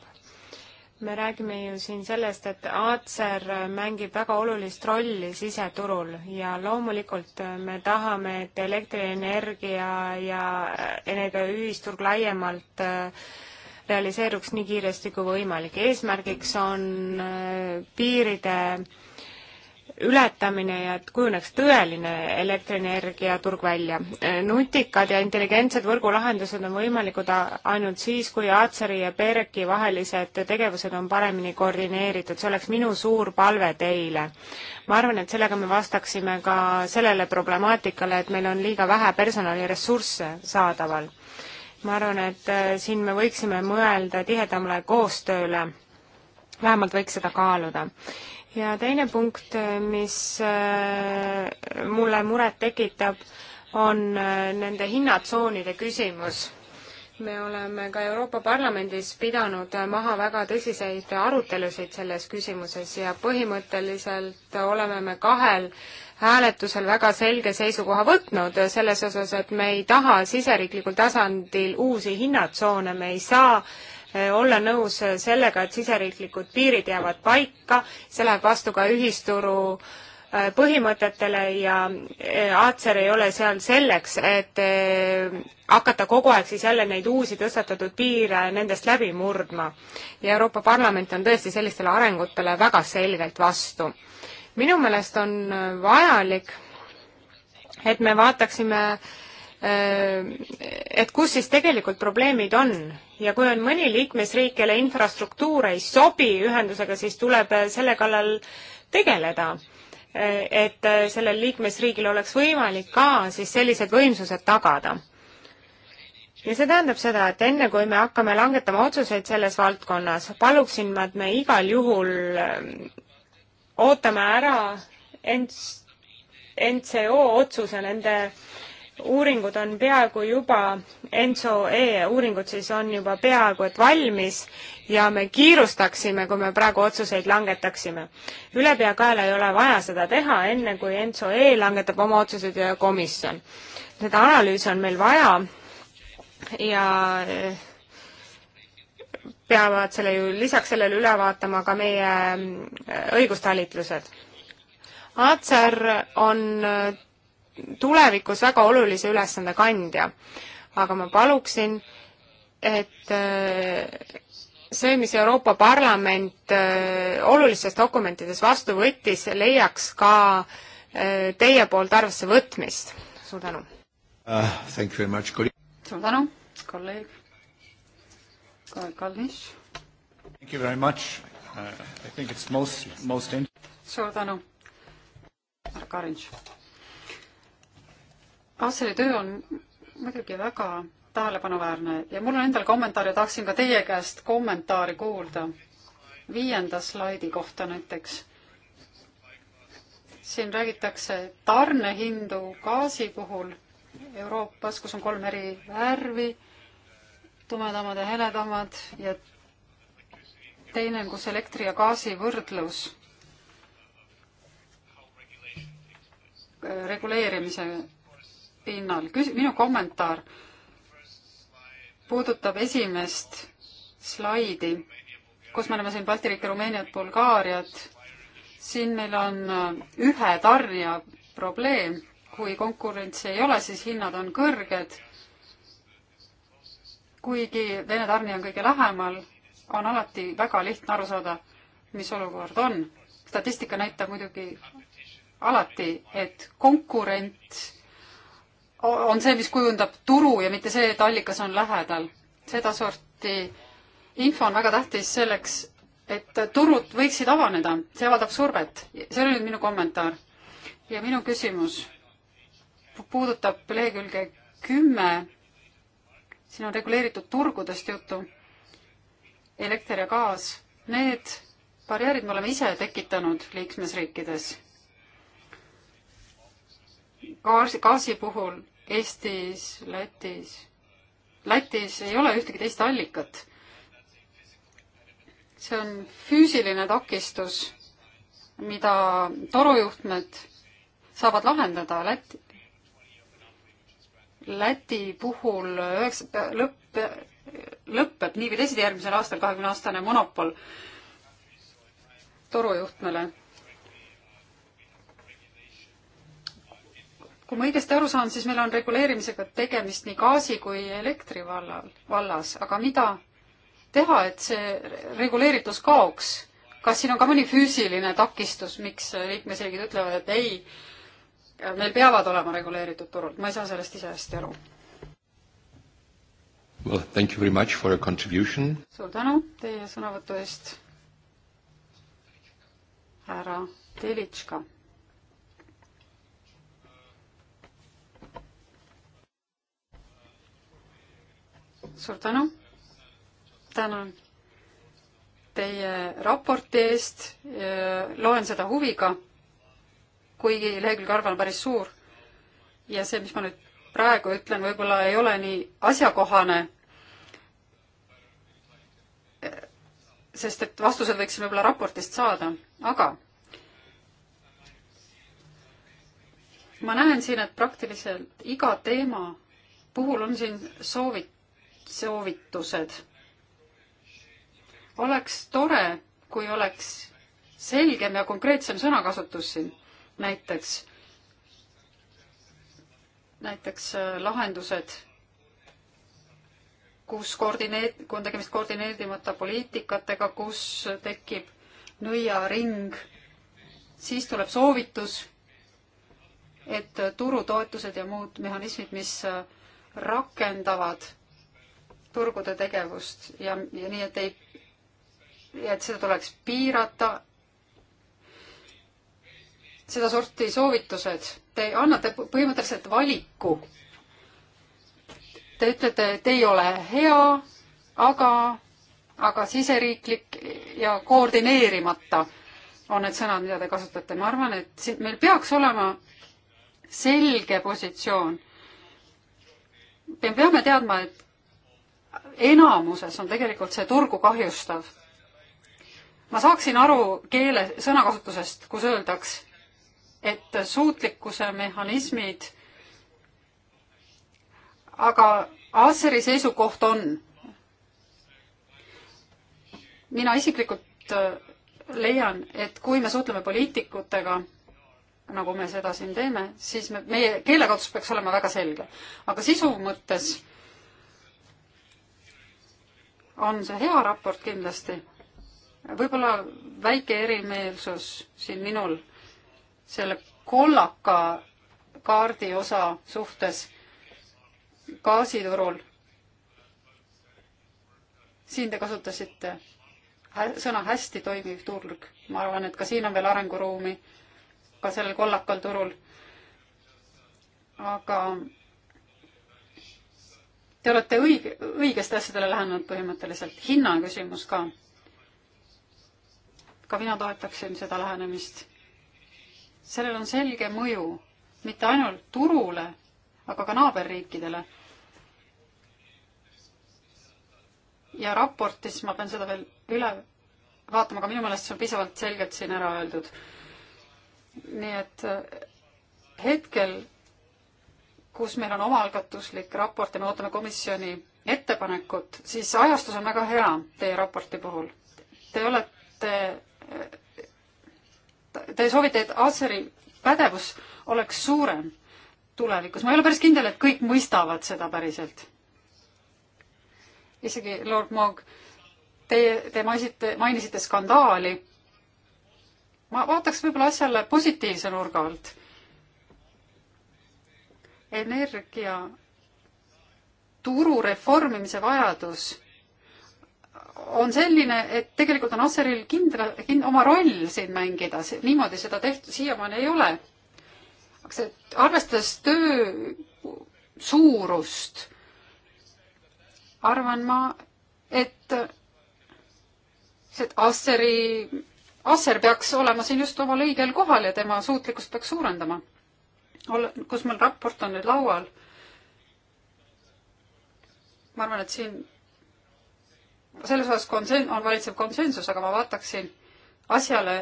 me räägime ju siin sellest, et Acer mängib väga olulist rolli siseturul ja loomulikult me tahame, et elektrienergia ja energiaühisturg laiemalt äh, realiseeruks nii kiiresti kui võimalik. eesmärgiks on äh, piiride ületamine ja et kujuneks tõeline elektrienergia turg välja. nutikad ja intelligentsed võrgulahendused on võimalikud ainult siis, kui Aatseri ja PERK-i vahelised tegevused on paremini koordineeritud, see oleks minu suur palve teile. ma arvan, et sellega me vastaksime ka sellele problemaatikale, et meil on liiga vähe personaliressursse saadaval. ma arvan, et äh, siin me võiksime mõelda tihedamale koostööle, vähemalt võiks seda kaaluda ja teine punkt, mis äh, mulle muret tekitab, on äh, nende hinnatsoonide küsimus. me oleme ka Euroopa Parlamendis pidanud maha väga tõsiseid arutelusid selles küsimuses ja põhimõtteliselt oleme me kahel hääletusel väga selge seisukoha võtnud selles osas, et me ei taha siseriiklikul tasandil uusi hinnatsoone, me ei saa Äh, olla nõus sellega, et siseriiklikud piirid jäävad paika, see läheb vastu ka ühisturu äh, põhimõtetele ja äh, Aatser ei ole seal selleks, et hakata kogu aeg siis jälle neid uusi tõstatatud piire nendest läbi murdma. ja Euroopa Parlament on tõesti sellistele arengutele väga selgelt vastu. minu meelest on vajalik, et me vaataksime, et kus siis tegelikult probleemid on ja kui on mõni liikmesriik, kelle infrastruktuur ei sobi ühendusega, siis tuleb äh, selle kallal tegeleda. Äh, et äh, sellel liikmesriigil oleks võimalik ka siis sellised võimsused tagada ja see tähendab seda, et enne kui me hakkame langetama otsuseid selles valdkonnas, paluksin ma, et me igal juhul ootame ära NCO otsuse nende uuringud on peaaegu juba, ENSO-E uuringud siis on juba peaaegu et valmis ja me kiirustaksime, kui me praegu otsuseid langetaksime. ülepeakaela ei ole vaja seda teha, enne kui ENSO-E langetab oma otsused ja komisjon. seda analüüsi on meil vaja ja eh, peavad selle ju lisaks sellele üle vaatama ka meie eh, õigustalitlused. ACER on eh, tulevikus väga olulise ülesande kandja. aga ma paluksin, et äh, see, mis Euroopa Parlament äh, olulistes dokumentides vastu võttis, leiaks ka äh, teie poolt arvesse võtmist. suur tänu uh,! suur tänu, kolleeg Kalnis. Thank you very much uh,. I think it's most, most suur tänu, härra Karinš Asseli töö on muidugi väga tähelepanuväärne ja mul on endal kommentaar ja tahaksin ka teie käest kommentaari kuulda. viienda slaidi kohta näiteks. siin räägitakse tarnehindu gaasi puhul Euroopas, kus on kolm eri värvi, tumedamad ja heledamad ja teine on, kus elektri ja gaasi võrdlus reguleerimise pinnal. küs-, minu kommentaar puudutab esimest slaidi, kus me oleme siin Balti riike, Rumeeniat, Bulgaariat. siin meil on äh, ühe tarnija probleem, kui konkurentsi ei ole, siis hinnad on kõrged. kuigi Vene tarnija on kõige lähemal, on alati väga lihtne aru saada, mis olukord on. statistika näitab muidugi alati, et konkurent on see, mis kujundab turu ja mitte see, et allikas on lähedal. sedasorti info on väga tähtis selleks, et turud võiksid avaneda, see avaldab survet. see oli nüüd minu kommentaar. ja minu küsimus puudutab lehekülge kümme. siin on reguleeritud turgudest juttu. elekter ja gaas, need barjäärid me oleme ise tekitanud liikmesriikides gaasi, gaasi puhul Eestis, Lätis, Lätis ei ole ühtegi teist allikat. see on füüsiline takistus, mida torujuhtmed saavad lahendada Läti, Läti puhul üheksa, lõpp, lõpeb nii või teisiti järgmisel aastal kahekümne aastane monopol torujuhtmele kui ma õigesti aru saan, siis meil on reguleerimisega tegemist nii gaasi kui elektri vallal, vallas, aga mida teha, et see reguleeritus kaoks? kas siin on ka mõni füüsiline takistus, miks liikmesriigid ütlevad, et ei, meil peavad olema reguleeritud turud, ma ei saa sellest ise hästi aru. Well, thank you very much for your contribution. suur tänu teie sõnavõtu eest, härra Telitška suur tänu. tänan teie raporti eest. loen seda huviga, kuigi lehekülg arv on päris suur. ja see, mis ma nüüd praegu ütlen, võib-olla ei ole nii asjakohane. sest et vastused võiksime võib-olla raportist saada, aga ma näen siin, et praktiliselt iga teema puhul on siin soovit-, soovitused. oleks tore, kui oleks selgem ja konkreetsem sõnakasutus siin, näiteks, näiteks äh, lahendused, kus koordineer-, kui on tegemist koordineerimata poliitikatega, kus tekib nõiaring, siis tuleb soovitus, et äh, turutoetused ja muud mehhanismid, mis äh, rakendavad turgude tegevust ja, ja nii, et ei, et seda tuleks piirata. sedasorti soovitused, te annate põhimõtteliselt valiku. Te ütlete, et ei ole hea, aga, aga siseriiklik ja koordineerimata on need sõnad, mida te kasutate. ma arvan, et siin meil peaks olema selge positsioon. me peame teadma, et enamuses on tegelikult see turgu kahjustav. ma saaksin aru keele sõnakasutusest, kus öeldaks, et suutlikkuse mehhanismid, aga Asseri seisukoht on, mina isiklikult äh, leian, et kui me suhtleme poliitikutega, nagu me seda siin teeme, siis me, meie keelekasutus peaks olema väga selge. aga sisu mõttes on see hea raport kindlasti. võib-olla väike erimeelsus siin minul selle kollaka kaardi osa suhtes gaasiturul. siin te kasutasite sõna hästi toimiv turg. ma arvan, et ka siin on veel arenguruumi, ka sellel kollakal turul. aga Te olete õige, õigesti asjadele lähenenud põhimõtteliselt. hinna küsimus ka. ka mina toetaksin seda lähenemist. sellel on selge mõju mitte ainult turule, aga ka naaberriikidele. ja raportis ma pean seda veel üle vaatama, aga minu meelest see on piisavalt selgelt siin ära öeldud. nii et äh, hetkel kus meil on omaalgatuslik raport ja me ootame komisjoni ettepanekut, siis ajastus on väga hea teie raporti puhul. Te olete, te soovite, et Aseri pädevus oleks suurem tulevikus. ma ei ole päris kindel, et kõik mõistavad seda päriselt. isegi Lord Moog, teie, te mainisite, mainisite skandaali. ma vaataks võib-olla asjale positiivse nurga alt energia turu reformimise vajadus on selline, et tegelikult on Asseril kindla kind,, oma roll siin mängida, niimoodi seda tehtud siiamaani ei ole. aga see, arvestades töö suurust, arvan ma, et see, et Asseri, Asser peaks olema siin just omal õigel kohal ja tema suutlikkust peaks suurendama kus meil raport on nüüd laual, ma arvan, et siin selles osas konsen-, on valitsev konsensus, aga ma vaataksin asjale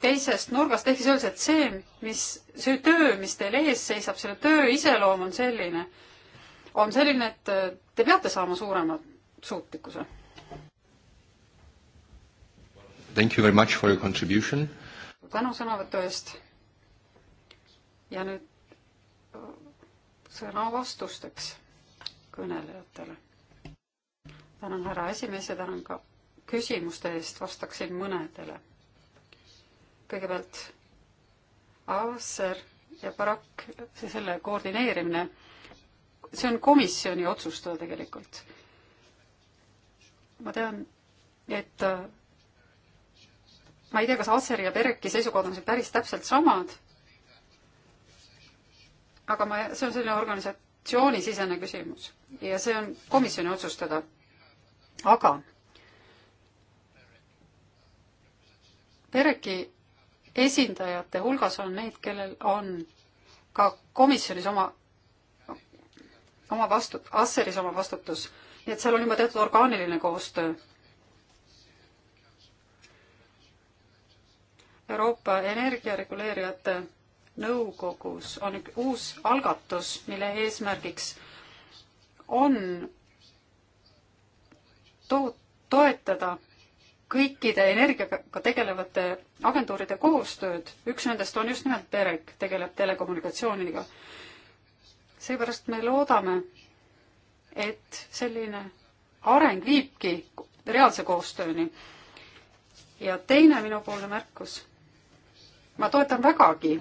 teisest nurgast, ehk siis öeldes, et see, mis, see töö, mis teil ees seisab, selle töö iseloom on selline, on selline, et äh, te peate saama suurema suutlikkuse. Thank you very much for your contribution. tänu sõnavõtu eest. ja nüüd sõna vastusteks kõnelejatele. tänan, härra esimees ja tänan ka küsimuste eest, vastaksin mõnedele. kõigepealt Aasser ja Barak, see selle koordineerimine, see on komisjoni otsustada tegelikult. ma tean, et äh, ma ei tea, kas Aasseri ja Bereki seisukohad on siin päris täpselt samad aga ma, see on selline organisatsioonisisene küsimus ja see on komisjoni otsustada. aga PERECi esindajate hulgas on neid, kellel on ka komisjonis oma, oma vastu-, Asseris oma vastutus, nii et seal on juba teatud orgaaniline koostöö. Euroopa energiareguleerijate nõukogus on üks uus algatus, mille eesmärgiks on to-, toetada kõikide energiaga tegelevate agentuuride koostööd, üks nendest on just nimelt PEREK, tegeleb telekommunikatsiooniga. seepärast me loodame, et selline areng viibki reaalse koostööni. ja teine minupoolne märkus. ma toetan vägagi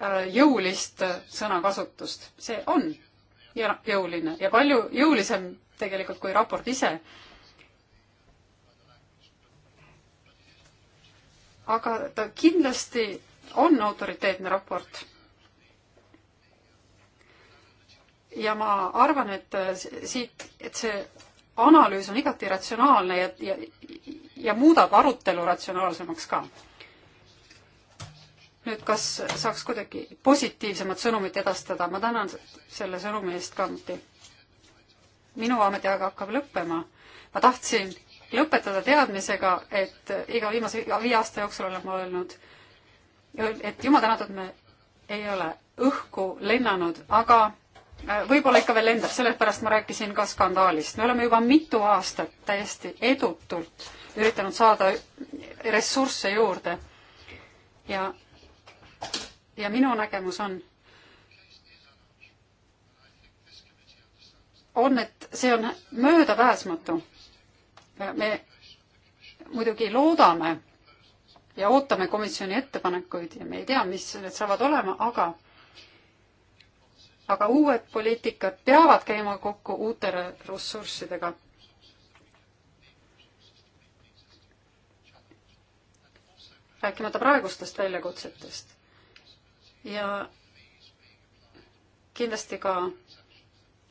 Äh, jõulist sõnakasutust. see on jõuline ja palju jõulisem tegelikult kui raport ise. aga ta kindlasti on autoriteetne raport. ja ma arvan, et äh, siit, et see analüüs on igati ratsionaalne ja, ja, ja muudab arutelu ratsionaalsemaks ka nüüd, kas saaks kuidagi positiivsemat sõnumit edastada, ma tänan selle sõnumi eest ka muidugi. minu ametiaeg hakkab lõppema. ma tahtsin lõpetada teadmisega, et iga viimase viie aasta jooksul olen ma öelnud, et jumal tänatud, me ei ole õhku lennanud, aga äh, võib-olla ikka veel lendab, sellepärast ma rääkisin ka skandaalist. me oleme juba mitu aastat täiesti edutult üritanud saada ressursse juurde ja ja minu nägemus on, on, et see on möödapääsmatu. me muidugi loodame ja ootame komisjoni ettepanekuid ja me ei tea, mis need saavad olema, aga aga uued poliitikad peavad käima kokku uute ressurssidega. rääkimata praegustest väljakutsetest ja kindlasti ka,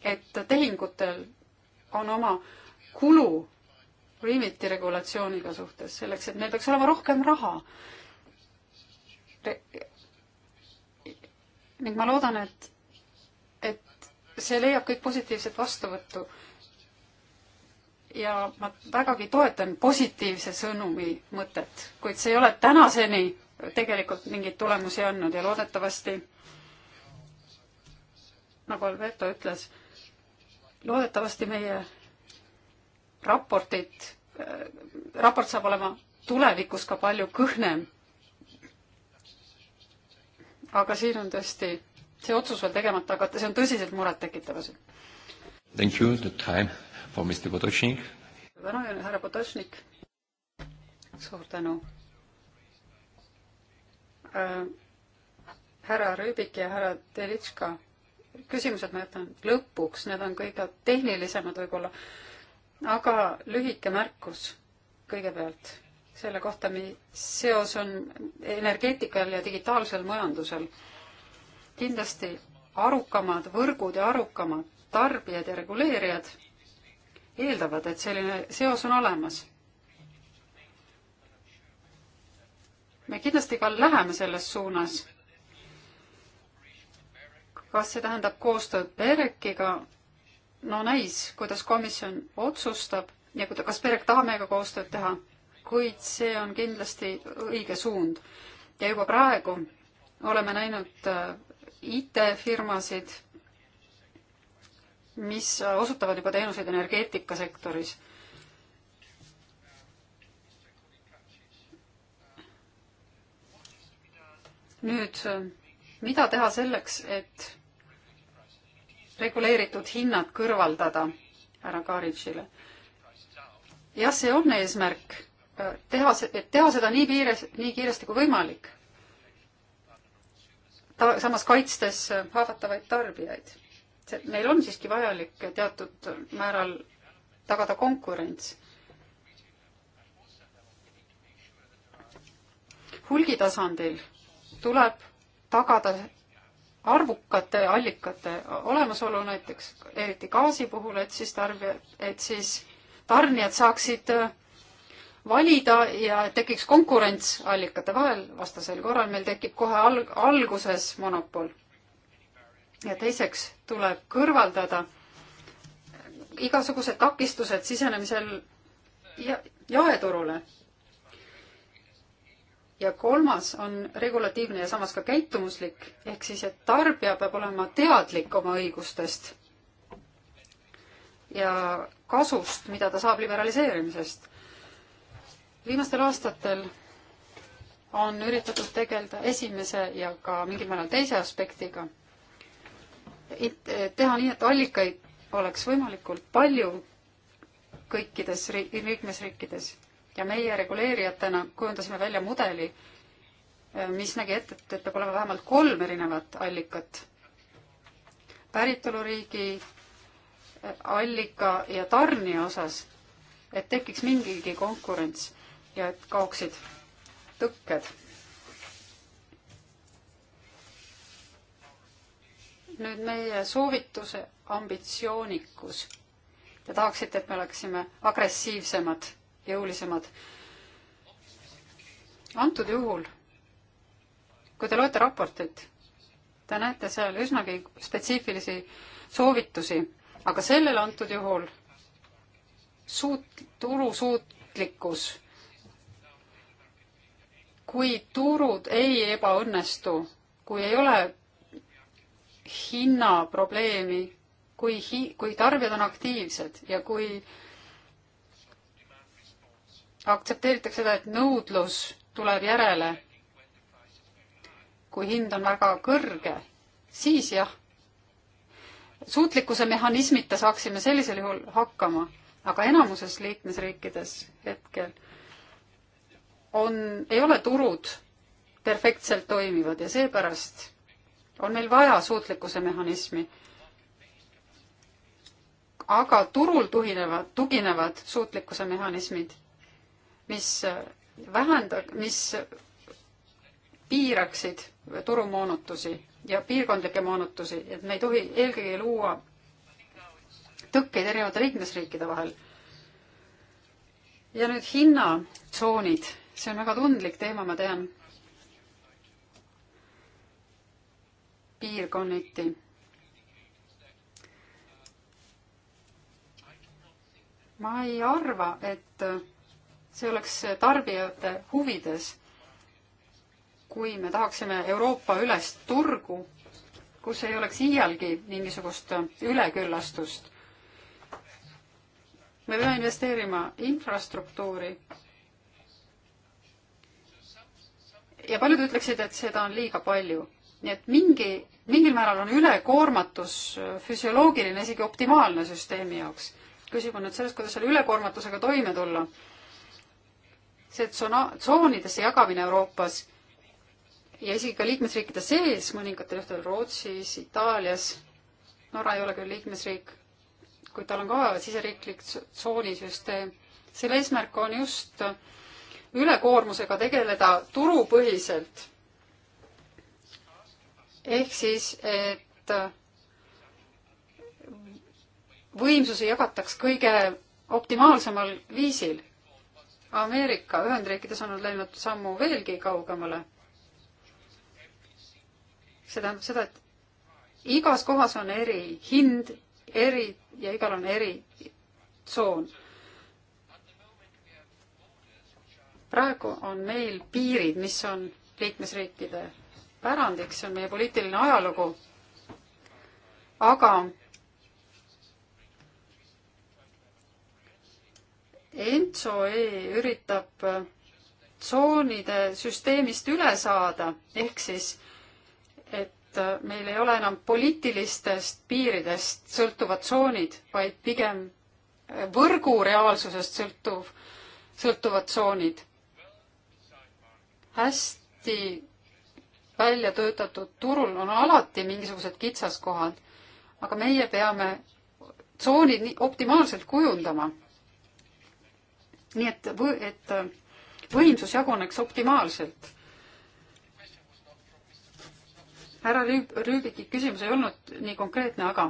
et tehingutel on oma kulu remiti regulatsiooniga suhtes, selleks et meil peaks olema rohkem raha Re. ning ma loodan, et, et see leiab kõik positiivset vastuvõttu. ja ma vägagi toetan positiivse sõnumi mõtet, kuid see ei ole tänaseni tegelikult mingeid tulemusi andnud ja loodetavasti, nagu Alberto ütles, loodetavasti meie raportit, raport saab olema tulevikus ka palju kõhnem. aga siin on tõesti see otsus veel tegemata, aga see on tõsiselt murettekitav asi. Thank you, the time for Mr Potošnik. tänu, härra Potošnik. suur tänu äh, härra Rüübik ja härra Telitška küsimused ma jätan lõpuks, need on kõige tehnilisemad võib-olla, aga lühike märkus kõigepealt selle kohta, mis seos on energeetikal ja digitaalsel majandusel. kindlasti arukamad võrgud ja arukamad tarbijad ja reguleerijad eeldavad, et selline seos on olemas. me kindlasti ka läheme selles suunas. kas see tähendab koostööd BEREC-iga? no näis, kuidas komisjon otsustab ja kuida-, kas BEREC tahab meiega koostööd teha, kuid see on kindlasti õige suund. ja juba praegu oleme näinud äh, IT-firmasid, mis osutavad juba teenuseid energeetikasektoris nüüd, mida teha selleks, et reguleeritud hinnad kõrvaldada härra Karitšile? jah, see on eesmärk, äh, teha, et teha seda nii piires, nii kiiresti kui võimalik. ta, samas kaitstes äh, haavatavaid tarbijaid. meil on siiski vajalik teatud määral tagada konkurents hulgi tasandil tuleb tagada arvukate allikate olemasolu, näiteks eriti gaasi puhul, et siis tarbijad, et siis tarnijad saaksid äh, valida ja tekiks konkurents allikate vahel, vastasel korral meil tekib kohe alg-, alguses monopol. ja teiseks tuleb kõrvaldada igasugused takistused sisenemisel ja jaeturule ja kolmas on regulatiivne ja samas ka käitumuslik, ehk siis, et tarbija peab olema teadlik oma õigustest ja kasust, mida ta saab liberaliseerimisest. viimastel aastatel on üritatud tegeleda esimese ja ka mingil määral teise aspektiga. teha nii, et allikaid oleks võimalikult palju kõikides liikmesriikides ja meie reguleerijatena kujundasime välja mudeli, äh, mis nägi ette, et peab olema vähemalt kolm erinevat allikat. päritoluriigi äh, allika ja tarnija osas, et tekiks mingigi konkurents ja et kaoksid tõkked. nüüd meie soovituse ambitsioonikus. Te tahaksite, et me oleksime agressiivsemad jõulisemad. antud juhul, kui te loete raportit, te näete seal üsnagi spetsiifilisi soovitusi, aga sellel antud juhul suut-, turusuutlikkus kui turud ei ebaõnnestu, kui ei ole hinnaprobleemi, kui hi-, kui tarbijad on aktiivsed ja kui aktsepteeritakse seda, et nõudlus tuleb järele. kui hind on väga kõrge, siis jah, suutlikkuse mehhanismita saaksime sellisel juhul hakkama, aga enamuses liikmesriikides hetkel on, ei ole turud perfektselt toimivad ja seepärast on meil vaja suutlikkuse mehhanismi. aga turul tuginevad, tuginevad suutlikkuse mehhanismid mis äh, vähenda-, mis piiraksid turumoonutusi ja piirkondlikke moonutusi, et me ei tohi eelkõige luua tõkkeid erinevate liikmesriikide vahel. ja nüüd hinnatsoonid, see on väga tundlik teema, ma tean. piirkonniti. ma ei arva, et see oleks tarbijate huvides, kui me tahaksime Euroopa ülest turgu, kus ei oleks iialgi mingisugust üleküllastust. me peame investeerima infrastruktuuri. ja paljud ütleksid, et seda on liiga palju nii et mingi, mingil määral on ülekoormatus füsioloogiline, isegi optimaalne süsteemi jaoks. küsimus on nüüd selles, kuidas selle ülekoormatusega toime tulla see tsona-, tsoonidesse jagamine Euroopas ja isegi ka liikmesriikide sees mõningatel juhtudel Rootsis, Itaalias, Norra ei ole küll liikmesriik, kuid tal on ka siseriiklik tsoonisüsteem. selle eesmärk on just ülekoormusega tegeleda turupõhiselt. ehk siis, et võimsusi jagataks kõige optimaalsemal viisil Ameerika Ühendriikides on nad läinud sammu veelgi kaugemale. see tähendab seda, et igas kohas on eri hind, eri ja igal on eri tsoon. praegu on meil piirid, mis on liikmesriikide pärandiks, see on meie poliitiline ajalugu. aga ENTSO-E üritab tsoonide süsteemist üle saada, ehk siis, et meil ei ole enam poliitilistest piiridest sõltuvad tsoonid, vaid pigem võrgu reaalsusest sõltuv, sõltuvad tsoonid. hästi välja töötatud turul on alati mingisugused kitsaskohad, aga meie peame tsoonid optimaalselt kujundama nii et, et äh, võimsus jaguneks optimaalselt. härra Rüüb-, Rüübiki küsimus ei olnud nii konkreetne, aga,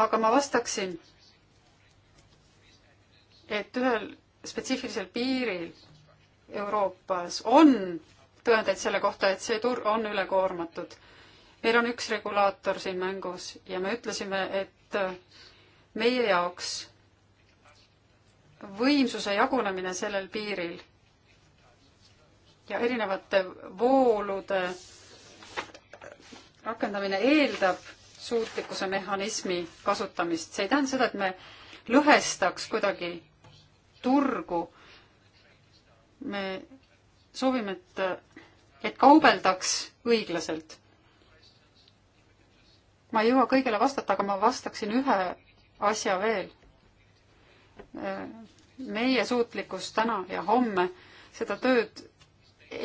aga ma vastaksin, et ühel spetsiifilisel piiril Euroopas on tõendeid selle kohta, et see turg on ülekoormatud. meil on üks regulaator siin mängus ja me ütlesime, et äh, meie jaoks võimsuse jagunemine sellel piiril ja erinevate voolude rakendamine eeldab suutlikkuse mehhanismi kasutamist. see ei tähenda seda, et me lõhestaks kuidagi turgu. me soovime, et, et kaubeldaks õiglaselt. ma ei jõua kõigele vastata, aga ma vastaksin ühe asja veel meie suutlikkus täna ja homme seda tööd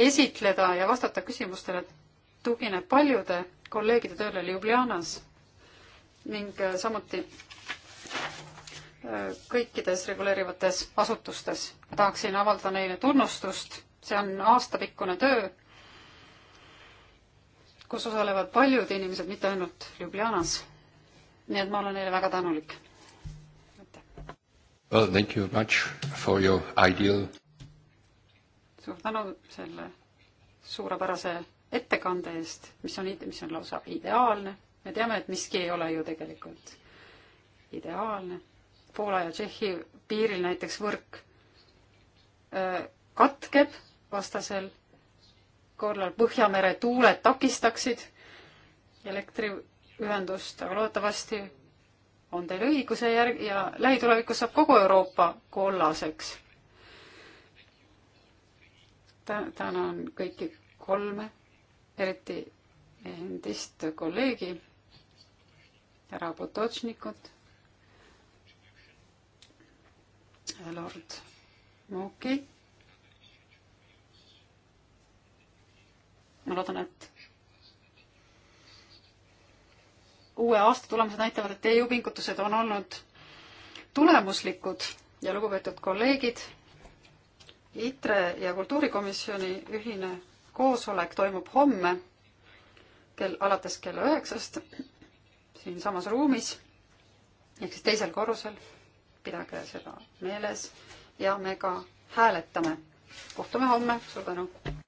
esitleda ja vastata küsimustele tugineb paljude kolleegide tööle Ljubljanas ning äh, samuti äh, kõikides reguleerivates asutustes. tahaksin avaldada neile tunnustust, see on aastapikkune töö, kus osalevad paljud inimesed, mitte ainult Ljubljanas. nii et ma olen neile väga tänulik Well, thank you much for your ideal. suur tänu selle suurepärase ettekande eest, mis on, mis on lausa ideaalne. me teame, et miski ei ole ju tegelikult ideaalne. Poola ja Tšehhi piiril näiteks võrk äh, katkeb vastasel korral Põhjamere tuuled takistaksid elektriühendust, aga loodetavasti on teil õiguse järg- ja lähitulevikus saab kogu Euroopa kollaseks. tä-, tänan kõiki kolme, eriti endist kolleegi, härra Potočnikut, lord Mooki. ma loodan, et uue aasta tulemused näitavad, et teie jõupingutused on olnud tulemuslikud ja lugupeetud kolleegid, ITRE ja Kultuurikomisjoni ühine koosolek toimub homme kell, alates kella üheksast siinsamas ruumis ehk siis teisel korrusel. pidage seda meeles ja me ka hääletame. kohtume homme, suur tänu!